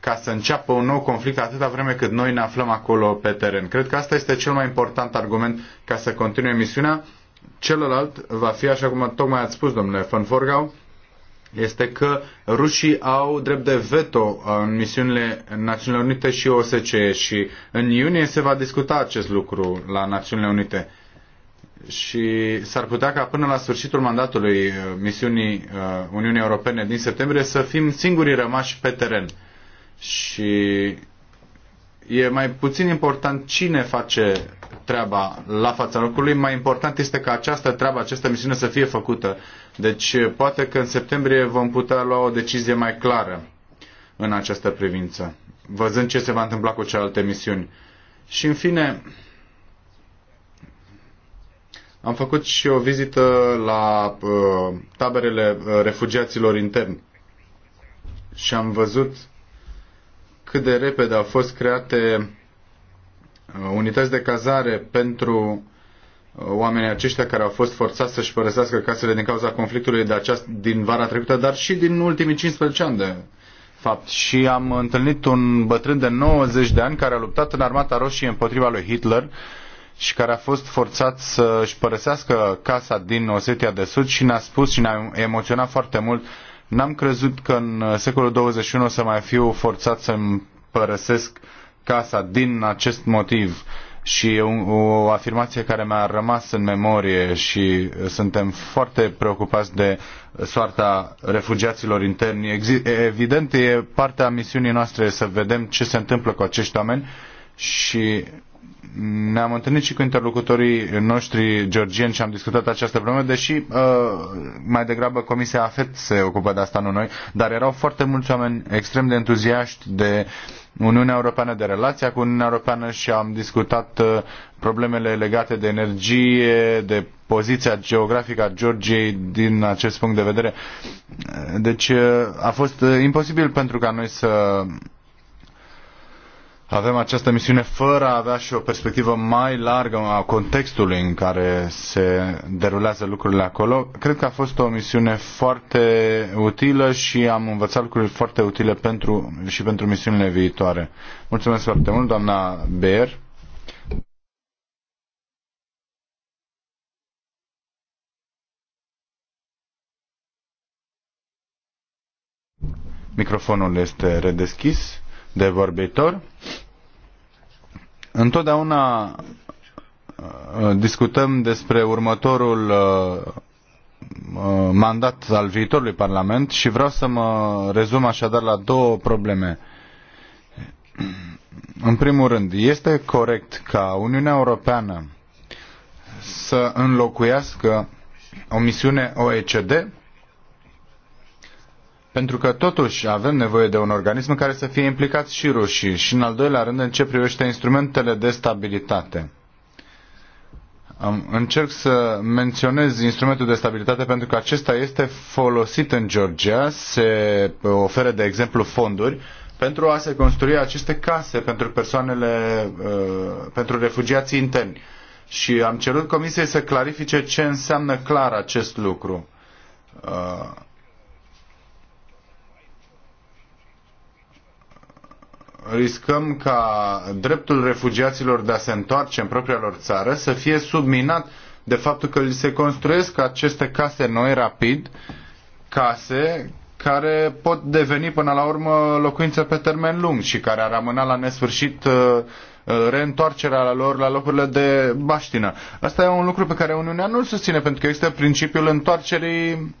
ca să înceapă un nou conflict atâta vreme cât noi ne aflăm acolo pe teren. Cred că asta este cel mai important argument ca să continue misiunea. Celălalt va fi, așa cum tocmai ați spus, domnule Van Forgau, este că rușii au drept de veto în misiunile Națiunilor Unite și OSCE și în iunie se va discuta acest lucru la Națiunile Unite. Și s-ar putea ca până la sfârșitul mandatului uh, misiunii uh, Uniunii Europene din septembrie să fim singurii rămași pe teren și e mai puțin important cine face treaba la fața locului, mai important este ca această treabă, această misiune să fie făcută. Deci poate că în septembrie vom putea lua o decizie mai clară în această privință, văzând ce se va întâmpla cu celelalte misiuni. Și în fine, am făcut și o vizită la uh, taberele uh, refugiaților interni și am văzut cât de repede au fost create uh, unități de cazare pentru uh, oamenii aceștia care au fost forțați să-și părăsească casele din cauza conflictului de aceast- din vara trecută, dar și din ultimii 15 ani de fapt. Și am întâlnit un bătrân de 90 de ani care a luptat în armata roșie împotriva lui Hitler și care a fost forțat să-și părăsească casa din Osetia de Sud și ne-a spus și ne-a emoționat foarte mult uh, N-am crezut că în uh, secolul 21 o să mai fiu forțat să-mi părăsesc casa din acest motiv și e o afirmație care mi-a rămas în memorie și uh, suntem foarte preocupați de soarta refugiaților interni. Evident, e partea misiunii noastre să vedem ce se întâmplă cu acești oameni și ne-am întâlnit și cu interlocutorii noștri georgieni și am discutat această problemă, deși uh, mai degrabă Comisia AFET se ocupă de asta, nu noi, dar erau foarte mulți oameni extrem de entuziaști de Uniunea Europeană, de relația cu Uniunea Europeană și am discutat uh, problemele legate de energie, de poziția geografică a Georgiei din acest punct de vedere. Deci uh, a fost uh, imposibil pentru ca noi să avem această misiune fără a avea și o perspectivă mai largă a contextului în care se derulează lucrurile acolo. Cred că a fost o misiune foarte utilă și am învățat lucruri foarte utile pentru, și pentru misiunile viitoare. Mulțumesc foarte mult, doamna Beer. Microfonul este redeschis de vorbitor. Întotdeauna uh, discutăm despre următorul uh, uh, mandat al viitorului Parlament și vreau să mă rezum așadar la două probleme. În primul rând, este corect ca Uniunea Europeană să înlocuiască o misiune OECD pentru că totuși avem nevoie de un organism care să fie implicat și rușii și în al doilea rând în ce privește instrumentele de stabilitate. Încerc să menționez instrumentul de stabilitate pentru că acesta este folosit în Georgia, se uh, oferă de exemplu fonduri pentru a se construi aceste case pentru persoanele, uh, pentru refugiații interni. Și am cerut Comisiei să clarifice ce înseamnă clar acest lucru. Uh, riscăm ca dreptul refugiaților de a se întoarce în propria lor țară să fie subminat de faptul că li se construiesc aceste case noi rapid, case care pot deveni până la urmă locuințe pe termen lung și care ar rămâna la nesfârșit uh, uh, reîntoarcerea lor la locurile de baștină. Asta e un lucru pe care Uniunea nu-l susține, pentru că este principiul întoarcerii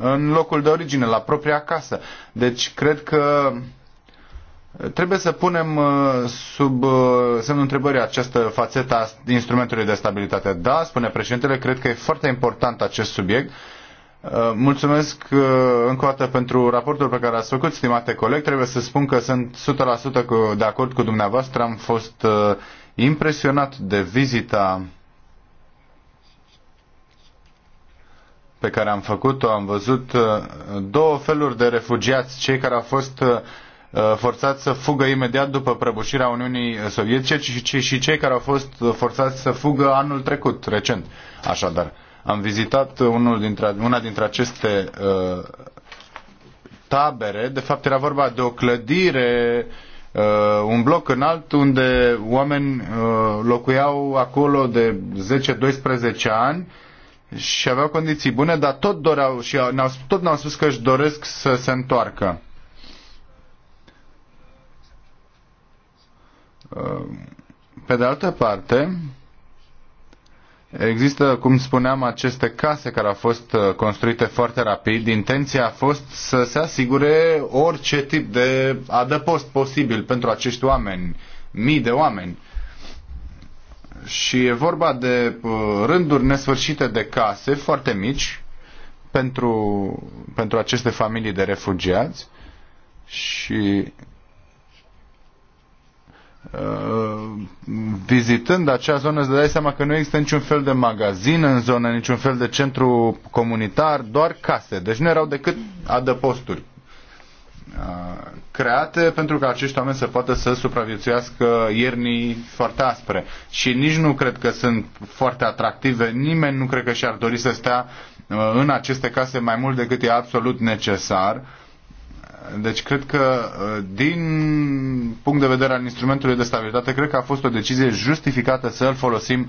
în locul de origine, la propria casă. Deci cred că Trebuie să punem uh, sub uh, semnul întrebării această fațetă a instrumentului de stabilitate. Da, spune președintele, cred că e foarte important acest subiect. Uh, mulțumesc încă o dată pentru raportul pe care l-ați făcut, stimate coleg. Trebuie să spun că sunt 100% de acord cu dumneavoastră. Am fost impresionat de vizita pe care am făcut-o. Am văzut două feluri de refugiați, cei care au fost uh, Uh, forțați să fugă imediat după prăbușirea Uniunii Sovietice, ci, ci și cei care au fost forțați să fugă anul trecut, recent. Așadar, am vizitat unul dintre, una dintre aceste uh, tabere. De fapt, era vorba de o clădire, uh, un bloc înalt, unde oameni uh, locuiau acolo de 10-12 ani și aveau condiții bune, dar tot doreau și ne-au, tot ne-au spus că își doresc să se întoarcă Pe de altă parte, Există, cum spuneam, aceste case care au fost uh, construite foarte rapid. Intenția a fost să se asigure orice tip de adăpost posibil pentru acești oameni, mii de oameni. Și e vorba de uh, rânduri nesfârșite de case foarte mici pentru, pentru aceste familii de refugiați și Uh, vizitând acea zonă îți dai seama că nu există niciun fel de magazin în zonă, niciun fel de centru comunitar, doar case. Deci nu erau decât adăposturi uh, create pentru că acești oameni să poată să supraviețuiască iernii foarte aspre. Și nici nu cred că sunt foarte atractive. Nimeni nu cred că și-ar dori să stea uh, în aceste case mai mult decât e absolut necesar deci cred că uh, din punct de vedere al instrumentului de stabilitate, cred că a fost o decizie justificată să îl folosim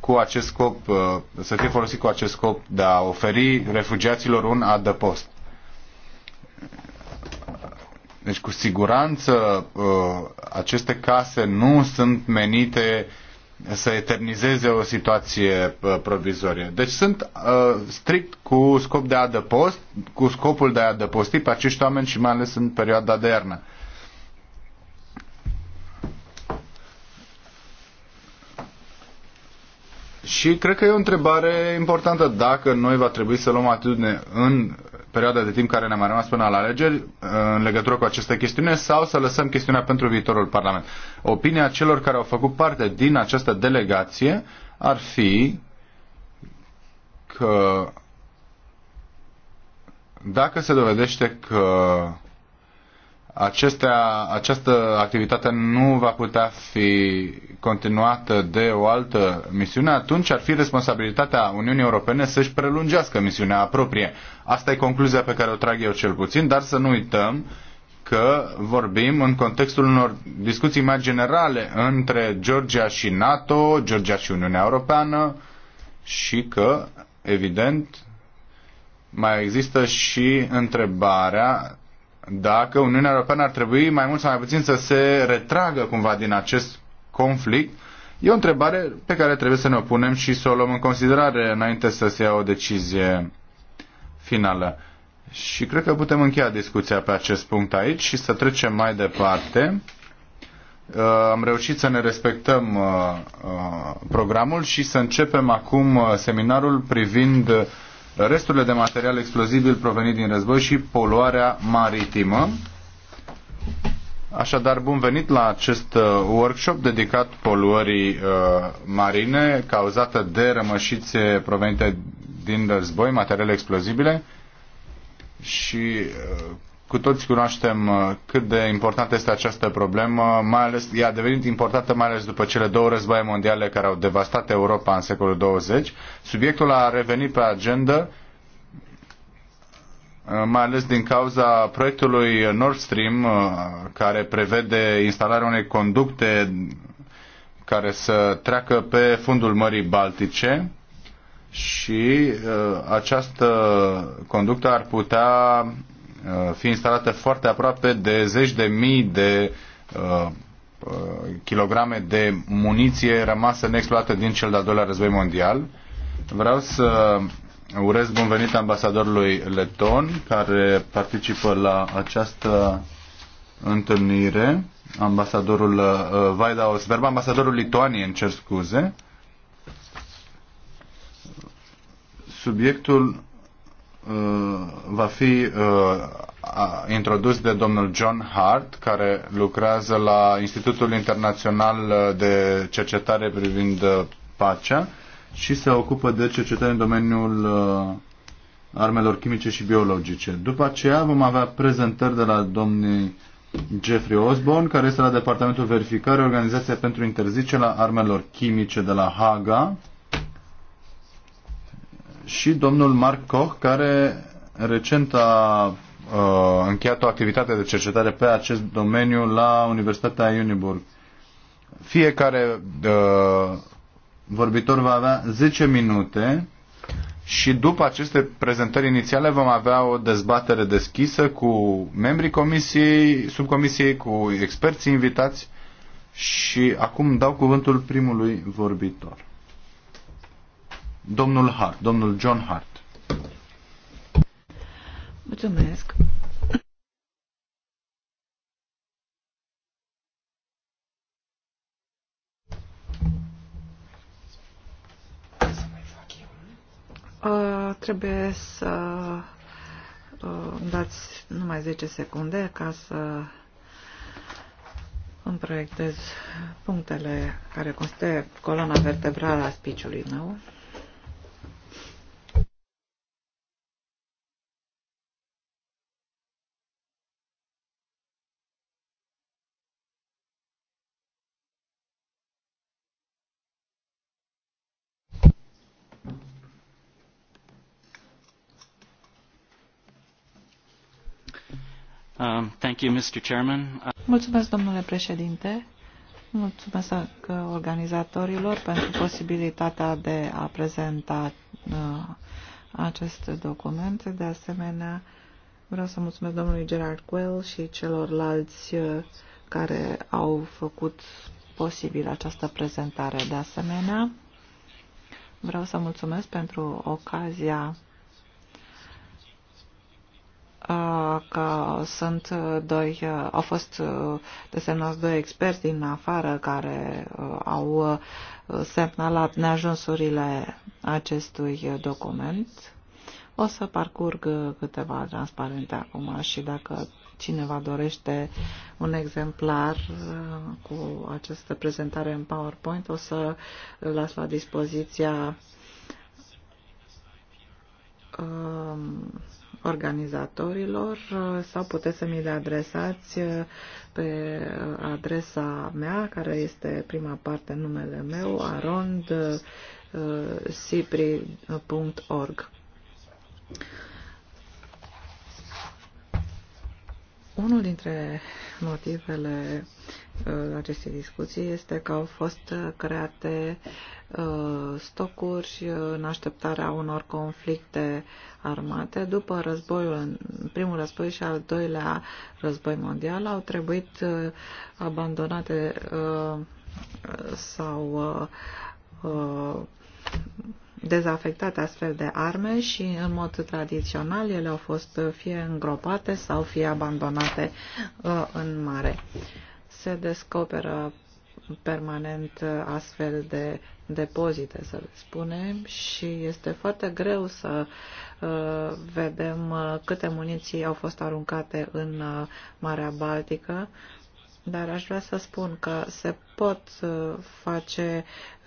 cu acest scop, uh, să fie folosit cu acest scop de a oferi refugiaților un adăpost. Deci cu siguranță uh, aceste case nu sunt menite uh, să eternizeze o situație uh, provizorie. Deci sunt uh, strict cu scop de adăpost, cu scopul de a adăposti pe acești oameni și mai ales în perioada de iarnă. Și cred că e o întrebare importantă dacă noi va trebui să luăm atitudine în perioada de timp care ne-a mai rămas până la alegeri uh, în legătură cu această chestiune sau să lăsăm chestiunea pentru viitorul Parlament. Opinia celor care au făcut parte din această delegație ar fi că dacă se dovedește că acestea, această activitate nu va putea fi continuată de o altă misiune, atunci ar fi responsabilitatea Uniunii Europene să-și prelungească misiunea proprie. Asta e concluzia pe care o trag eu cel puțin, dar să nu uităm că vorbim în contextul unor discuții mai generale între Georgia și NATO, Georgia și Uniunea Europeană și că, evident, mai există și întrebarea dacă Uniunea Europeană ar trebui mai mult sau mai puțin să se retragă cumva din acest conflict, e o întrebare pe care trebuie să ne opunem și să o luăm în considerare înainte să se ia o decizie finală. Și cred că putem încheia discuția pe acest punct aici și să trecem mai departe. Uh, am reușit să ne respectăm uh, uh, programul și să începem acum uh, seminarul privind resturile de material explozibil provenit din război și poluarea maritimă. Așadar, bun venit la acest uh, workshop dedicat poluării uh, marine cauzată de rămășițe provenite din război, materiale explozibile și uh, cu toți cunoaștem uh, cât de importantă este această problemă, mai ales, ea a devenit importantă mai ales după cele două războaie mondiale care au devastat Europa în secolul 20. Subiectul a revenit pe agenda uh, mai ales din cauza proiectului Nord Stream, uh, care prevede instalarea unei conducte care să treacă pe fundul Mării Baltice și această conductă ar putea Uh, fi instalate foarte aproape de zeci de mii de uh, uh, kilograme de muniție rămasă neexploată din cel de-al doilea război mondial. Vreau să urez bun venit ambasadorului Leton, care participă la această întâlnire, ambasadorul uh, Vaidaos, verba ambasadorul Lituaniei, îmi cer scuze. Subiectul Uh, va fi uh, introdus de domnul John Hart, care lucrează la Institutul Internațional de Cercetare privind uh, pacea și se ocupă de cercetare în domeniul armelor chimice și biologice. După aceea vom avea prezentări de la domnii Jeffrey Osborne, care este la Departamentul Verificare, Organizația pentru Interzicerea Armelor Chimice de la Haga, și domnul Mark Koch, care recent a uh, încheiat o activitate de cercetare pe acest domeniu la Universitatea Uniburg. Fiecare uh, vorbitor va avea 10 minute și după aceste prezentări inițiale vom avea o dezbatere deschisă cu membrii comisiei, subcomisiei, cu experții invitați și acum dau cuvântul primului vorbitor. Domnul Hart, domnul John Hart. Mulțumesc. Uh, trebuie să uh, dați numai 10 secunde ca să îmi proiectez punctele care constă coloana vertebrală a spiciului meu. Um, mulțumesc, domnule președinte. Mulțumesc organizatorilor pentru posibilitatea de a prezenta uh, acest document. De asemenea, vreau să mulțumesc domnului Gerard Quell și celorlalți uh, care au făcut posibil această prezentare. De asemenea, vreau să mulțumesc pentru ocazia că sunt doi, au fost desemnați doi experți din afară care au semnalat neajunsurile acestui document. O să parcurg câteva transparente acum și dacă cineva dorește un exemplar cu această prezentare în PowerPoint, o să îl las la dispoziția um, organizatorilor uh, sau puteți să mi le adresați uh, pe adresa mea, care este prima parte numele meu, arond.sipri.org. Uh, Unul dintre motivele acestei discuții este că au fost create Uh, stocuri uh, în așteptarea unor conflicte armate. După războiul, primul război și al doilea război mondial au trebuit uh, abandonate sau dezafectate astfel de arme și în mod tradițional ele au fost fie îngropate sau fie abandonate în mare. Se descoperă permanent astfel de depozite, să le spunem, și este foarte greu să uh, vedem uh, câte muniții au fost aruncate în uh, Marea Baltică, dar aș vrea să spun că se pot face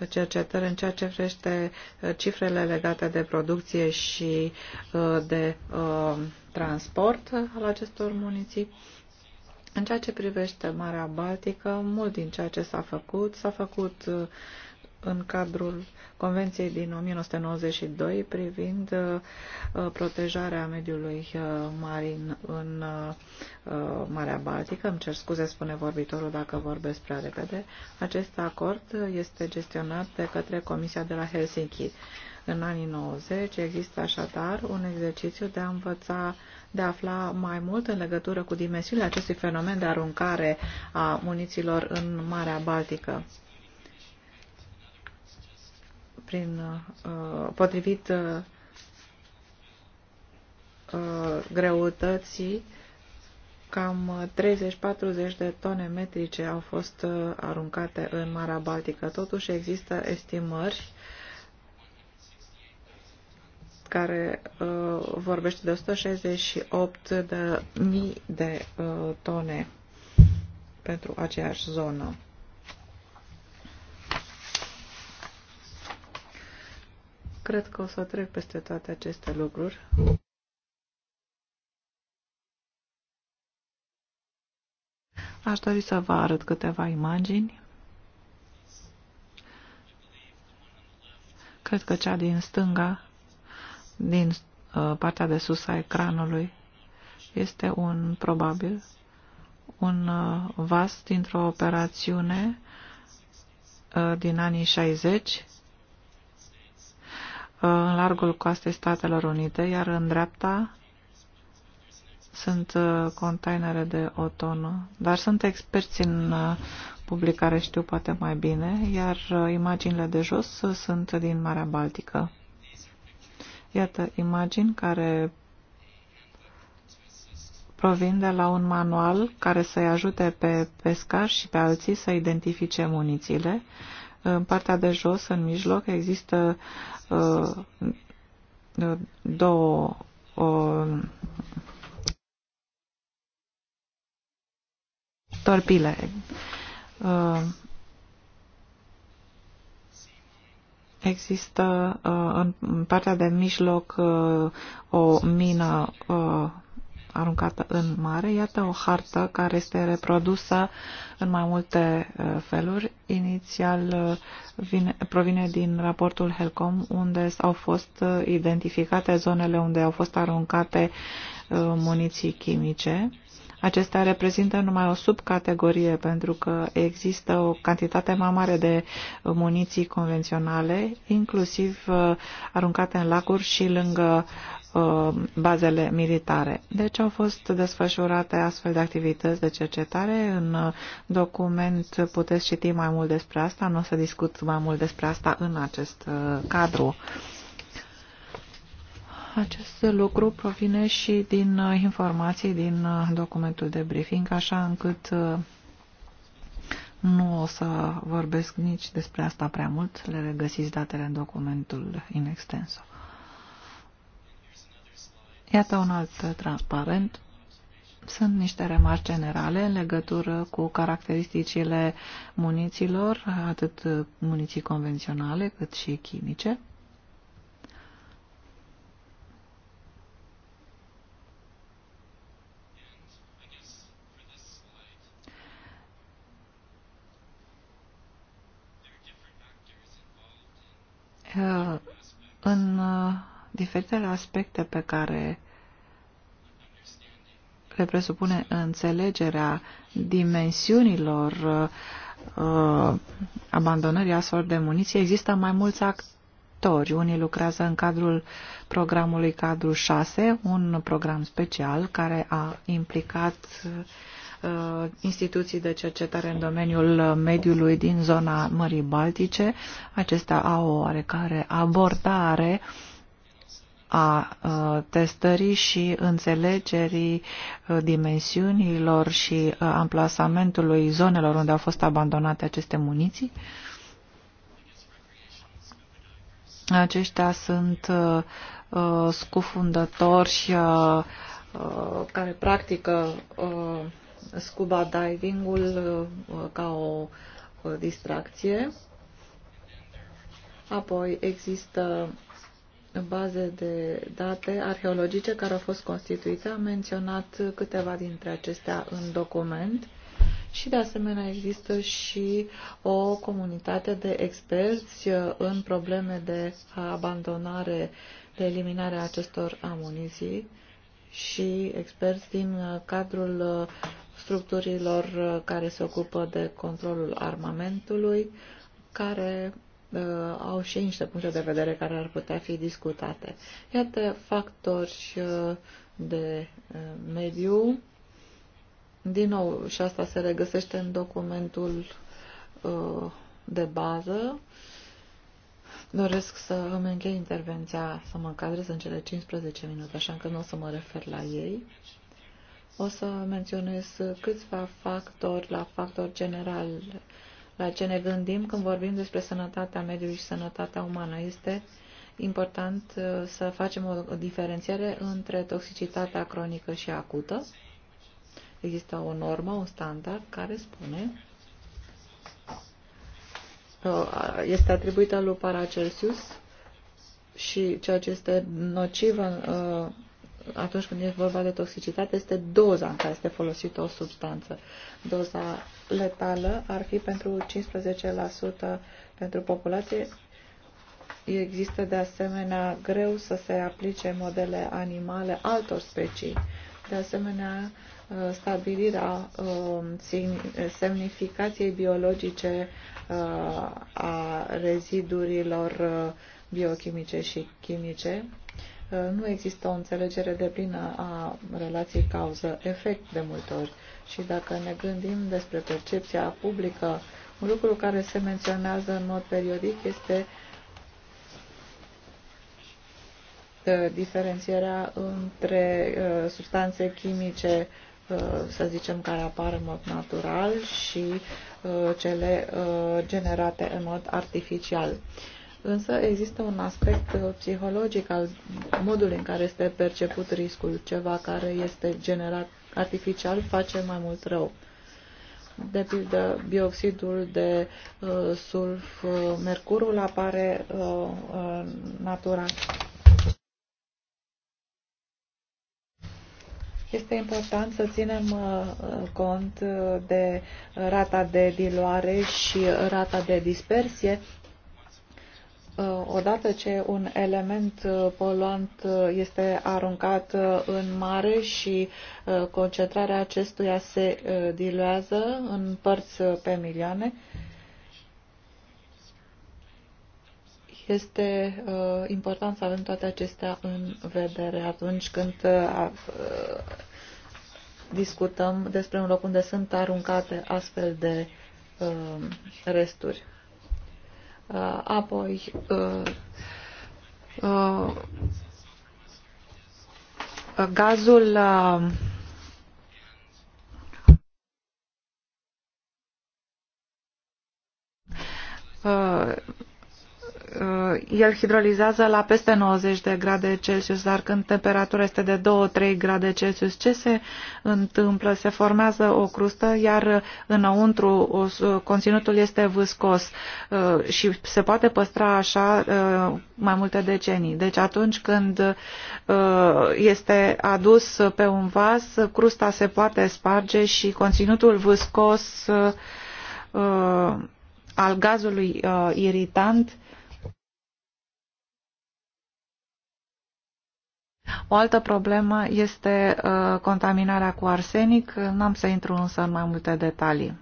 cercetări în ceea ce vrește cifrele legate de producție și de transport al acestor muniții în ceea ce privește Marea Baltică, mult din ceea ce s-a făcut, s-a făcut uh, în cadrul Convenției din 1992 privind uh, protejarea mediului uh, marin în Marea Baltică. Îmi cer scuze, spune vorbitorul, dacă vorbesc prea repede. Acest acord este gestionat de către Comisia de la Helsinki. În anii 90 există așadar un exercițiu de a învăța de a afla mai mult în legătură cu dimensiunile acestui fenomen de aruncare a muniților în Marea Baltică. Prin, uh, potrivit uh, uh, greutății, cam 30-40 de tone metrice au fost aruncate în Marea Baltică. Totuși există estimări uh, care uh, vorbește de 168 de mii de uh, tone pentru aceeași zonă. Cred că o să trec peste toate aceste lucruri. Aș dori să vă arăt câteva imagini. Cred că cea din stânga din uh, partea de sus a ecranului. Este un, probabil, un uh, vas dintr-o operațiune uh, din anii 60 în largul coastei Statelor Unite, iar în dreapta sunt containere de o tonă. Dar sunt experți în publicare, știu poate mai bine, iar imaginile de jos sunt din Marea Baltică. Iată imagini care provin de la un manual care să-i ajute pe pescari și pe alții să identifice munițiile. În partea de jos, în mijloc, există uh, uh două uh, torpile. Uh, Există uh, în partea de mijloc uh, o mină uh, aruncată în mare. Iată o hartă care este reprodusă în mai multe feluri. Inițial vine, provine din raportul HELCOM, unde au fost identificate zonele unde au fost aruncate muniții chimice Acestea reprezintă numai o subcategorie pentru că există o cantitate mai mare de muniții convenționale, inclusiv uh, aruncate în lacuri și lângă uh, bazele militare. Deci au fost desfășurate astfel de activități de cercetare. În uh, document puteți citi mai mult despre asta, nu o să discut mai mult despre asta în acest cadru. Acest lucru provine și din uh, informații din uh, documentul de briefing, așa încât uh, nu o să vorbesc nici despre asta prea mult, le regăsiți datele în documentul in extenso. Iată un alt transparent. Sunt niște remarci generale în legătură cu caracteristicile muniților, atât muniții convenționale cât și chimice. în uh, diferitele aspecte pe care le presupune înțelegerea dimensiunilor uh, abandonării astfel de muniție, există mai mulți actori. Unii lucrează în cadrul programului Cadru 6, un program special care a implicat uh, Uh, instituții de cercetare în domeniul mediului din zona Mării Baltice. Acestea au o oarecare abordare a uh, testării și înțelegerii uh, dimensiunilor și amplasamentului zonelor unde au fost abandonate aceste muniții. Aceștia sunt scufundători care practică scuba diving-ul uh, ca o uh, distracție. Apoi există baze de date arheologice care au fost constituite. Am menționat câteva dintre acestea în document și de asemenea există și o comunitate de experți uh, în probleme de abandonare, de eliminare a acestor amuniții și experți din cadrul structurilor uh, care se ocupă de controlul armamentului, care uh, au și niște puncte de vedere care ar putea fi discutate. Iată factori uh, de uh, mediu. Din nou, și asta se regăsește în documentul uh, de bază. Doresc să îmi închei intervenția, să mă încadrez în cele 15 minute, așa că nu o să mă refer la ei. O să menționez câțiva factori la factor general la ce ne gândim când vorbim despre sănătatea mediului și sănătatea umană. Este important uh, să facem o diferențiere între toxicitatea cronică și acută. Există o normă, un standard care spune uh, este atribuită lui Paracelsus și ceea ce este nocivă uh, atunci când e vorba de toxicitate este doza în care este folosită o substanță. Doza letală ar fi pentru 15% pentru populație. Există de asemenea greu să se aplice modele animale altor specii. De asemenea, uh, stabilirea uh, semnificației biologice uh, a rezidurilor biochimice și chimice nu există o înțelegere de plină a relației cauză-efect de multe ori. Și dacă ne gândim despre percepția publică, un lucru care se menționează în mod periodic este uh, diferențierea între uh, substanțe chimice, uh, să zicem, care apar în mod natural și cele generate în mod artificial. Însă există un aspect uh, psihologic al modului în care este perceput riscul. Ceva care este generat artificial face mai mult rău. De pildă, bioxidul de uh, sulf, uh, mercurul apare uh, uh, natural. Este important să ținem uh, cont uh, de rata de diluare și rata de dispersie Uh, odată ce un element uh, poluant uh, este aruncat în mare și concentrarea acestuia se diluează în părți pe milioane, este important să avem toate acestea în vedere atunci când discutăm despre un loc unde sunt aruncate astfel de resturi. Uh, apoi uh, uh, gazul Uh, el hidrolizează la peste 90 de grade Celsius, dar când temperatura este de 2-3 grade Celsius, ce se întâmplă? Se formează o crustă, iar înăuntru uh, conținutul este viscos uh, și se poate păstra așa mai multe decenii. Deci atunci când este adus pe un vas, crusta se poate sparge și conținutul viscos al gazului uh, irritant O altă problemă este uh, contaminarea cu arsenic. N-am să intru însă în mai multe detalii.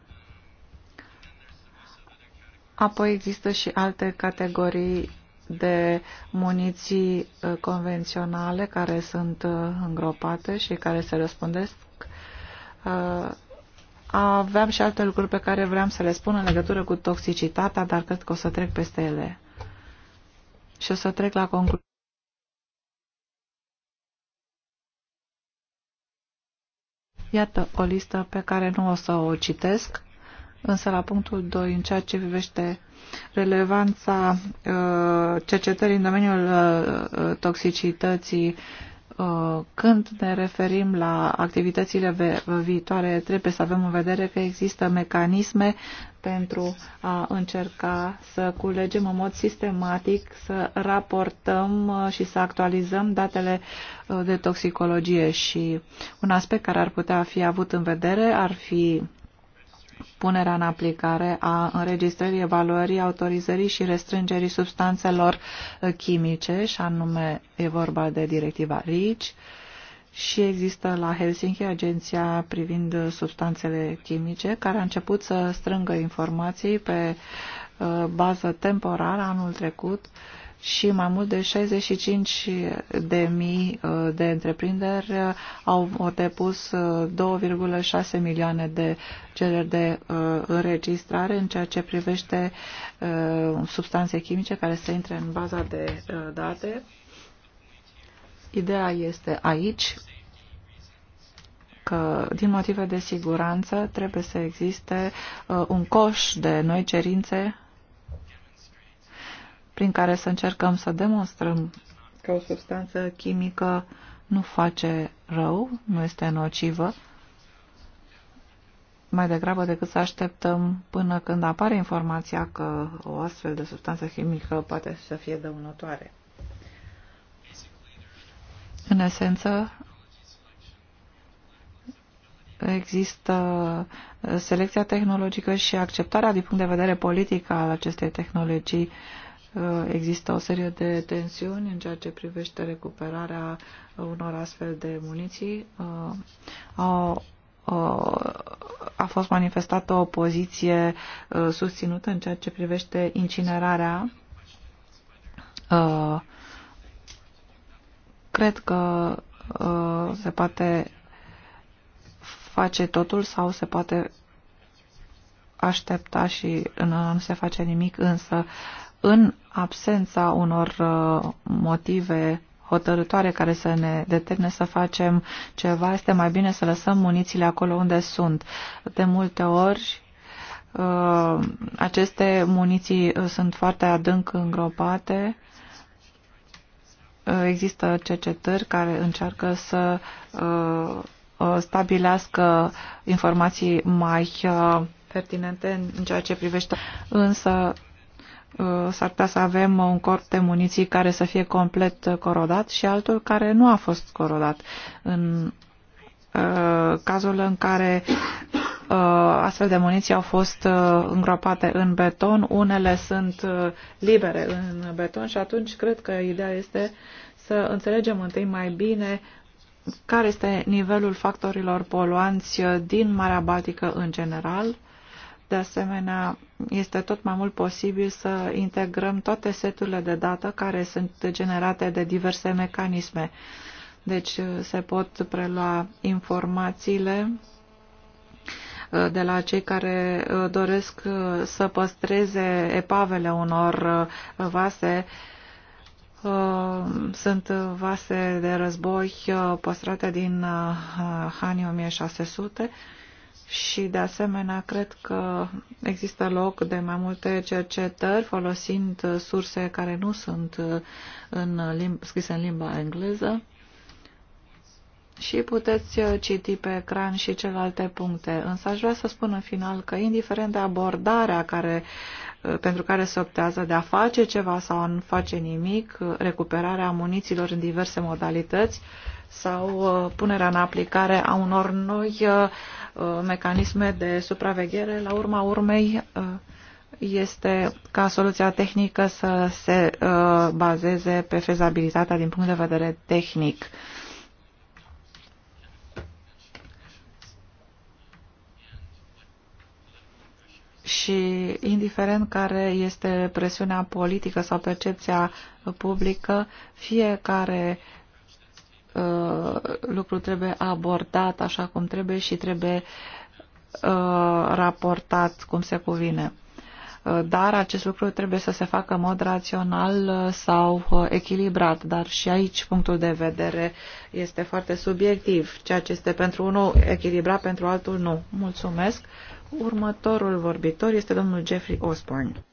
Apoi există și alte categorii de muniții uh, convenționale care sunt uh, îngropate și care se răspândesc. Aveam și alte lucruri pe care vreau să le spun în legătură cu toxicitatea, dar cred că o să trec peste ele. Și o să trec la concluzie. Iată o listă pe care nu o să o citesc, însă la punctul 2, în ceea ce privește relevanța uh, cercetării în domeniul uh, toxicității Uh, când ne referim la activitățile viitoare, trebuie să avem în vedere că există mecanisme pentru a încerca să culegem în mod sistematic, să raportăm uh, și să actualizăm datele uh, de toxicologie și un aspect care ar putea fi avut în vedere ar fi punerea în aplicare a înregistrării, evaluării, autorizării și restrângerii substanțelor uh, chimice, și anume e vorba de directiva RICI, și există la Helsinki agenția privind uh, substanțele chimice, care a început să strângă informații pe uh, bază temporară anul trecut și mai mult de 65 de mii uh, de întreprinderi uh, au depus 2,6 uh, milioane de cereri de înregistrare în ceea ce privește substanțe chimice care se intre în baza de date. Ideea este aici că din motive de siguranță trebuie să existe un coș de noi cerințe prin care să încercăm să demonstrăm că o substanță chimică nu face rău, nu este nocivă, mai degrabă decât să așteptăm până când apare informația că o astfel de substanță chimică poate să fie dăunătoare. În esență, există selecția tehnologică și acceptarea din punct de vedere politic al acestei tehnologii uh, Există o serie de tensiuni în ceea ce privește recuperarea unor astfel de muniții. Uh, au uh, a fost manifestată o poziție uh, susținută în ceea ce privește incinerarea. Cred că se poate face totul sau se poate aștepta și nu se face nimic, însă în absența unor uh, motive hotărătoare care să ne determine să facem ceva, este mai bine să lăsăm munițiile acolo unde sunt. De multe ori uh, aceste muniții uh, sunt foarte adânc îngropate. Există cercetări care încearcă să stabilească informații mai pertinente în ceea ce privește. Însă Uh, s-ar putea să avem un corp de muniții care să fie complet corodat și altul care nu a fost corodat. În uh, cazul în care uh, astfel de muniții au fost îngropate în beton, unele sunt libere în beton și atunci cred că ideea este să înțelegem întâi mai bine care este nivelul factorilor poluanți din Marea Baltică în general de asemenea, este tot mai mult posibil să integrăm toate seturile de dată care sunt generate de diverse mecanisme. Deci uh, se pot prelua informațiile uh, de la cei care uh, doresc să păstreze epavele unor vase. Sunt vase de război păstrate din anii 1600 și, de asemenea, cred că există loc de mai multe cercetări folosind uh, surse care nu sunt uh, în limba, scrise în limba engleză și puteți uh, citi pe ecran și celelalte puncte. Însă aș vrea să spun în final că, indiferent de abordarea care pentru care se optează de a face ceva sau a nu face nimic, recuperarea muniților în diverse modalități sau uh, punerea în aplicare a unor noi uh, mecanisme de supraveghere, la urma urmei uh, este ca soluția tehnică să se bazeze pe fezabilitatea din punct de vedere tehnic și indiferent care este presiunea politică sau percepția publică, fiecare uh, lucru trebuie abordat așa cum trebuie și trebuie uh, raportat cum se cuvine. Uh, dar acest lucru trebuie să se facă în mod rațional uh, sau uh, echilibrat, dar și aici punctul de vedere este foarte subiectiv. Ceea ce este pentru unul echilibrat, pentru altul nu. Mulțumesc! Următorul vorbitor este domnul Jeffrey Osborne.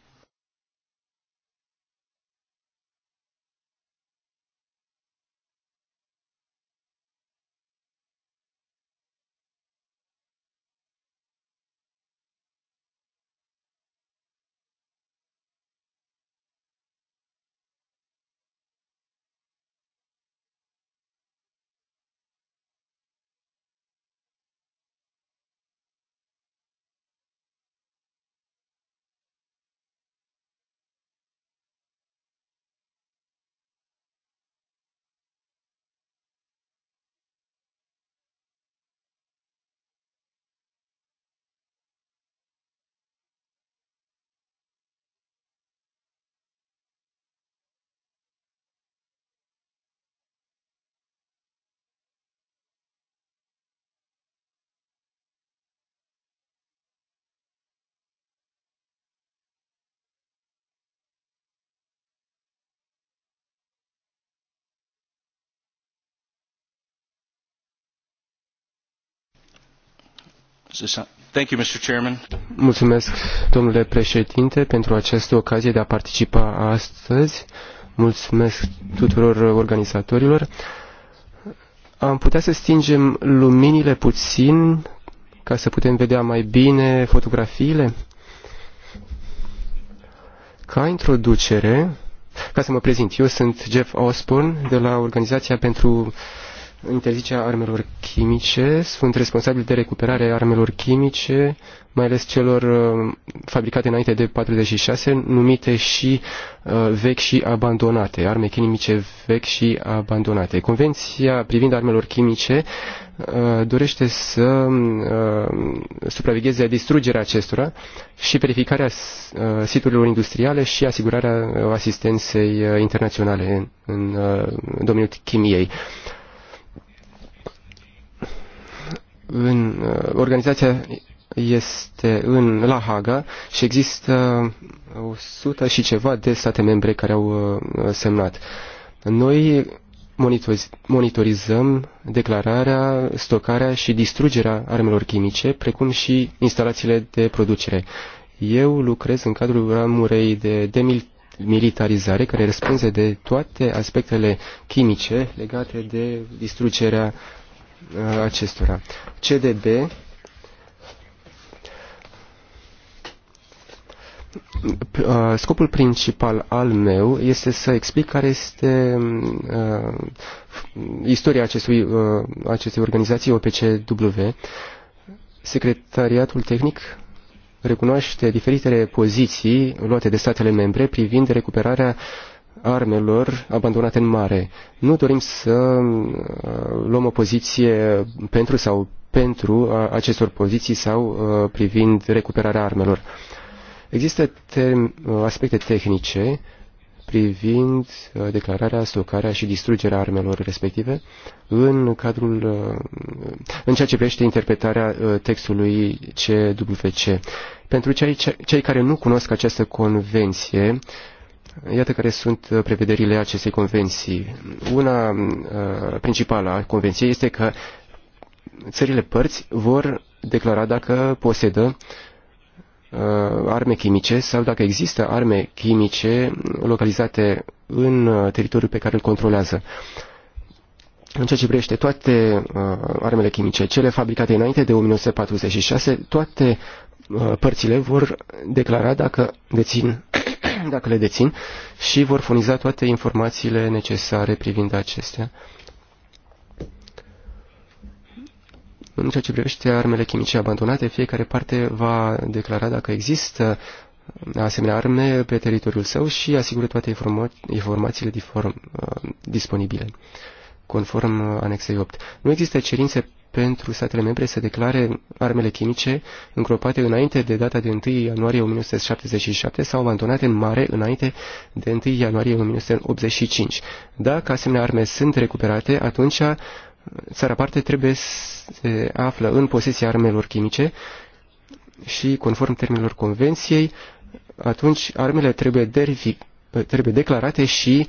Mulțumesc, domnule președinte, pentru această ocazie de a participa astăzi. Mulțumesc tuturor organizatorilor. Am putea să stingem luminile puțin ca să putem vedea mai bine fotografiile? Ca introducere, ca să mă prezint, eu sunt Jeff Osborne de la Organizația pentru interzicerea armelor chimice. Sunt responsabili de recuperarea armelor chimice, mai ales celor uh, fabricate înainte de 46, numite și uh, vechi și abandonate, arme chimice vechi și abandonate. Convenția privind armelor chimice uh, dorește să supravegheze distrugerea acestora și verificarea siturilor industriale și asigurarea asistenței internaționale în domeniul chimiei în, uh, organizația este în La Haga și există 100 și ceva de state membre care au uh, semnat. Noi monitorizăm declararea, stocarea și distrugerea armelor chimice, precum și instalațiile de producere. Eu lucrez în cadrul ramurei de demilitarizare, care răspunde de toate aspectele chimice legate de distrugerea Uh, acestora. CDB uh, scopul principal al meu este să explic care este um, uh, istoria acestui, uh, acestei organizații OPCW. Secretariatul tehnic recunoaște diferitele poziții luate de statele membre privind recuperarea uh, armelor abandonate în mare. Nu dorim să uh, luăm o poziție pentru sau pentru uh, acestor poziții sau uh, privind recuperarea armelor. Există aspecte tehnice privind declararea, stocarea și distrugerea armelor respective în cadrul în ceea ce privește interpretarea textului CWC. Pentru cei, cei care nu cunosc această convenție, Iată care sunt uh, prevederile acestei convenții. Una uh, principală a convenției este că țările părți vor declara dacă posedă uh, arme chimice sau dacă există arme chimice localizate în teritoriul pe care îl controlează. În ceea ce privește toate uh, armele chimice, cele fabricate înainte de 1946, toate uh, părțile vor declara dacă dețin dacă le dețin, și vor furniza toate informațiile necesare privind acestea. În ceea ce privește armele chimice abandonate, fiecare parte va declara dacă există asemenea arme pe teritoriul său și asigură toate informa informațiile diform, uh, disponibile, conform uh, anexei 8. Nu există cerințe pentru statele membre să declare armele chimice îngropate înainte de data de 1 ianuarie 1977 sau abandonate în mare înainte de 1 ianuarie 1985. Dacă asemenea arme sunt recuperate, atunci uh, țara parte trebuie să se află în posesia armelor chimice și, conform termenilor convenției, atunci armele trebuie, uh, trebuie declarate și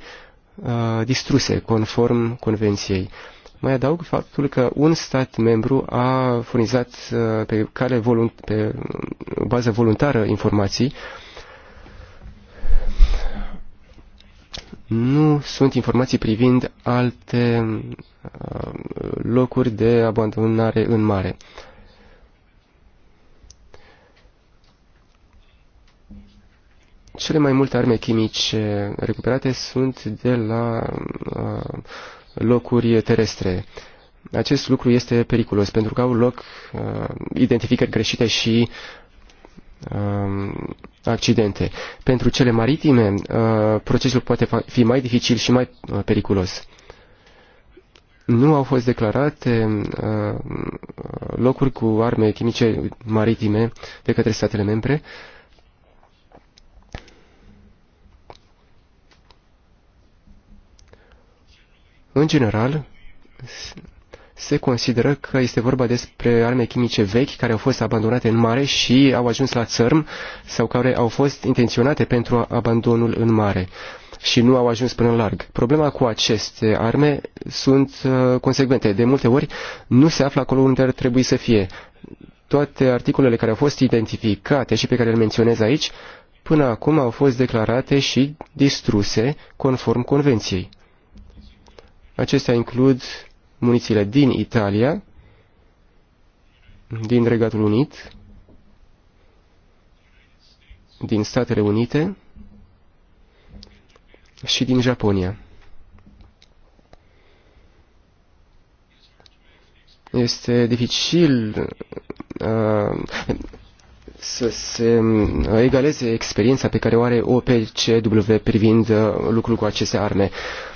uh, distruse, conform convenției. Mai adaug faptul că un stat membru a furnizat uh, pe, cale volunt- pe uh, bază voluntară informații. Nu sunt informații privind alte uh, locuri de abandonare în mare. Cele mai multe arme chimice recuperate sunt de la uh, locuri terestre. Acest lucru este periculos pentru că au loc uh, identificări greșite și uh, accidente. Pentru cele maritime, uh, procesul poate fi mai dificil și mai uh, periculos. Nu au fost declarate uh, locuri cu arme chimice maritime de către statele membre. Uh, În general, se consideră că este vorba despre arme chimice vechi care au fost abandonate în mare și au ajuns la țărm sau care au fost intenționate pentru abandonul în mare și nu au ajuns până în larg. Problema cu aceste arme sunt uh, consecvente. De multe ori nu se află acolo unde ar trebui să fie. Toate articolele care au fost identificate și pe care le menționez aici, până acum au fost declarate și distruse conform convenției. Acestea includ munițiile din Italia, din Regatul Unit, din Statele Unite și din Japonia. Este dificil uh, să se uh, egaleze experiența pe care o are OPCW privind uh, lucrul cu aceste arme. Uh,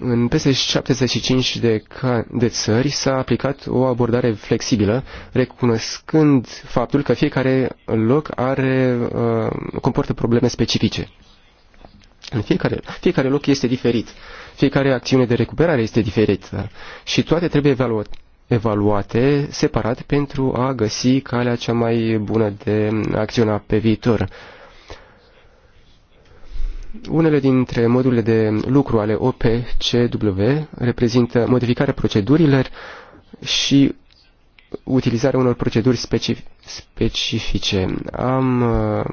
în peste 75 de, de țări s-a aplicat o abordare flexibilă, recunoscând faptul că fiecare loc are, uh, comportă probleme specifice. În fiecare, fiecare loc este diferit, fiecare acțiune de recuperare este diferită și toate trebuie evaluate evaluate separat pentru a găsi calea cea mai bună de acționa pe viitor. Unele dintre modurile de lucru ale OPCW reprezintă modificarea procedurilor și utilizarea unor proceduri specifice. Am uh,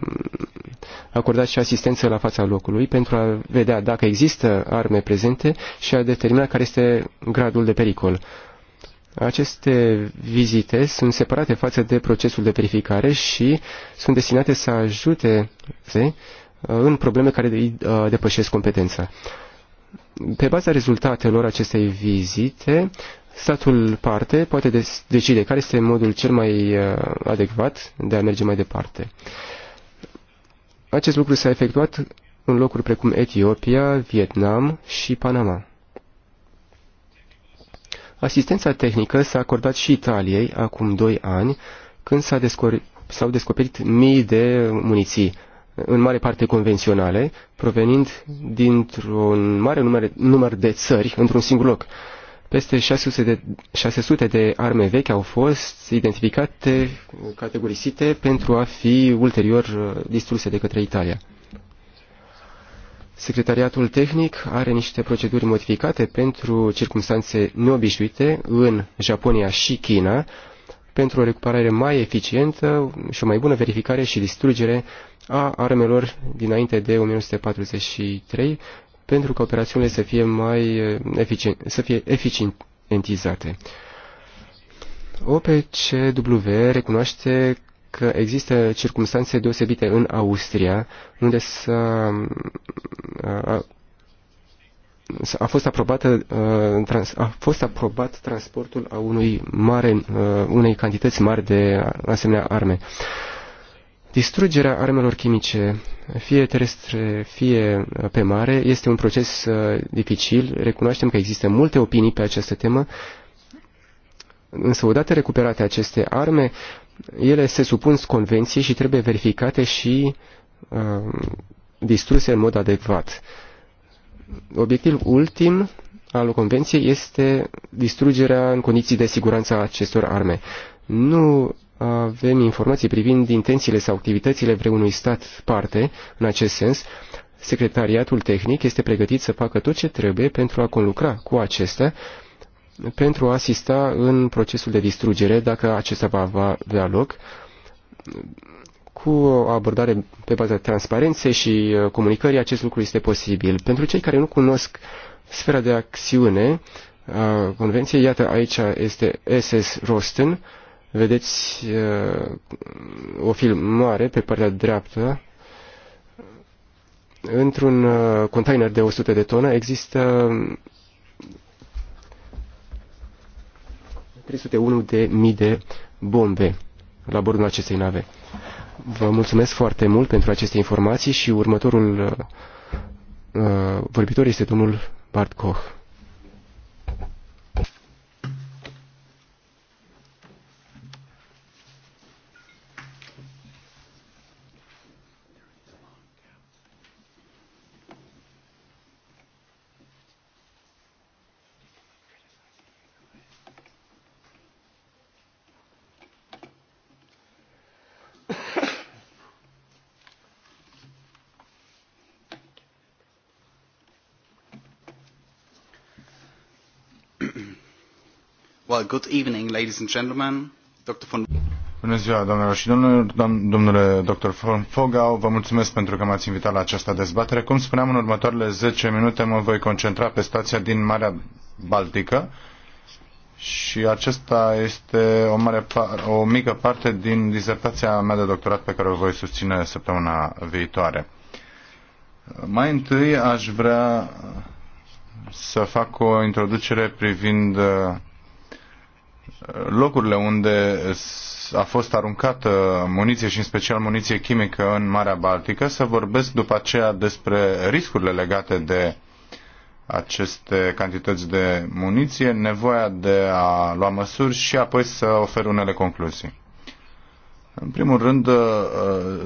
acordat și asistență la fața locului pentru a vedea dacă există arme prezente și a determina care este gradul de pericol. Aceste vizite sunt separate față de procesul de verificare și sunt destinate să ajute Uh, în probleme care îi uh, depășesc competența. Pe baza rezultatelor acestei vizite, statul parte poate decide care este modul cel mai uh, adecvat de a merge mai departe. Acest lucru s-a efectuat în locuri precum Etiopia, Vietnam și Panama. Asistența tehnică s-a acordat și Italiei acum 2 ani, când s-au descoperit mii de muniții în mare parte convenționale, provenind dintr-un mare număr, număr de țări într-un singur loc. Peste 600 de, 600 de arme vechi au fost identificate, categorisite pentru a fi ulterior uh, distruse de către Italia. Secretariatul tehnic are niște proceduri modificate pentru circunstanțe neobișnuite în Japonia și China, pentru o recuperare mai eficientă și o mai bună verificare și distrugere a armelor dinainte de 1943 pentru ca operațiunile să fie mai eh, eficient, să fie eficientizate. OPCW recunoaște că există circumstanțe deosebite în Austria, unde s-a, a, a, fost aprobată, a, trans, a fost aprobat transportul a unui mare, a, unei cantități mari de asemenea arme. A, Distrugerea armelor chimice, fie terestre, fie uh, pe mare, este un proces uh, dificil. Recunoaștem că există multe opinii pe această temă, însă odată recuperate aceste arme, ele se supun convenției și trebuie verificate și uh, distruse în mod adecvat. Obiectivul ultim al convenției este distrugerea în condiții de siguranță a acestor arme. Nu avem informații privind intențiile sau activitățile vreunui stat parte în acest sens, secretariatul tehnic este pregătit să facă tot ce trebuie pentru a conlucra cu acestea, pentru a asista în procesul de distrugere, dacă acesta va avea loc, cu o abordare pe baza transparenței și uh, comunicării, acest lucru este posibil. Pentru cei care nu cunosc sfera de acțiune a uh, Convenției, iată aici este SS Rosten, vedeți uh, o filmare pe partea dreaptă. Într-un uh, container de 100 de tone există 301 de mii de bombe la bordul acestei nave. Vă mulțumesc foarte mult pentru aceste informații și următorul uh, uh vorbitor este domnul Bart Koch. Good evening, ladies and gentlemen. Dr. von... Bună ziua, doamnelor și domnilor, domnule dr. von Fogau, vă mulțumesc pentru că m-ați invitat la această dezbatere. Cum spuneam, în următoarele 10 minute mă voi concentra pe stația din Marea Baltică și acesta este o, mare o mică parte din dizertația mea de doctorat pe care o voi susține săptămâna viitoare. Mai întâi aș vrea să fac o introducere privind locurile unde a fost aruncată muniție și în special muniție chimică în Marea Baltică, să vorbesc după aceea despre riscurile legate de aceste cantități de muniție, nevoia de a lua măsuri și apoi să ofer unele concluzii. În primul rând, uh,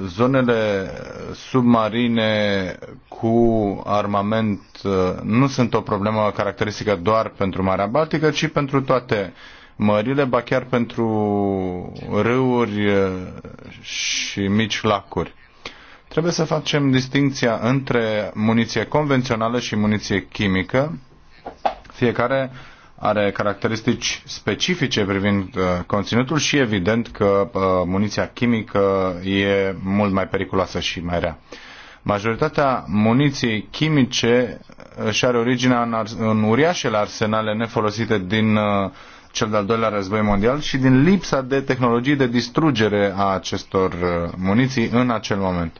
zonele submarine cu armament uh, nu sunt o problemă caracteristică doar pentru Marea Baltică, ci pentru toate uh, mările, ba chiar pentru râuri și mici lacuri. Trebuie să facem distinția între muniție convențională și muniție chimică. Fiecare are caracteristici specifice privind uh, conținutul și evident că uh, muniția chimică e mult mai periculoasă și mai rea. Majoritatea muniției chimice își are originea în, în uriașele arsenale nefolosite din uh, cel de-al doilea război mondial și din lipsa de tehnologii de distrugere a acestor uh, muniții în acel moment.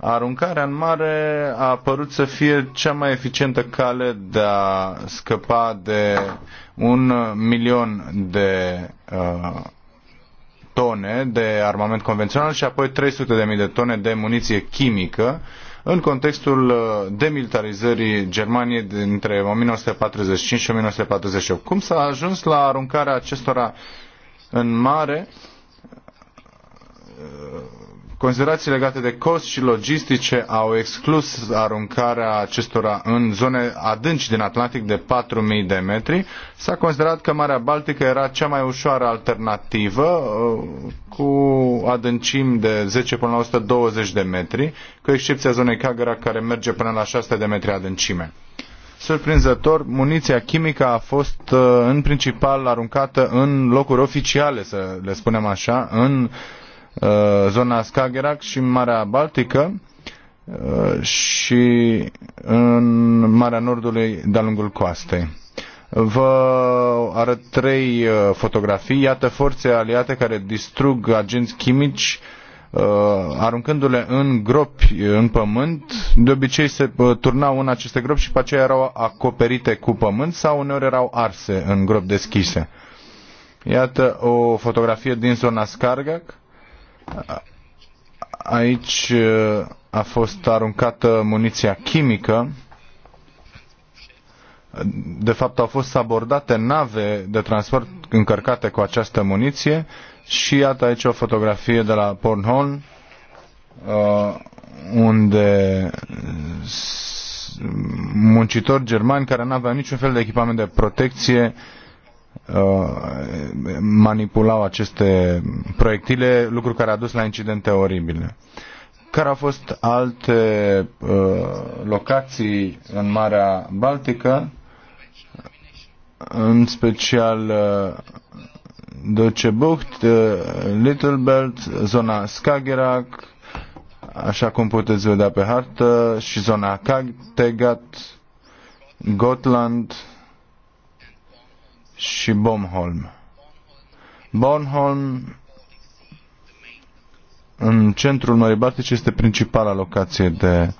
Aruncarea în mare a părut să fie cea mai eficientă cale de a scăpa de un milion de uh, tone de armament convențional și apoi 300.000 de tone de muniție chimică uh, în contextul uh, demilitarizării Germaniei dintre 1945 și 1948. Cum s-a ajuns la aruncarea acestora în mare uh, Considerații legate de cost și logistice au exclus aruncarea acestora în zone adânci din Atlantic de 4.000 de metri. S-a considerat că Marea Baltică era cea mai ușoară alternativă, uh, cu adâncimi de 10 până la 120 de metri, cu excepția zonei Cagăra care merge până la 600 de metri adâncime. Surprinzător, muniția chimică a fost uh, în principal aruncată în locuri oficiale, să le spunem așa, în Uh, zona Skagerrak și Marea Baltică uh, și în Marea Nordului de-a lungul coastei. Vă arăt trei uh, fotografii. Iată forțe aliate care distrug agenți chimici aruncându-le în gropi în pământ. De obicei se turnau în aceste gropi și pe aceea erau acoperite cu pământ sau uneori erau arse în gropi deschise. Iată o fotografie din zona Skagerrak. Aici uh, a fost aruncată muniția chimică. De fapt, au fost abordate nave de transport încărcate cu această muniție și iată aici o fotografie de la Pornhorn uh, unde muncitori germani care nu aveau niciun fel de echipament de protecție uh, Uh, manipulau aceste proiectile, lucru care a dus la incidente oribile. Care au fost alte uh, locații în Marea Baltică, în special uh, Deutsche Bucht, Little Belt, zona Skagerrak, așa cum puteți vedea pe hartă, și zona Kattegat, Gotland, și Bomholm. Bornholm, în centrul Mării Baltice, este principala locație de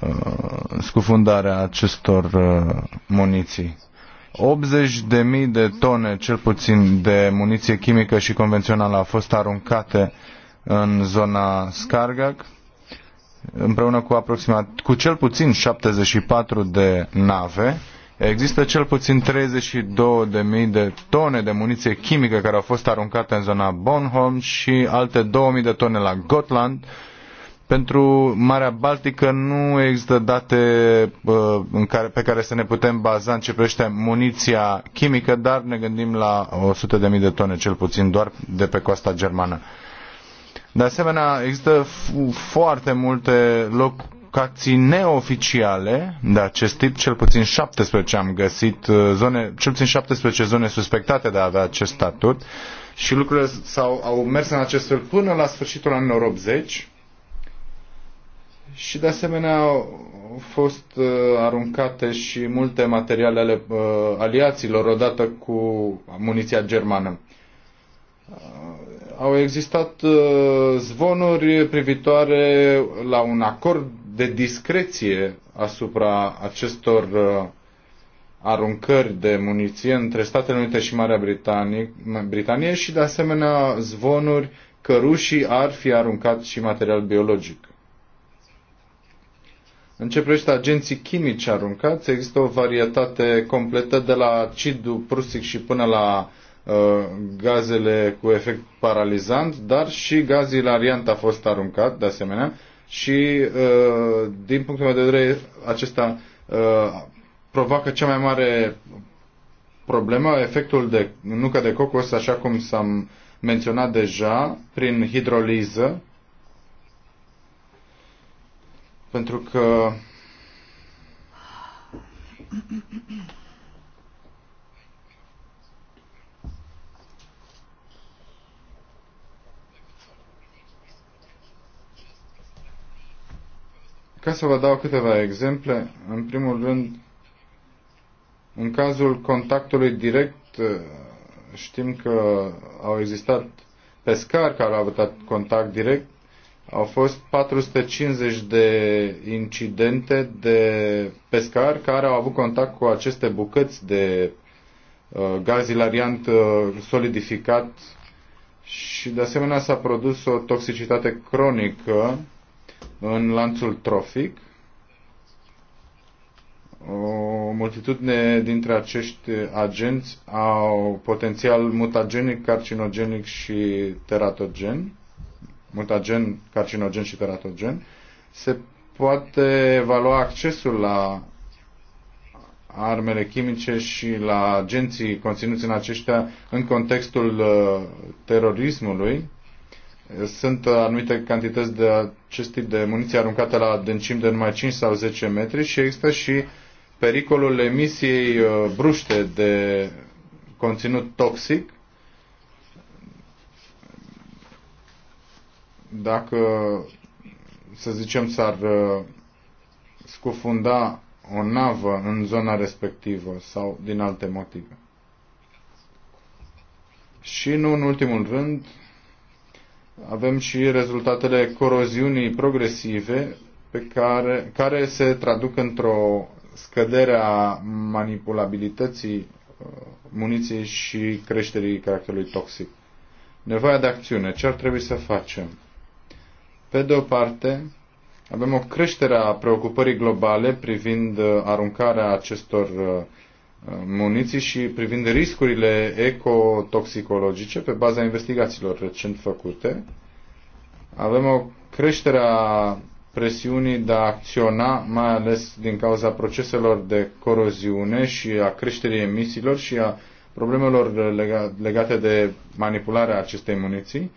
uh, scufundare a acestor uh, muniții. 80.000 de de tone, cel puțin, de muniție chimică și convențională au fost aruncate în zona Skargag, împreună cu, aproximat, cu cel puțin 74 de nave, Există cel puțin 32.000 de tone de muniție chimică care au fost aruncate în zona Bornholm și alte 2.000 de tone la Gotland. Pentru Marea Baltică nu există date uh, în care, pe care să ne putem baza în ce privește muniția chimică, dar ne gândim la 100.000 de tone cel puțin doar de pe coasta germană. De asemenea, există foarte multe locuri locații neoficiale de acest tip, cel puțin 17 am găsit uh, zone, cel puțin 17 zone suspectate de a avea acest statut și lucrurile s-au, au mers în acest fel până la sfârșitul anilor 80 și de asemenea au fost uh, aruncate și multe materiale ale uh, aliaților odată cu muniția germană. Uh, au existat zvonuri privitoare la un acord de discreție asupra acestor uh, aruncări de muniție între Statele Unite și Marea Britanie, Britanie și de asemenea zvonuri că rușii ar fi aruncat și material biologic. În ce privește agenții chimici aruncați, există o varietate completă de la acidul prusic și până la uh, gazele cu efect paralizant, dar și gaz ilariant a fost aruncat, de asemenea, și, uh, din punctul meu de vedere, acesta uh, provoacă cea mai mare problemă, efectul de nucă de cocos, așa cum s-am menționat deja, prin hidroliză, pentru că Ca să vă dau câteva exemple, în primul rând, în cazul contactului direct, uh, știm că au existat pescari care au avut contact direct, au fost 450 de incidente de pescari care au avut contact cu aceste bucăți de uh, gaz ilariant uh, solidificat și de asemenea s-a produs o toxicitate cronică în lanțul trofic. O multitudine dintre acești agenți au potențial mutagenic, carcinogenic și teratogen, mutagen, carcinogen și teratogen. Se poate evalua accesul la armele chimice și la agenții conținuți în aceștia în contextul uh, terorismului. Sunt anumite cantități de acest tip de muniție aruncată la adâncimi de numai 5 sau 10 metri și există și pericolul emisiei uh, bruște de conținut toxic dacă, să zicem, s-ar uh, scufunda o navă în zona respectivă sau din alte motive. Și nu în ultimul rând, avem și rezultatele coroziunii progresive pe care, care se traduc într-o scădere a manipulabilității uh, muniției și creșterii caracterului toxic. Nevoia de acțiune. Ce ar trebui să facem? Pe de o parte, avem o creștere a preocupării globale privind uh, aruncarea acestor uh, muniții și privind riscurile ecotoxicologice pe baza investigațiilor recent făcute. Avem o creștere a presiunii de a acționa, mai ales din cauza proceselor de coroziune și a creșterii emisiilor și a problemelor legate de manipularea acestei muniții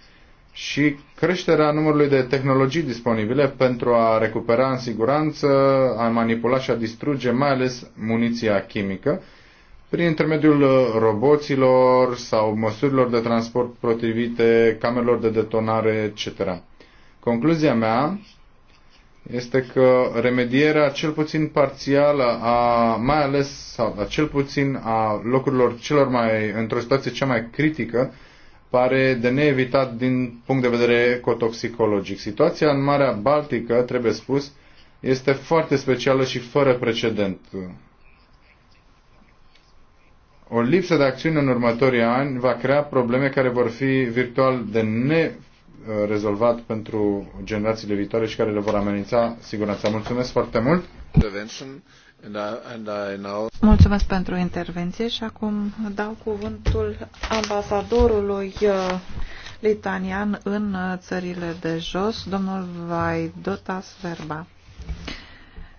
și creșterea numărului de tehnologii disponibile pentru a recupera în siguranță, a manipula și a distruge mai ales muniția chimică, prin intermediul uh, roboților sau măsurilor de transport potrivite, camerelor de detonare, etc. Concluzia mea este că remedierea cel puțin parțială a, mai ales sau a cel puțin a locurilor celor mai, într-o situație cea mai critică, pare de neevitat din punct de vedere ecotoxicologic. Situația în Marea Baltică, trebuie spus, este foarte specială și fără precedent. O lipsă de acțiune în următorii ani va crea probleme care vor fi virtual de nerezolvat pentru generațiile viitoare și care le vor amenința siguranța. Mulțumesc foarte mult! Mulțumesc pentru intervenție și acum dau cuvântul ambasadorului uh, litanian în uh, țările de jos, domnul Vaidotas Verba.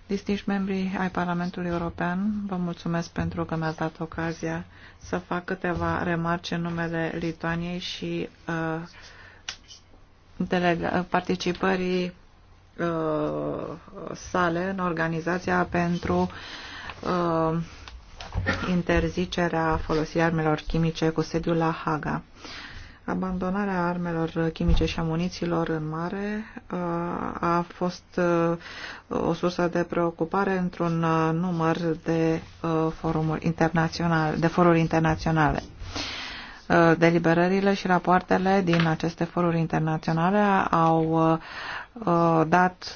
Distinși membrii ai Parlamentului European, vă mulțumesc pentru că mi-ați dat ocazia să fac câteva remarce în numele Lituaniei și uh, participării uh, sale în organizația pentru uh, interzicerea folosirii armelor chimice cu sediul la Haga. Uh, Abandonarea armelor chimice și muniților în mare uh, a fost uh, o sursă de preocupare într-un uh, număr de forumuri internaționale, de foruri internaționale. Deliberările și rapoartele din aceste foruri internaționale au dat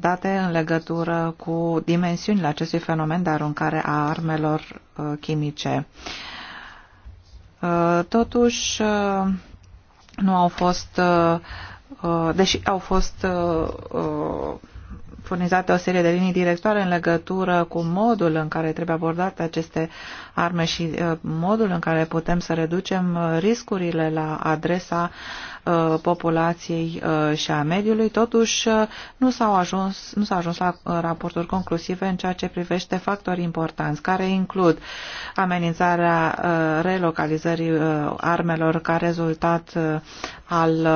date în legătură cu dimensiunile acestui fenomen de aruncare a armelor chimice. Uh, Uh, totuși, uh, nu au fost, uh, deși au fost furnizate o serie de linii directoare în legătură cu modul în care trebuie abordate aceste arme și uh, modul în care putem să reducem uh, riscurile la adresa uh, populației și a mediului, totuși nu s-a ajuns, nu s ajuns la raporturi conclusive în ceea ce privește factori importanți, care includ amenințarea relocalizării armelor ca rezultat al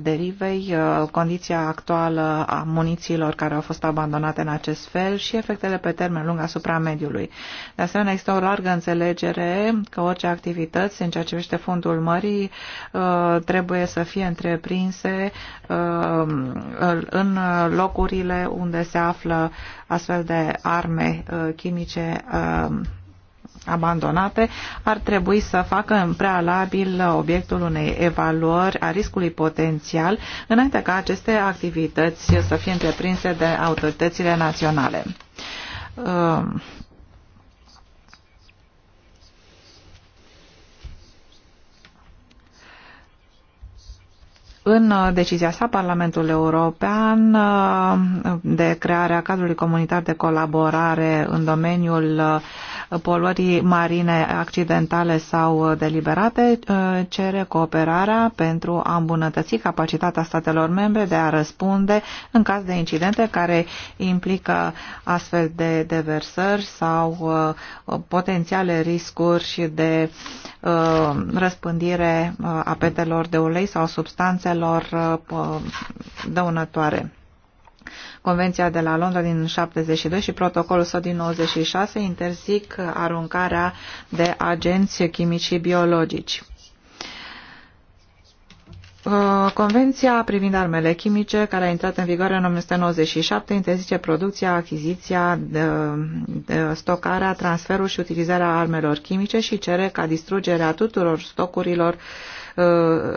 derivei, condiția actuală a munițiilor care au fost abandonate în acest fel și efectele pe termen lung asupra mediului. De asemenea, există o largă de înțelegere că orice activități în ceea ce privește fondul mării uh, trebuie să fie întreprinse uh, în locurile unde se află astfel de arme uh, chimice abandonate ar trebui să facă în prealabil obiectul unei evaluări a riscului potențial înainte ca aceste activități să fie întreprinse de autoritățile naționale. În uh, decizia sa, Parlamentul European uh, de crearea cadrului comunitar de colaborare în domeniul uh, poluării marine accidentale sau deliberate, uh, cere cooperarea pentru a îmbunătăți capacitatea statelor membre de a răspunde în caz de incidente care implică astfel de deversări sau uh, potențiale riscuri și de uh, răspândire a petelor de ulei sau substanțelor dăunătoare. Convenția de la Londra din 72 și protocolul său din 96 interzic aruncarea de agenți chimici și biologici. Uh, Convenția privind armele chimice, care a intrat în vigoare în 1997, interzice producția, achiziția, de, de stocarea, transferul și utilizarea armelor chimice și cere ca distrugerea tuturor stocurilor uh,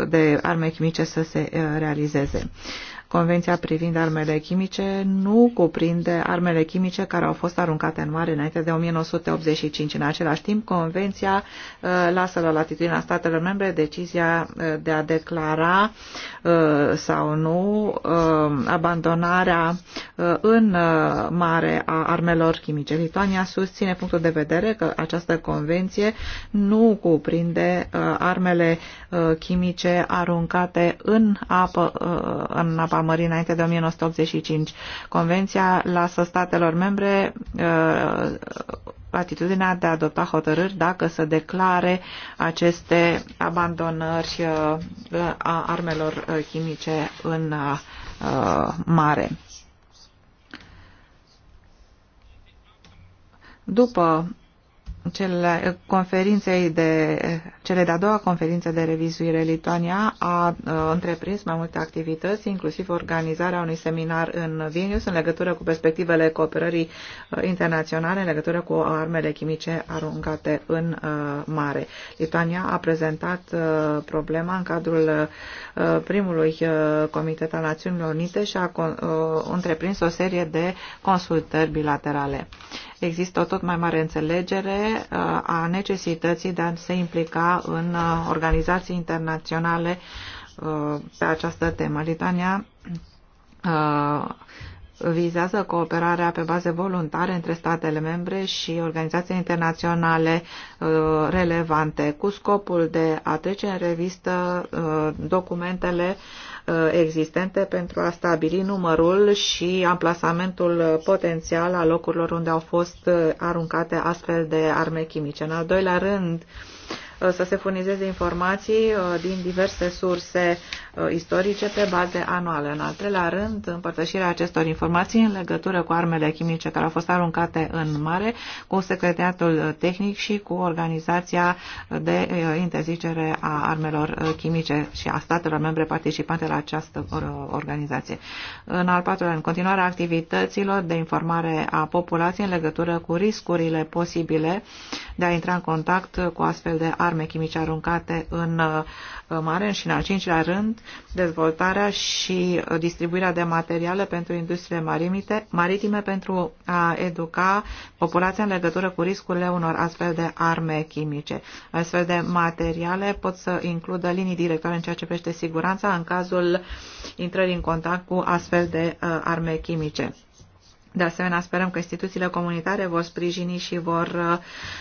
de arme chimice să se uh, realizeze. Convenția privind armele chimice nu cuprinde armele chimice care au fost aruncate în mare înainte de 1985. În același timp, Convenția uh, lasă la latitudinea statelor membre decizia uh, de a declara uh, sau nu abandonarea în mare a armelor chimice. Lituania susține punctul de vedere că această convenție nu cuprinde armele chimice aruncate în apă, în apa mării înainte de 1985. Convenția lasă statelor membre uh, atitudinea de a adopta hotărâri dacă să declare aceste abandonări uh, a armelor uh, chimice în mare. După cele, conferinței de, cele de-a doua conferințe de revizuire Lituania a uh, întreprins mai multe activități, inclusiv organizarea unui seminar în Vilnius în legătură cu perspectivele cooperării uh, internaționale în legătură cu armele chimice aruncate în uh, mare. Lituania a prezentat problema în cadrul primului Comitet al Națiunilor Unite și a întreprins o serie de consultări bilaterale. Există o tot mai mare înțelegere uh, a necesității de a se implica în uh, organizații internaționale uh, pe această temă. Litania vizează cooperarea pe baze voluntare între statele membre și organizații internaționale relevante cu scopul de a trece în revistă documentele Uh, existente pentru a stabili numărul și amplasamentul potențial al locurilor unde au fost uh, aruncate astfel de arme chimice. În al doilea rând, Uh, să se furnizeze informații uh, din diverse surse uh, istorice pe baze anuale. În al treilea rând, împărtășirea acestor informații în legătură cu armele chimice care au fost aruncate în mare, cu Secretariatul Tehnic și cu Organizația de Interzicere a Armelor Chimice și a statelor membre participante la această organizație. În al patrulea, în continuarea activităților de informare a populației în legătură cu riscurile posibile de a intra în contact cu astfel de arme arme chimice aruncate în uh, mare și, în al cincilea rând, dezvoltarea și uh, distribuirea de materiale pentru industriile marimite, maritime pentru a educa populația în legătură cu riscurile unor astfel de arme chimice. Astfel de materiale pot să includă linii directoare în ceea ce privește siguranța în cazul intrării în contact cu astfel de uh, arme chimice. De asemenea, sperăm că instituțiile comunitare vor sprijini și vor uh,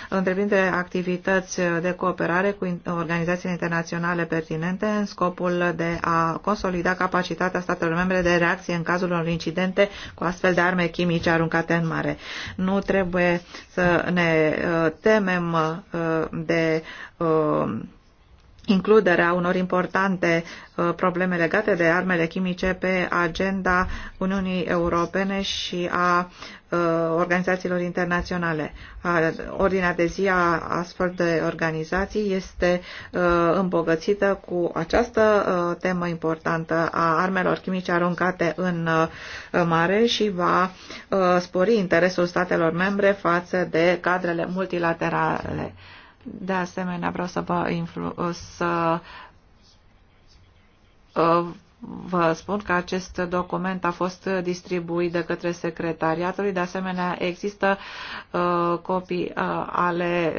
întreprinde activități de cooperare cu organizațiile internaționale pertinente în scopul de a consolida capacitatea statelor membre de reacție în cazul unor incidente cu astfel de arme chimice aruncate în mare. Nu trebuie să ne uh, temem uh, de includerea unor importante uh, probleme legate de armele chimice pe agenda Uniunii Europene și a uh, organizațiilor internaționale. Ordinea de zi a astfel de organizații este uh, îmbogățită cu această temă importantă a armelor chimice aruncate în mare și va spori interesul statelor membre față de cadrele multilaterale. De asemenea, vreau să vă influ- să uh, Vă spun că acest document a fost distribuit de către secretariatului. De asemenea, există uh, copii uh, ale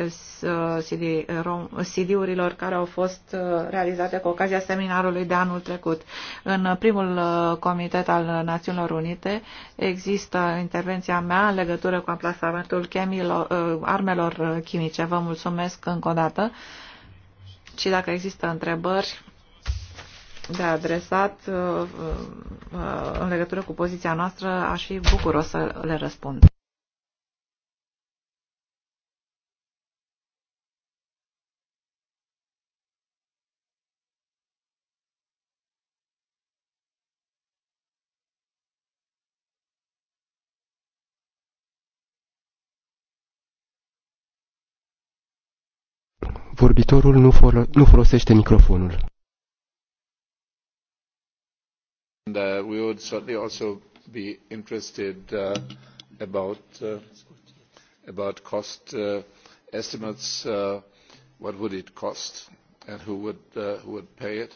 CD-urilor uh, CD care au fost uh, realizate cu ocazia seminarului de anul trecut. În primul uh, comitet al Națiunilor Unite există intervenția mea în legătură cu amplasamentul chemilor, uh, armelor chimice. Vă mulțumesc încă o dată și dacă există întrebări de adresat uh, uh, în legătură cu poziția noastră, aș fi bucuros să le răspund. Vorbitorul nu, folo nu folosește microfonul. And, uh, we would certainly also be interested uh, about, uh, about cost uh, estimates. Uh, what would it cost, and who would, uh, who would pay it?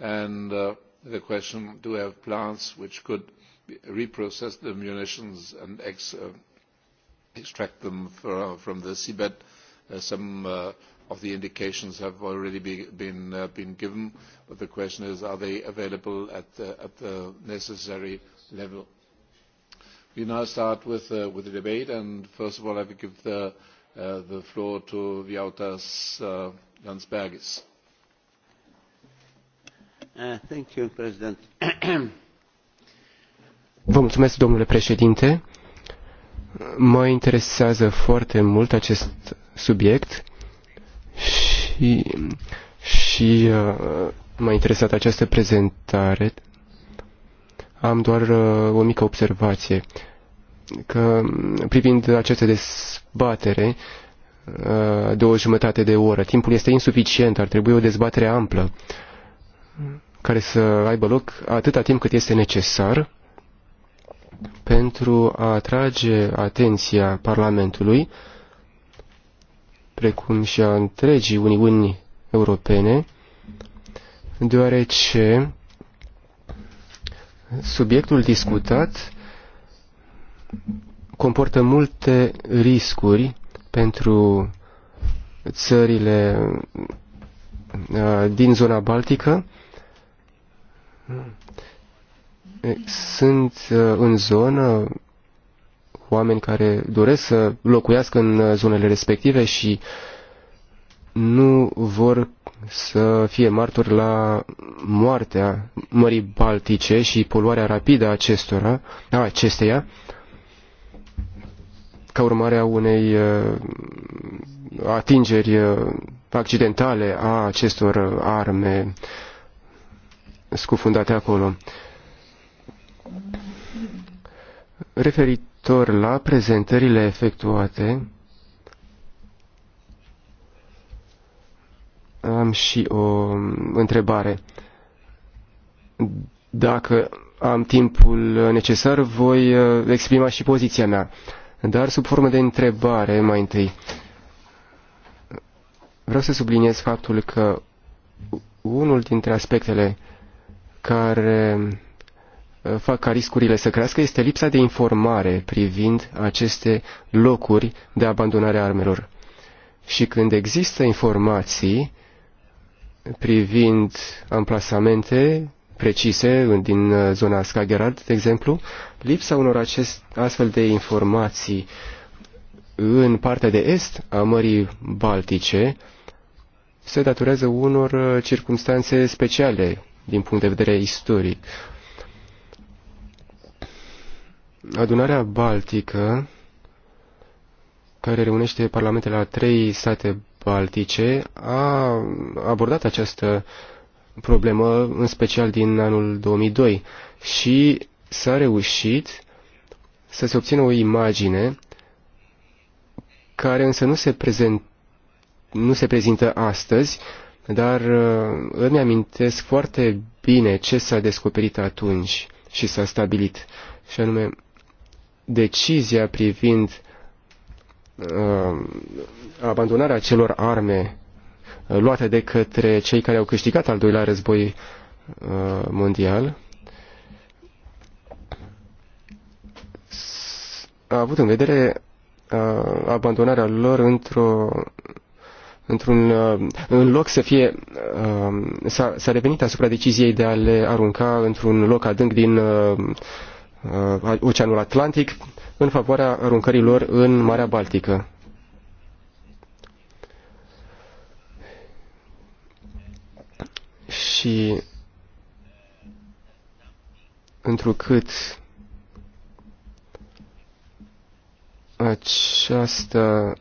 And the question: Do we have plants which could reprocess the munitions and ex extract them from the seabed? some of the indications have already uh, been, given, but the question is, are they available at, uh, the necessary level? We now start with, uh, the debate, and first of all, I will give the, floor to viotas Landsbergis. thank you, President. Vă mulțumesc, domnule președinte. Mă interesează foarte mult acest subiect și, și uh, m-a interesat această prezentare. Am doar uh, o mică observație că mm, privind această dezbatere, uh, două jumătate de oră, timpul este insuficient, ar trebui o dezbatere amplă care să aibă loc atâta timp cât este necesar pentru a atrage atenția Parlamentului uh, precum și a întregii Uniuni Europene, deoarece subiectul discutat comportă multe riscuri pentru țările uh, din zona Baltică. Sunt uh, în zonă oameni care doresc să locuiască în uh, zonele respective și nu vor să fie martori la moartea Mării Baltice și poluarea rapidă a acestora, a acesteia, ca urmare a unei uh, atingeri uh, accidentale a acestor arme scufundate acolo. Referit referitor la prezentările efectuate, am și o întrebare. Dacă am timpul necesar, voi uh, exprima și poziția mea, dar sub formă de întrebare mai întâi. Vreau să subliniez faptul că unul dintre aspectele care fac ca riscurile să crească este lipsa de informare privind aceste locuri de abandonare a armelor. Și când există informații privind amplasamente precise din uh, zona Skagerrak, de exemplu, lipsa unor acest, astfel de informații în partea de est a Mării Baltice se datorează unor uh, circumstanțe speciale din punct de vedere istoric adunarea baltică, care reunește parlamentele la trei state baltice, a abordat această problemă, în special din anul 2002, și s-a reușit să se obțină o imagine care însă nu se, prezent, nu se prezintă astăzi, dar uh, îmi amintesc foarte bine ce s-a descoperit atunci și s-a stabilit, și anume decizia privind uh, abandonarea celor arme uh, luate de către cei care au câștigat al doilea război uh, mondial a avut în vedere uh, abandonarea lor într-o într-un uh, în loc să fie uh, s-a revenit asupra deciziei de a le arunca într-un loc adânc din Uh, Oceanul Atlantic în favoarea aruncărilor în Marea Baltică. Și întrucât această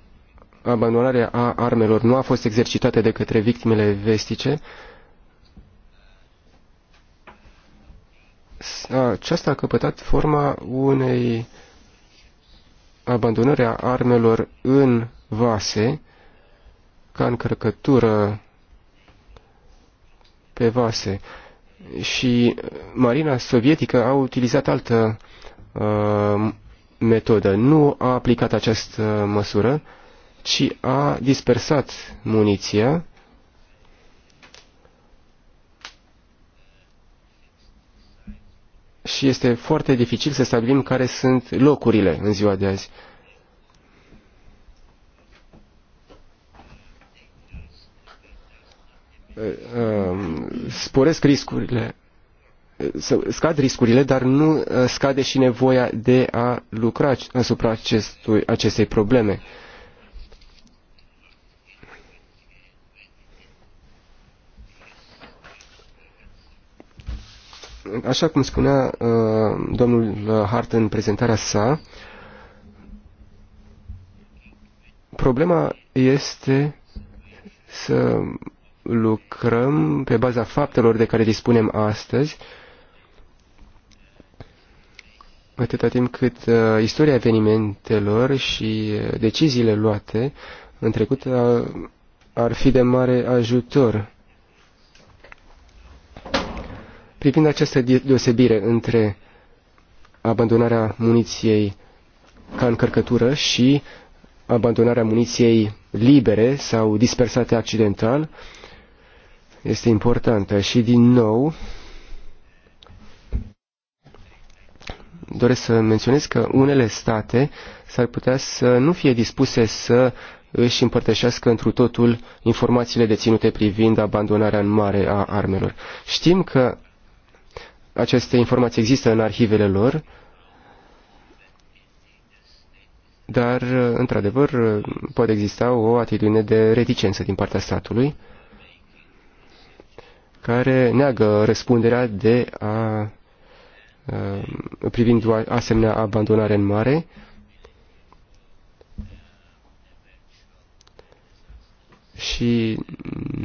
abandonare a armelor nu a fost exercitată de către victimele vestice, aceasta a căpătat forma unei abandonări a armelor în vase, ca încărcătură pe vase. Și marina sovietică a utilizat altă uh, metodă. Nu a aplicat această măsură, ci a dispersat muniția și este foarte dificil să stabilim care sunt locurile în ziua de azi. Ehm, sporesc riscurile, scad riscurile, dar nu eh, scade și nevoia de a lucra asupra acestui, acestei probleme. Așa cum spunea uh, domnul uh, Hart în prezentarea sa, problema este să lucrăm pe baza faptelor de care dispunem astăzi, atâta timp cât uh, istoria evenimentelor și uh, deciziile luate în trecut uh, ar fi de mare ajutor. privind această deosebire între abandonarea muniției ca încărcătură și abandonarea muniției libere sau dispersate accidental este importantă. Și din nou doresc să menționez că unele state s-ar putea să nu fie dispuse să își împărtășească întru totul informațiile deținute privind abandonarea în mare a armelor. Știm că aceste informații există în arhivele lor, dar, într-adevăr, poate exista o atitudine de reticență din partea statului care neagă răspunderea de a, a privind o asemenea abandonare în mare. și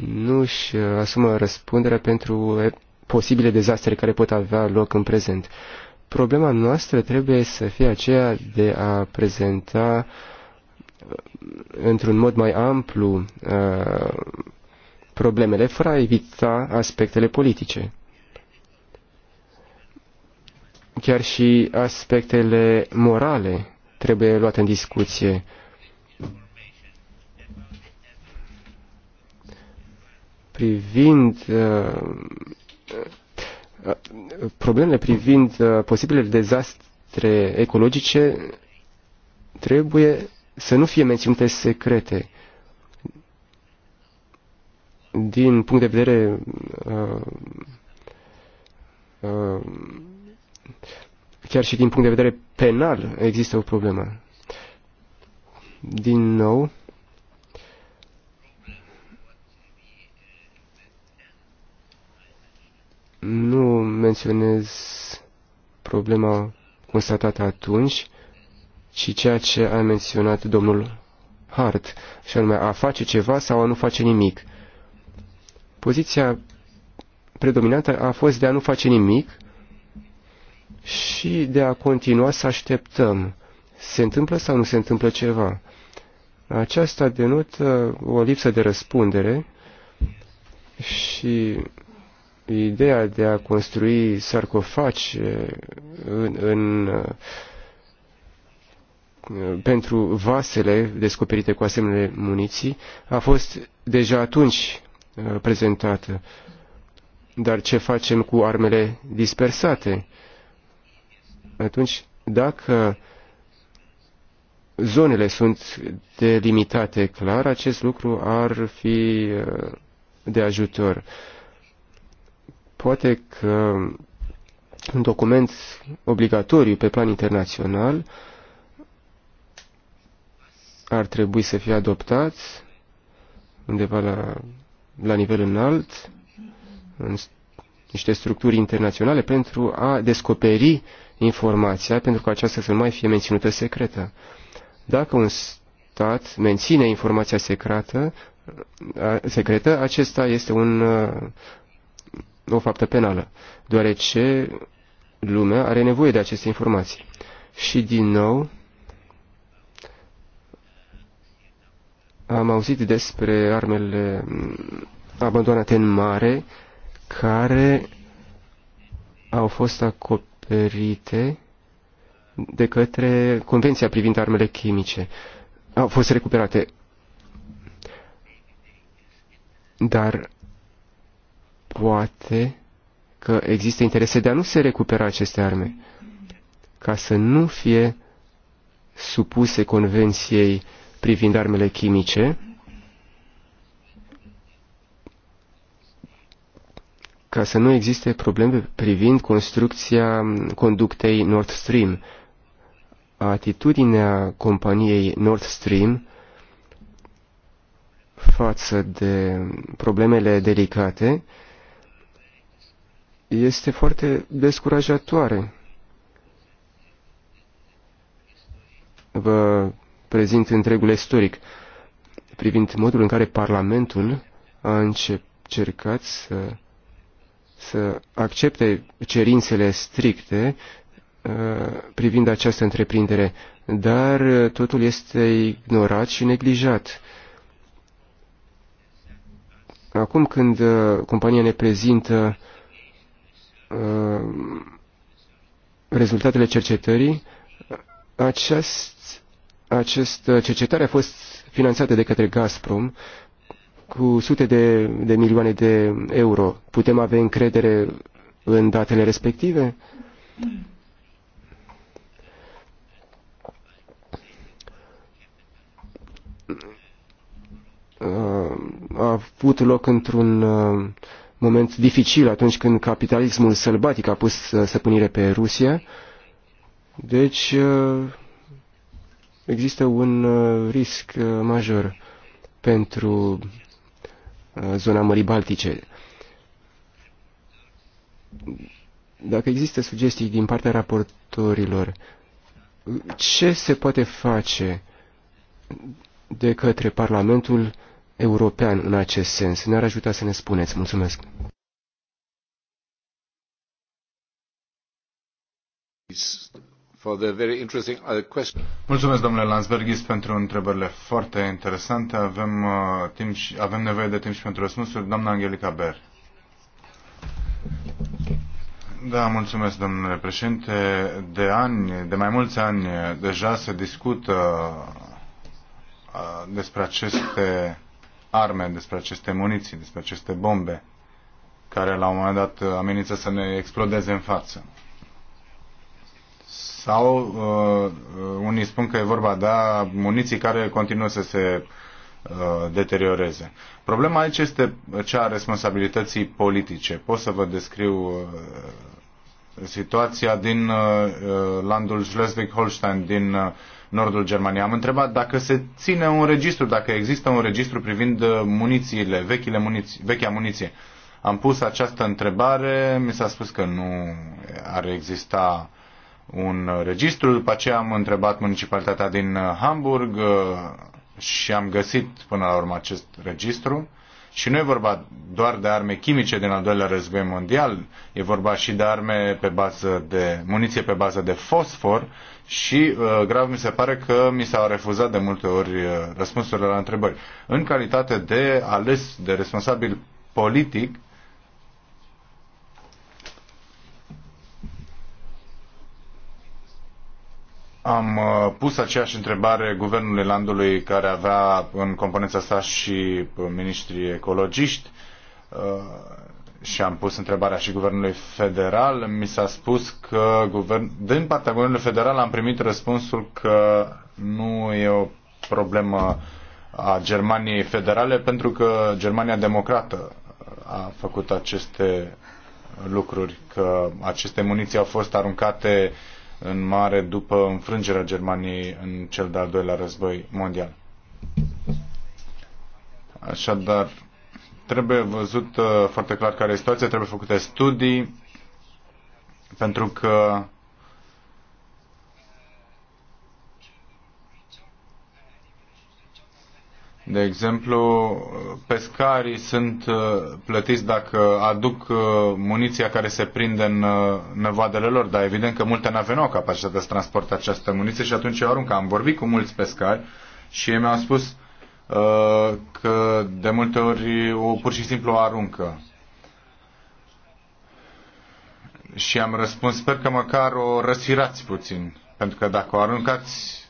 nu își asumă răspunderea pentru posibile dezastre care pot avea loc în prezent. Problema noastră trebuie să fie aceea de a prezenta uh, într-un mod mai amplu uh, problemele, fără a evita aspectele politice. Chiar și aspectele morale trebuie luate în discuție. Privind uh, problemele privind uh, posibile dezastre ecologice trebuie să nu fie menționate secrete. Din punct de vedere uh, uh, chiar și din punct de vedere penal există o problemă. Din nou, nu menționez problema constatată atunci, ci ceea ce a menționat domnul Hart, și anume a face ceva sau a nu face nimic. Poziția predominantă a fost de a nu face nimic și de a continua să așteptăm. Se întâmplă sau nu se întâmplă ceva? Aceasta denotă o lipsă de răspundere și ideea de a construi sarcofaci în, în, pentru vasele descoperite cu asemenea muniții a fost deja atunci prezentată. Dar ce facem cu armele dispersate? Atunci, dacă zonele sunt delimitate clar, acest lucru ar fi de ajutor. Poate că un document obligatoriu pe plan internațional ar trebui să fie adoptat undeva la, la nivel înalt, în niște structuri internaționale, pentru a descoperi informația, pentru că aceasta să nu mai fie menținută secretă. Dacă un stat menține informația secretă, secretă acesta este un o faptă penală, deoarece lumea are nevoie de aceste informații. Și din nou am auzit despre armele mm, abandonate în mare care au fost acoperite de către Convenția privind armele chimice. Au fost recuperate. Dar poate că există interese de a nu se recupera aceste arme, ca să nu fie supuse convenției privind armele chimice, ca să nu existe probleme privind construcția conductei Nord Stream. Atitudinea companiei Nord Stream față de problemele delicate este foarte descurajatoare. Vă prezint întregul istoric privind modul în care Parlamentul a încercat să, să accepte cerințele stricte uh, privind această întreprindere, dar totul este ignorat și neglijat. Acum când uh, compania ne prezintă rezultatele cercetării. Acest, acest uh, cercetare a fost finanțată de către Gazprom cu sute de, de milioane de euro. Putem avea încredere în datele respective? Uh, a avut loc într-un uh, moment dificil atunci când capitalismul sălbatic a pus stăpânire pe Rusia. Deci uh, există un uh, risc uh, major pentru zona Mării Baltice. Dacă există sugestii din partea raportorilor, ce se poate face de către Parlamentul european în acest sens. Ne-ar ajuta să ne spuneți. Mulțumesc. Uh, mulțumesc, domnule Landsbergis, pentru întrebările foarte interesante. Avem, uh, timp și, avem nevoie de timp și pentru răspunsuri. Doamna Angelica Ber. Da, mulțumesc, domnule președinte. De ani, de mai mulți ani, deja se discută uh, despre aceste arme, despre aceste muniții, despre aceste bombe care la un moment dat uh, amenință să ne explodeze în față. Sau uh, uh, unii spun că e vorba de muniții care continuă să se uh, deterioreze. Problema aici este cea a responsabilității politice. Pot să vă descriu uh, situația din uh, landul Schleswig-Holstein, din uh, nordul Germaniei. Am întrebat dacă se ține un registru, dacă există un registru privind uh, munițiile, vechile muniți vechea muniție. Am pus această întrebare, mi s-a spus că nu ar exista un registru, după aceea am întrebat municipalitatea din Hamburg uh, și am găsit până la urmă acest registru. Și nu e vorba doar de arme chimice din al doilea război mondial, e vorba și de arme pe bază de muniție pe bază de fosfor și uh, grav mi se pare că mi s-au refuzat de multe ori uh, răspunsurile la întrebări. În calitate de ales, de responsabil politic, Am uh, pus aceeași întrebare guvernului landului care avea în componența sa și uh, miniștrii ecologiști. Uh, și am pus întrebarea și Guvernului Federal, mi s-a spus că guvern, din partea Guvernului Federal am primit răspunsul că nu e o problemă a Germaniei Federale pentru că Germania Democrată a făcut aceste lucruri, că aceste muniții au fost aruncate în mare după înfrângerea Germaniei în cel de-al doilea război mondial. Așadar, Trebuie văzut uh, foarte clar care e situația, trebuie făcute studii, pentru că De exemplu, pescarii sunt uh, plătiți dacă aduc uh, muniția care se prinde în nevoadele lor, dar evident că multe nave nu au capacitatea să transporte această muniție și atunci eu arunc. Am vorbit cu mulți pescari și ei mi-au spus Uh, că de multe ori o pur și simplu o aruncă. Și am răspuns, sper că măcar o răsfirați puțin, pentru că dacă o aruncați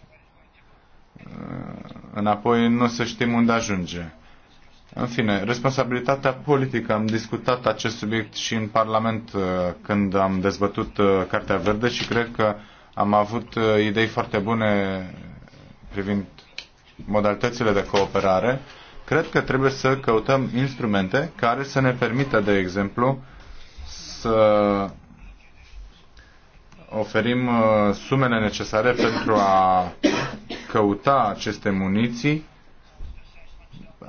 uh, înapoi nu o să știm unde ajunge. În fine, responsabilitatea politică. Am discutat acest subiect și în Parlament uh, când am dezbătut Cartea Verde și cred că am avut idei foarte bune privind modalitățile de cooperare, cred că trebuie să căutăm instrumente care să ne permită, de exemplu, să oferim uh, sumele necesare pentru a căuta aceste muniții,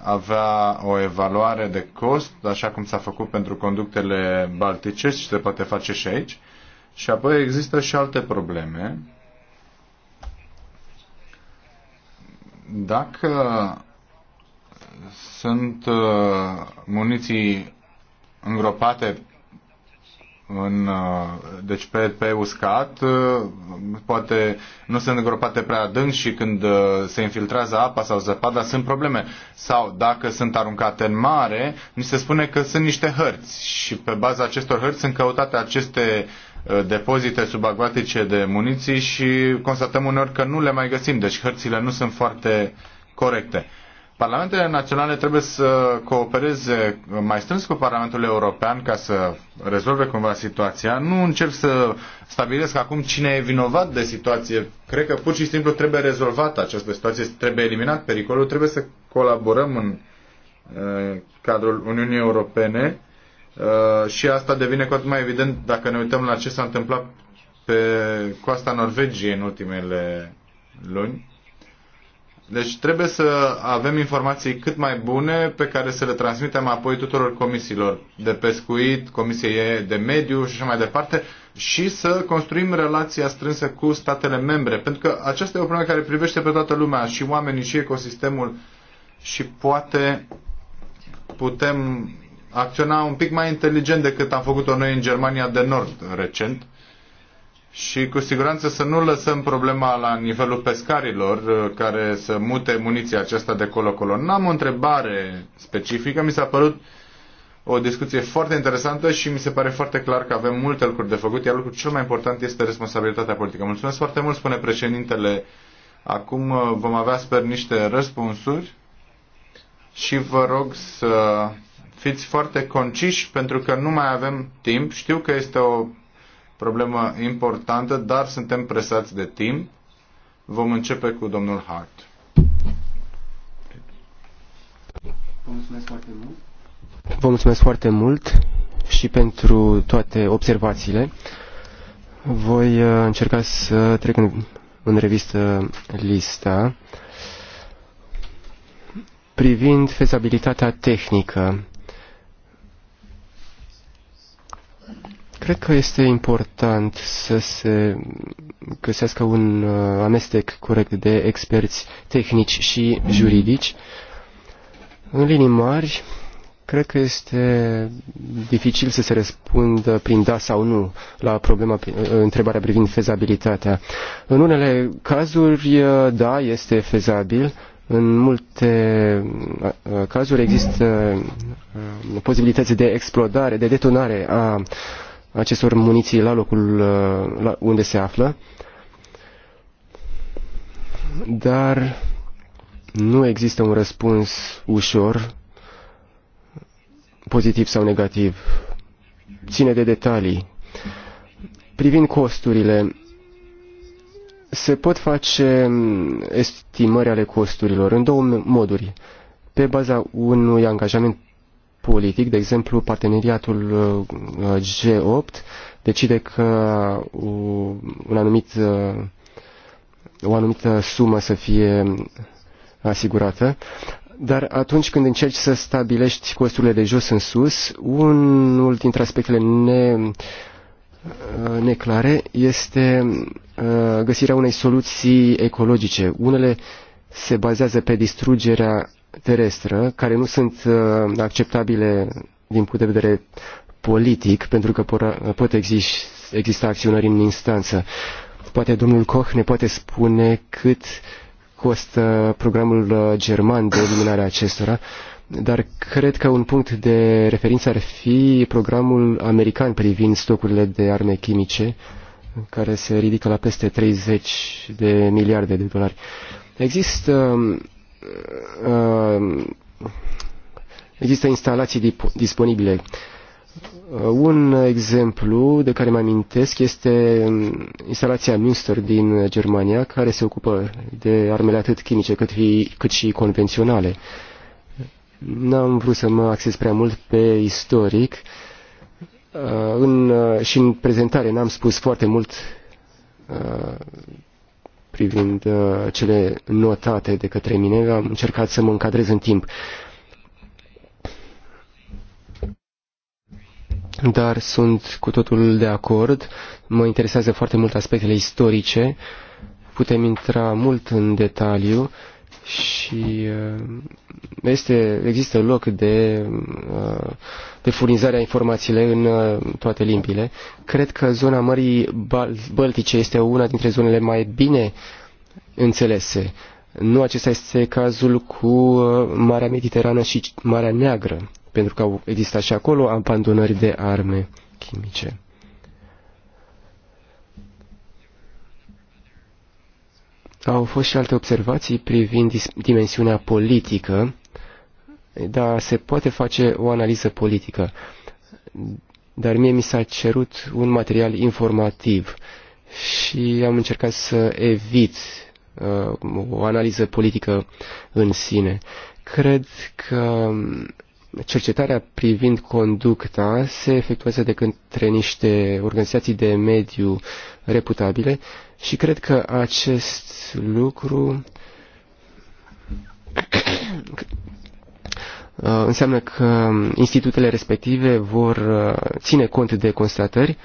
avea o evaluare de cost, așa cum s-a făcut pentru conductele baltice și se poate face și aici. Și apoi există și alte probleme Dacă sunt uh, muniții îngropate în, uh, deci pe, pe uscat, uh, poate nu sunt îngropate prea adânc și când se infiltrează apa sau zăpada sunt probleme. Sau dacă sunt aruncate în mare, ni se spune că sunt niște hărți și pe baza acestor hărți sunt căutate aceste Uh, depozite subacvatice de muniții și constatăm uneori că nu le mai găsim, deci hărțile nu sunt foarte corecte. Parlamentele naționale trebuie să coopereze mai strâns cu Parlamentul European ca să rezolve cumva situația. Nu încerc să stabilesc acum cine e vinovat de situație. Cred că pur și simplu trebuie rezolvată această situație, trebuie eliminat pericolul, trebuie să colaborăm în uh, cadrul Uniunii Europene Uh, și asta devine cu atât mai evident dacă ne uităm la ce s-a întâmplat pe coasta Norvegiei în ultimele luni. Deci trebuie să avem informații cât mai bune pe care să le transmitem apoi tuturor comisiilor de pescuit, comisiei de mediu și așa mai departe și să construim relația strânsă cu statele membre. Pentru că aceasta e o problemă care privește pe toată lumea și oamenii și ecosistemul și poate putem acționa un pic mai inteligent decât am făcut-o noi în Germania de Nord recent și cu siguranță să nu lăsăm problema la nivelul pescarilor uh, care să mute muniția aceasta de colo-colo. N-am o întrebare specifică, mi s-a părut o discuție foarte interesantă și mi se pare foarte clar că avem multe lucruri de făcut, iar lucrul cel mai important este responsabilitatea politică. Mulțumesc foarte mult, spune președintele. Acum uh, vom avea, sper, niște răspunsuri și vă rog să fiți foarte conciși pentru că nu mai avem timp. Știu că este o problemă importantă, dar suntem presați de timp. Vom începe cu domnul Hart. Vă mulțumesc foarte mult. Vă mulțumesc foarte mult și pentru toate observațiile. Voi uh, încerca să trec în, în revistă lista privind fezabilitatea tehnică. Cred că este important să se găsească un uh, amestec corect de experți tehnici și juridici. În linii mari, cred că este dificil să se răspundă prin da sau nu la problema, uh, întrebarea privind fezabilitatea. În unele cazuri, uh, da, este fezabil, în multe cazuri există posibilități de explodare, de detonare a acestor muniții la locul uh, la unde se află, dar nu există un răspuns ușor, pozitiv sau negativ. Ține de detalii. Privind costurile, se pot face mm, estimări ale costurilor în două moduri. Pe baza unui angajament politic, de exemplu, parteneriatul uh, G8 decide că un anumit, uh, o anumită sumă să fie asigurată, dar atunci când încerci să stabilești costurile de jos în sus, unul dintre aspectele ne, uh, neclare este găsirea unei soluții ecologice. Unele se bazează pe distrugerea terestră, care nu sunt uh, acceptabile din punct de vedere politic, pentru că pot exista acționări în instanță. Poate domnul Koch ne poate spune cât costă programul uh, german de eliminare a acestora, dar cred că un punct de referință ar fi programul american privind stocurile de arme chimice, care se ridică la peste 30 de miliarde de dolari. Există um, Uh, uh, există instalații disponibile. Uh, un exemplu de care mă amintesc este um, instalația Münster din Germania, care se ocupă de armele atât chimice cât, fi, cât și convenționale. N-am vrut să mă axez prea mult pe istoric în, și în prezentare n-am spus foarte mult privind uh, cele notate de către mine. Am încercat să mă încadrez în timp. Dar sunt cu totul de acord. Mă interesează foarte mult aspectele istorice. Putem intra mult în detaliu și uh, este, există loc de, uh, de furnizarea informațiile în uh, toate limbile. Cred că zona Mării Baltice este una dintre zonele mai bine înțelese. Nu acesta este cazul cu Marea Mediterană și Marea Neagră, pentru că au existat și acolo abandonări de arme chimice. Au fost și alte observații privind dimensiunea politică, dar se poate face o analiză politică. Dar mie mi s-a cerut un material informativ și am încercat să evit uh, o analiză politică în sine. Cred că cercetarea privind conducta se efectuează de către niște organizații de mediu reputabile și cred că acest lucru uh, înseamnă că institutele respective vor uh, ține cont de constatări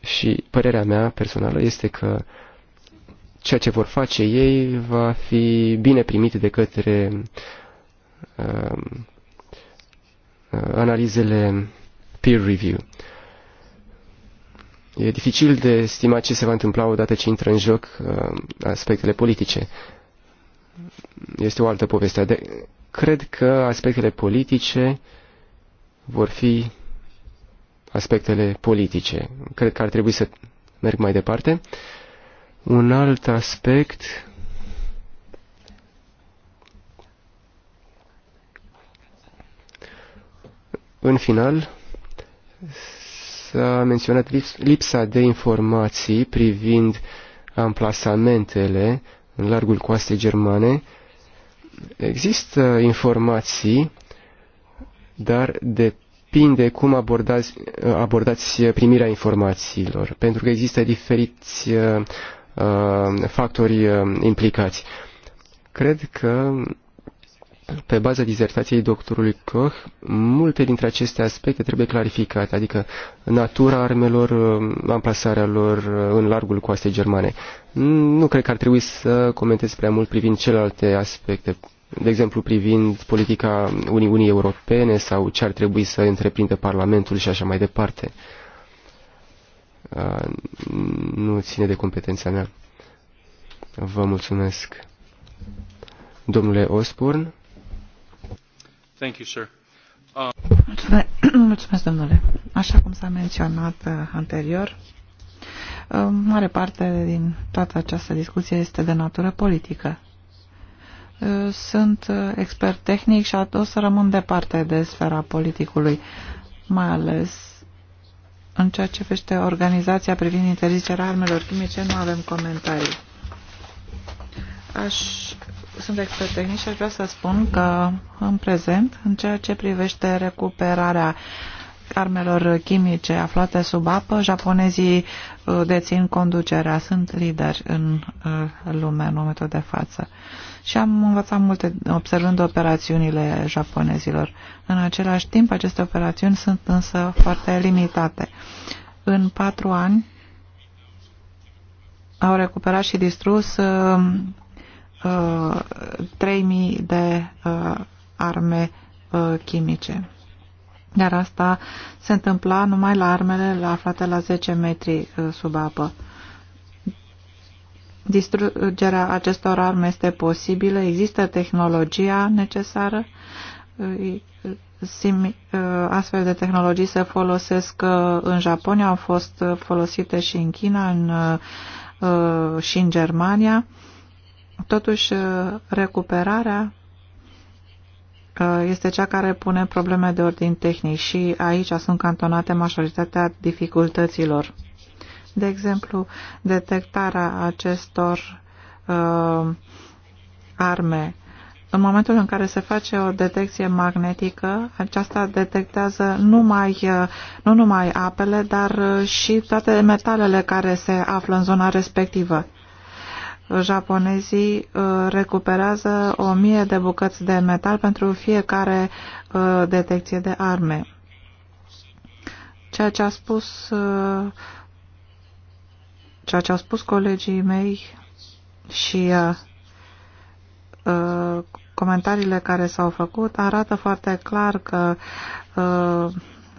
și părerea mea personală este că ceea ce vor face ei va fi bine primit de către uh, uh analizele peer review. E dificil de estimat ce se va întâmpla odată ce intră în joc uh, aspectele politice. Este o altă poveste. De, cred că aspectele politice vor fi aspectele politice. Cred că ar trebui să merg mai departe. Un alt aspect în final s-a menționat lipsa de informații privind amplasamentele în largul coastei germane. Există informații, dar depinde cum abordați, abordați primirea informațiilor, pentru că există diferiți uh, factori uh, implicați. Cred că pe baza dizertației doctorului Koch, multe dintre aceste aspecte trebuie clarificate, adică natura armelor, amplasarea lor în largul coastei germane. Nu cred că ar trebui să comentez prea mult privind celelalte aspecte, de exemplu privind politica Uniunii Europene sau ce ar trebui să întreprindă Parlamentul și așa mai departe. Ah, nu ține de competența mea. Vă mulțumesc. Domnule Osborne, Mulțumesc, domnule. Așa cum s-a menționat uh, anterior, uh, mare parte din toată această discuție este de natură politică. Uh, sunt expert tehnic și o să rămân departe de sfera politicului, mai ales în ceea ce vește organizația privind interzicerea armelor chimice, nu avem comentarii. Aș sunt expert tehnic și aș vrea să spun că în prezent, în ceea ce privește recuperarea armelor chimice aflate sub apă, japonezii uh, dețin conducerea, sunt lideri în uh, lume în momentul de față. Și am învățat multe observând operațiunile japonezilor. În același timp, aceste operațiuni sunt însă foarte limitate. În patru ani au recuperat și distrus uh, 3000 uh, de uh, arme uh, chimice. Dar asta se întâmpla numai la armele aflate la 10 metri uh, sub apă. Distrugerea acestor arme este posibilă, există tehnologia necesară, uh, uh, astfel de tehnologii se folosesc în Japonia, au fost folosite și în China în, și în Germania. Totuși, uh, recuperarea uh, este cea care pune probleme de ordin tehnic și aici sunt cantonate majoritatea dificultăților. De exemplu, detectarea acestor uh, arme. În momentul în care se face o detecție magnetică, aceasta detectează numai, uh, nu numai apele, dar și toate metalele care se află în zona respectivă japonezii uh, recuperează o mie de bucăți de metal pentru fiecare uh, detecție de arme. Ceea ce a spus uh, ceea ce au spus colegii mei și comentariile care s-au făcut arată foarte clar că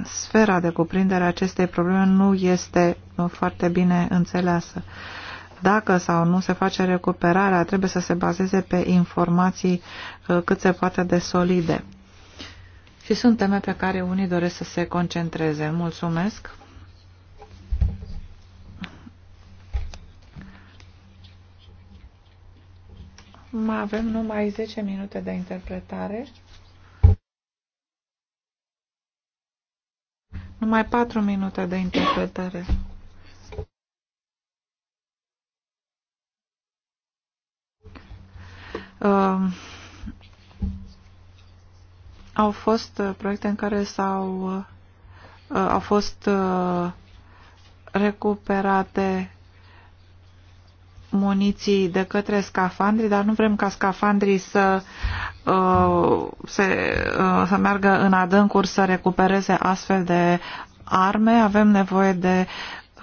sfera de cuprindere a acestei probleme nu este foarte bine înțeleasă. Uh, dacă sau nu se face recuperarea, trebuie să se bazeze pe informații uh, cât se poate de solide. Și sunt teme pe care unii doresc să se concentreze. Mulțumesc! Mai avem numai 10 minute de interpretare. Numai 4 minute de interpretare. uh, au fost uh, proiecte în care s-au uh, au fost uh, recuperate muniții de către scafandri, dar nu vrem ca scafandrii să, uh, se, uh, să meargă în adâncuri să recupereze astfel de arme. Avem nevoie de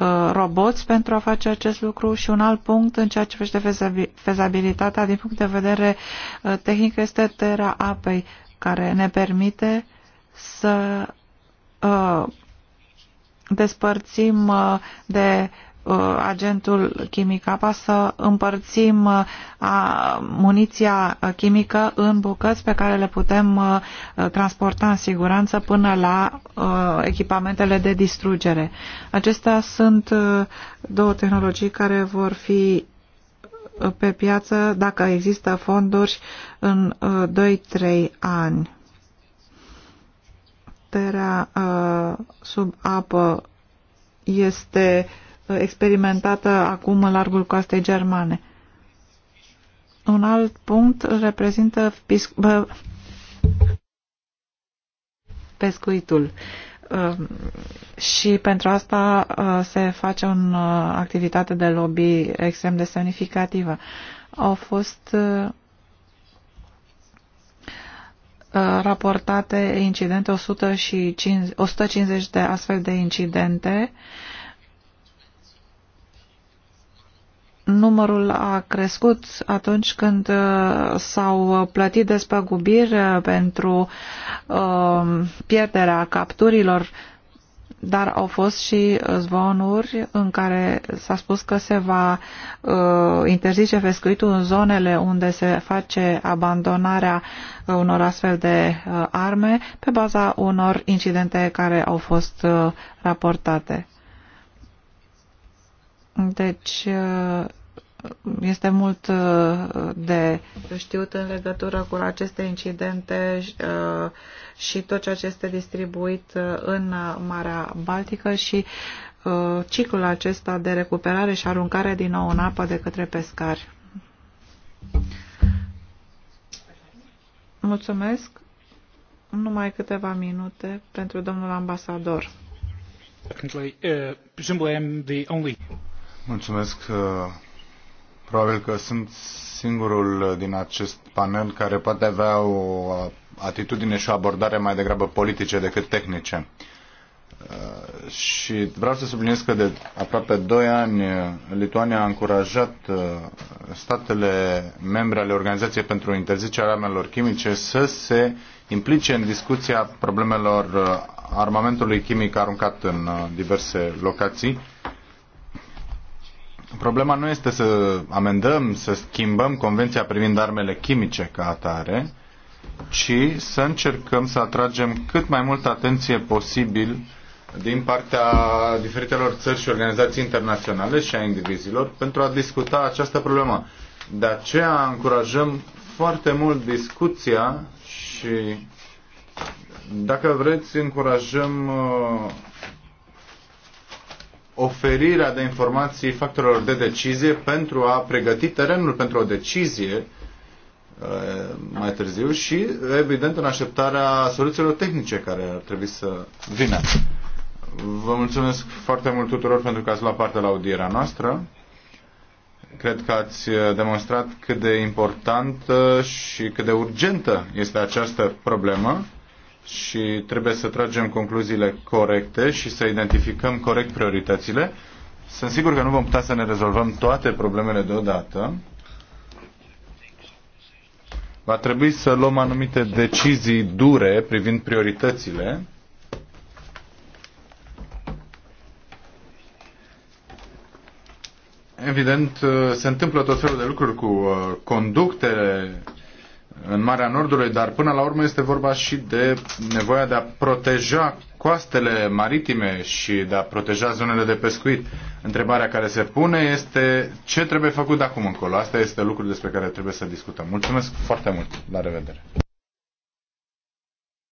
Uh, roboți pentru a face acest lucru și un alt punct în ceea ce privește fezabilitatea din punct de vedere uh, tehnic este tera apei care ne permite să uh, despărțim de Uh, agentul chimic APA să împărțim uh, muniția chimică în bucăți pe care le putem uh, transporta în siguranță până la echipamentele de distrugere. Acestea sunt două tehnologii care vor fi pe piață dacă există fonduri în 2-3 ani. Terea sub apă este uh, experimentată acum în largul coastei germane. Un alt punct reprezintă pescuitul. Ehm, și pentru asta ă, se face o ă, activitate de lobby extrem de semnificativă. Au fost ă, raportate incidente, 150, de astfel de incidente numărul a crescut atunci când uh, s-au plătit despăgubiri uh, pentru uh, pierderea capturilor, dar au fost și zvonuri în care s-a spus că se va interzice pescuitul în zonele unde se face abandonarea unor astfel de arme pe baza unor incidente care au fost raportate. Deci este mult uh, de știut în legătură cu aceste incidente uh, și tot ceea ce este distribuit uh, în Marea Baltică și ciclul acesta de recuperare și aruncare din nou în apă de către pescari. Mulțumesc. Numai câteva minute pentru domnul ambasador. Mulțumesc Probabil că sunt singurul din acest panel care poate avea o atitudine și o abordare mai degrabă politice decât tehnice. Uh, și vreau să subliniez că de aproape 2 ani uh, Lituania a încurajat uh, statele membre ale Organizației pentru Interzicerea Armelor Chimice să se implice în discuția problemelor armamentului chimic aruncat în diverse locații Problema nu este să amendăm, să schimbăm Convenția privind armele chimice ca atare, ci să încercăm să atragem cât mai multă atenție posibil din partea diferitelor țări și organizații internaționale și a indivizilor pentru a discuta această problemă. De aceea încurajăm foarte mult discuția și, dacă vreți, încurajăm uh, oferirea de informații factorilor de decizie pentru a pregăti terenul pentru o decizie uh, mai târziu și, evident, în așteptarea soluțiilor tehnice care ar trebui să vină. Vă mulțumesc foarte mult tuturor pentru că ați luat parte la audierea noastră. Cred că ați uh, demonstrat cât de importantă și cât de urgentă este această problemă și trebuie să tragem concluziile corecte și să identificăm corect prioritățile. Sunt sigur că nu vom putea să ne rezolvăm toate problemele deodată. Va trebui să luăm anumite decizii dure privind prioritățile. Evident, se întâmplă tot felul de lucruri cu uh, conductele în Marea Nordului, dar până la urmă este vorba și de nevoia de a proteja coastele maritime și de a proteja zonele de pescuit. Întrebarea care se pune este ce trebuie făcut de acum încolo. Asta este lucrul despre care trebuie să discutăm. Mulțumesc foarte mult. La revedere.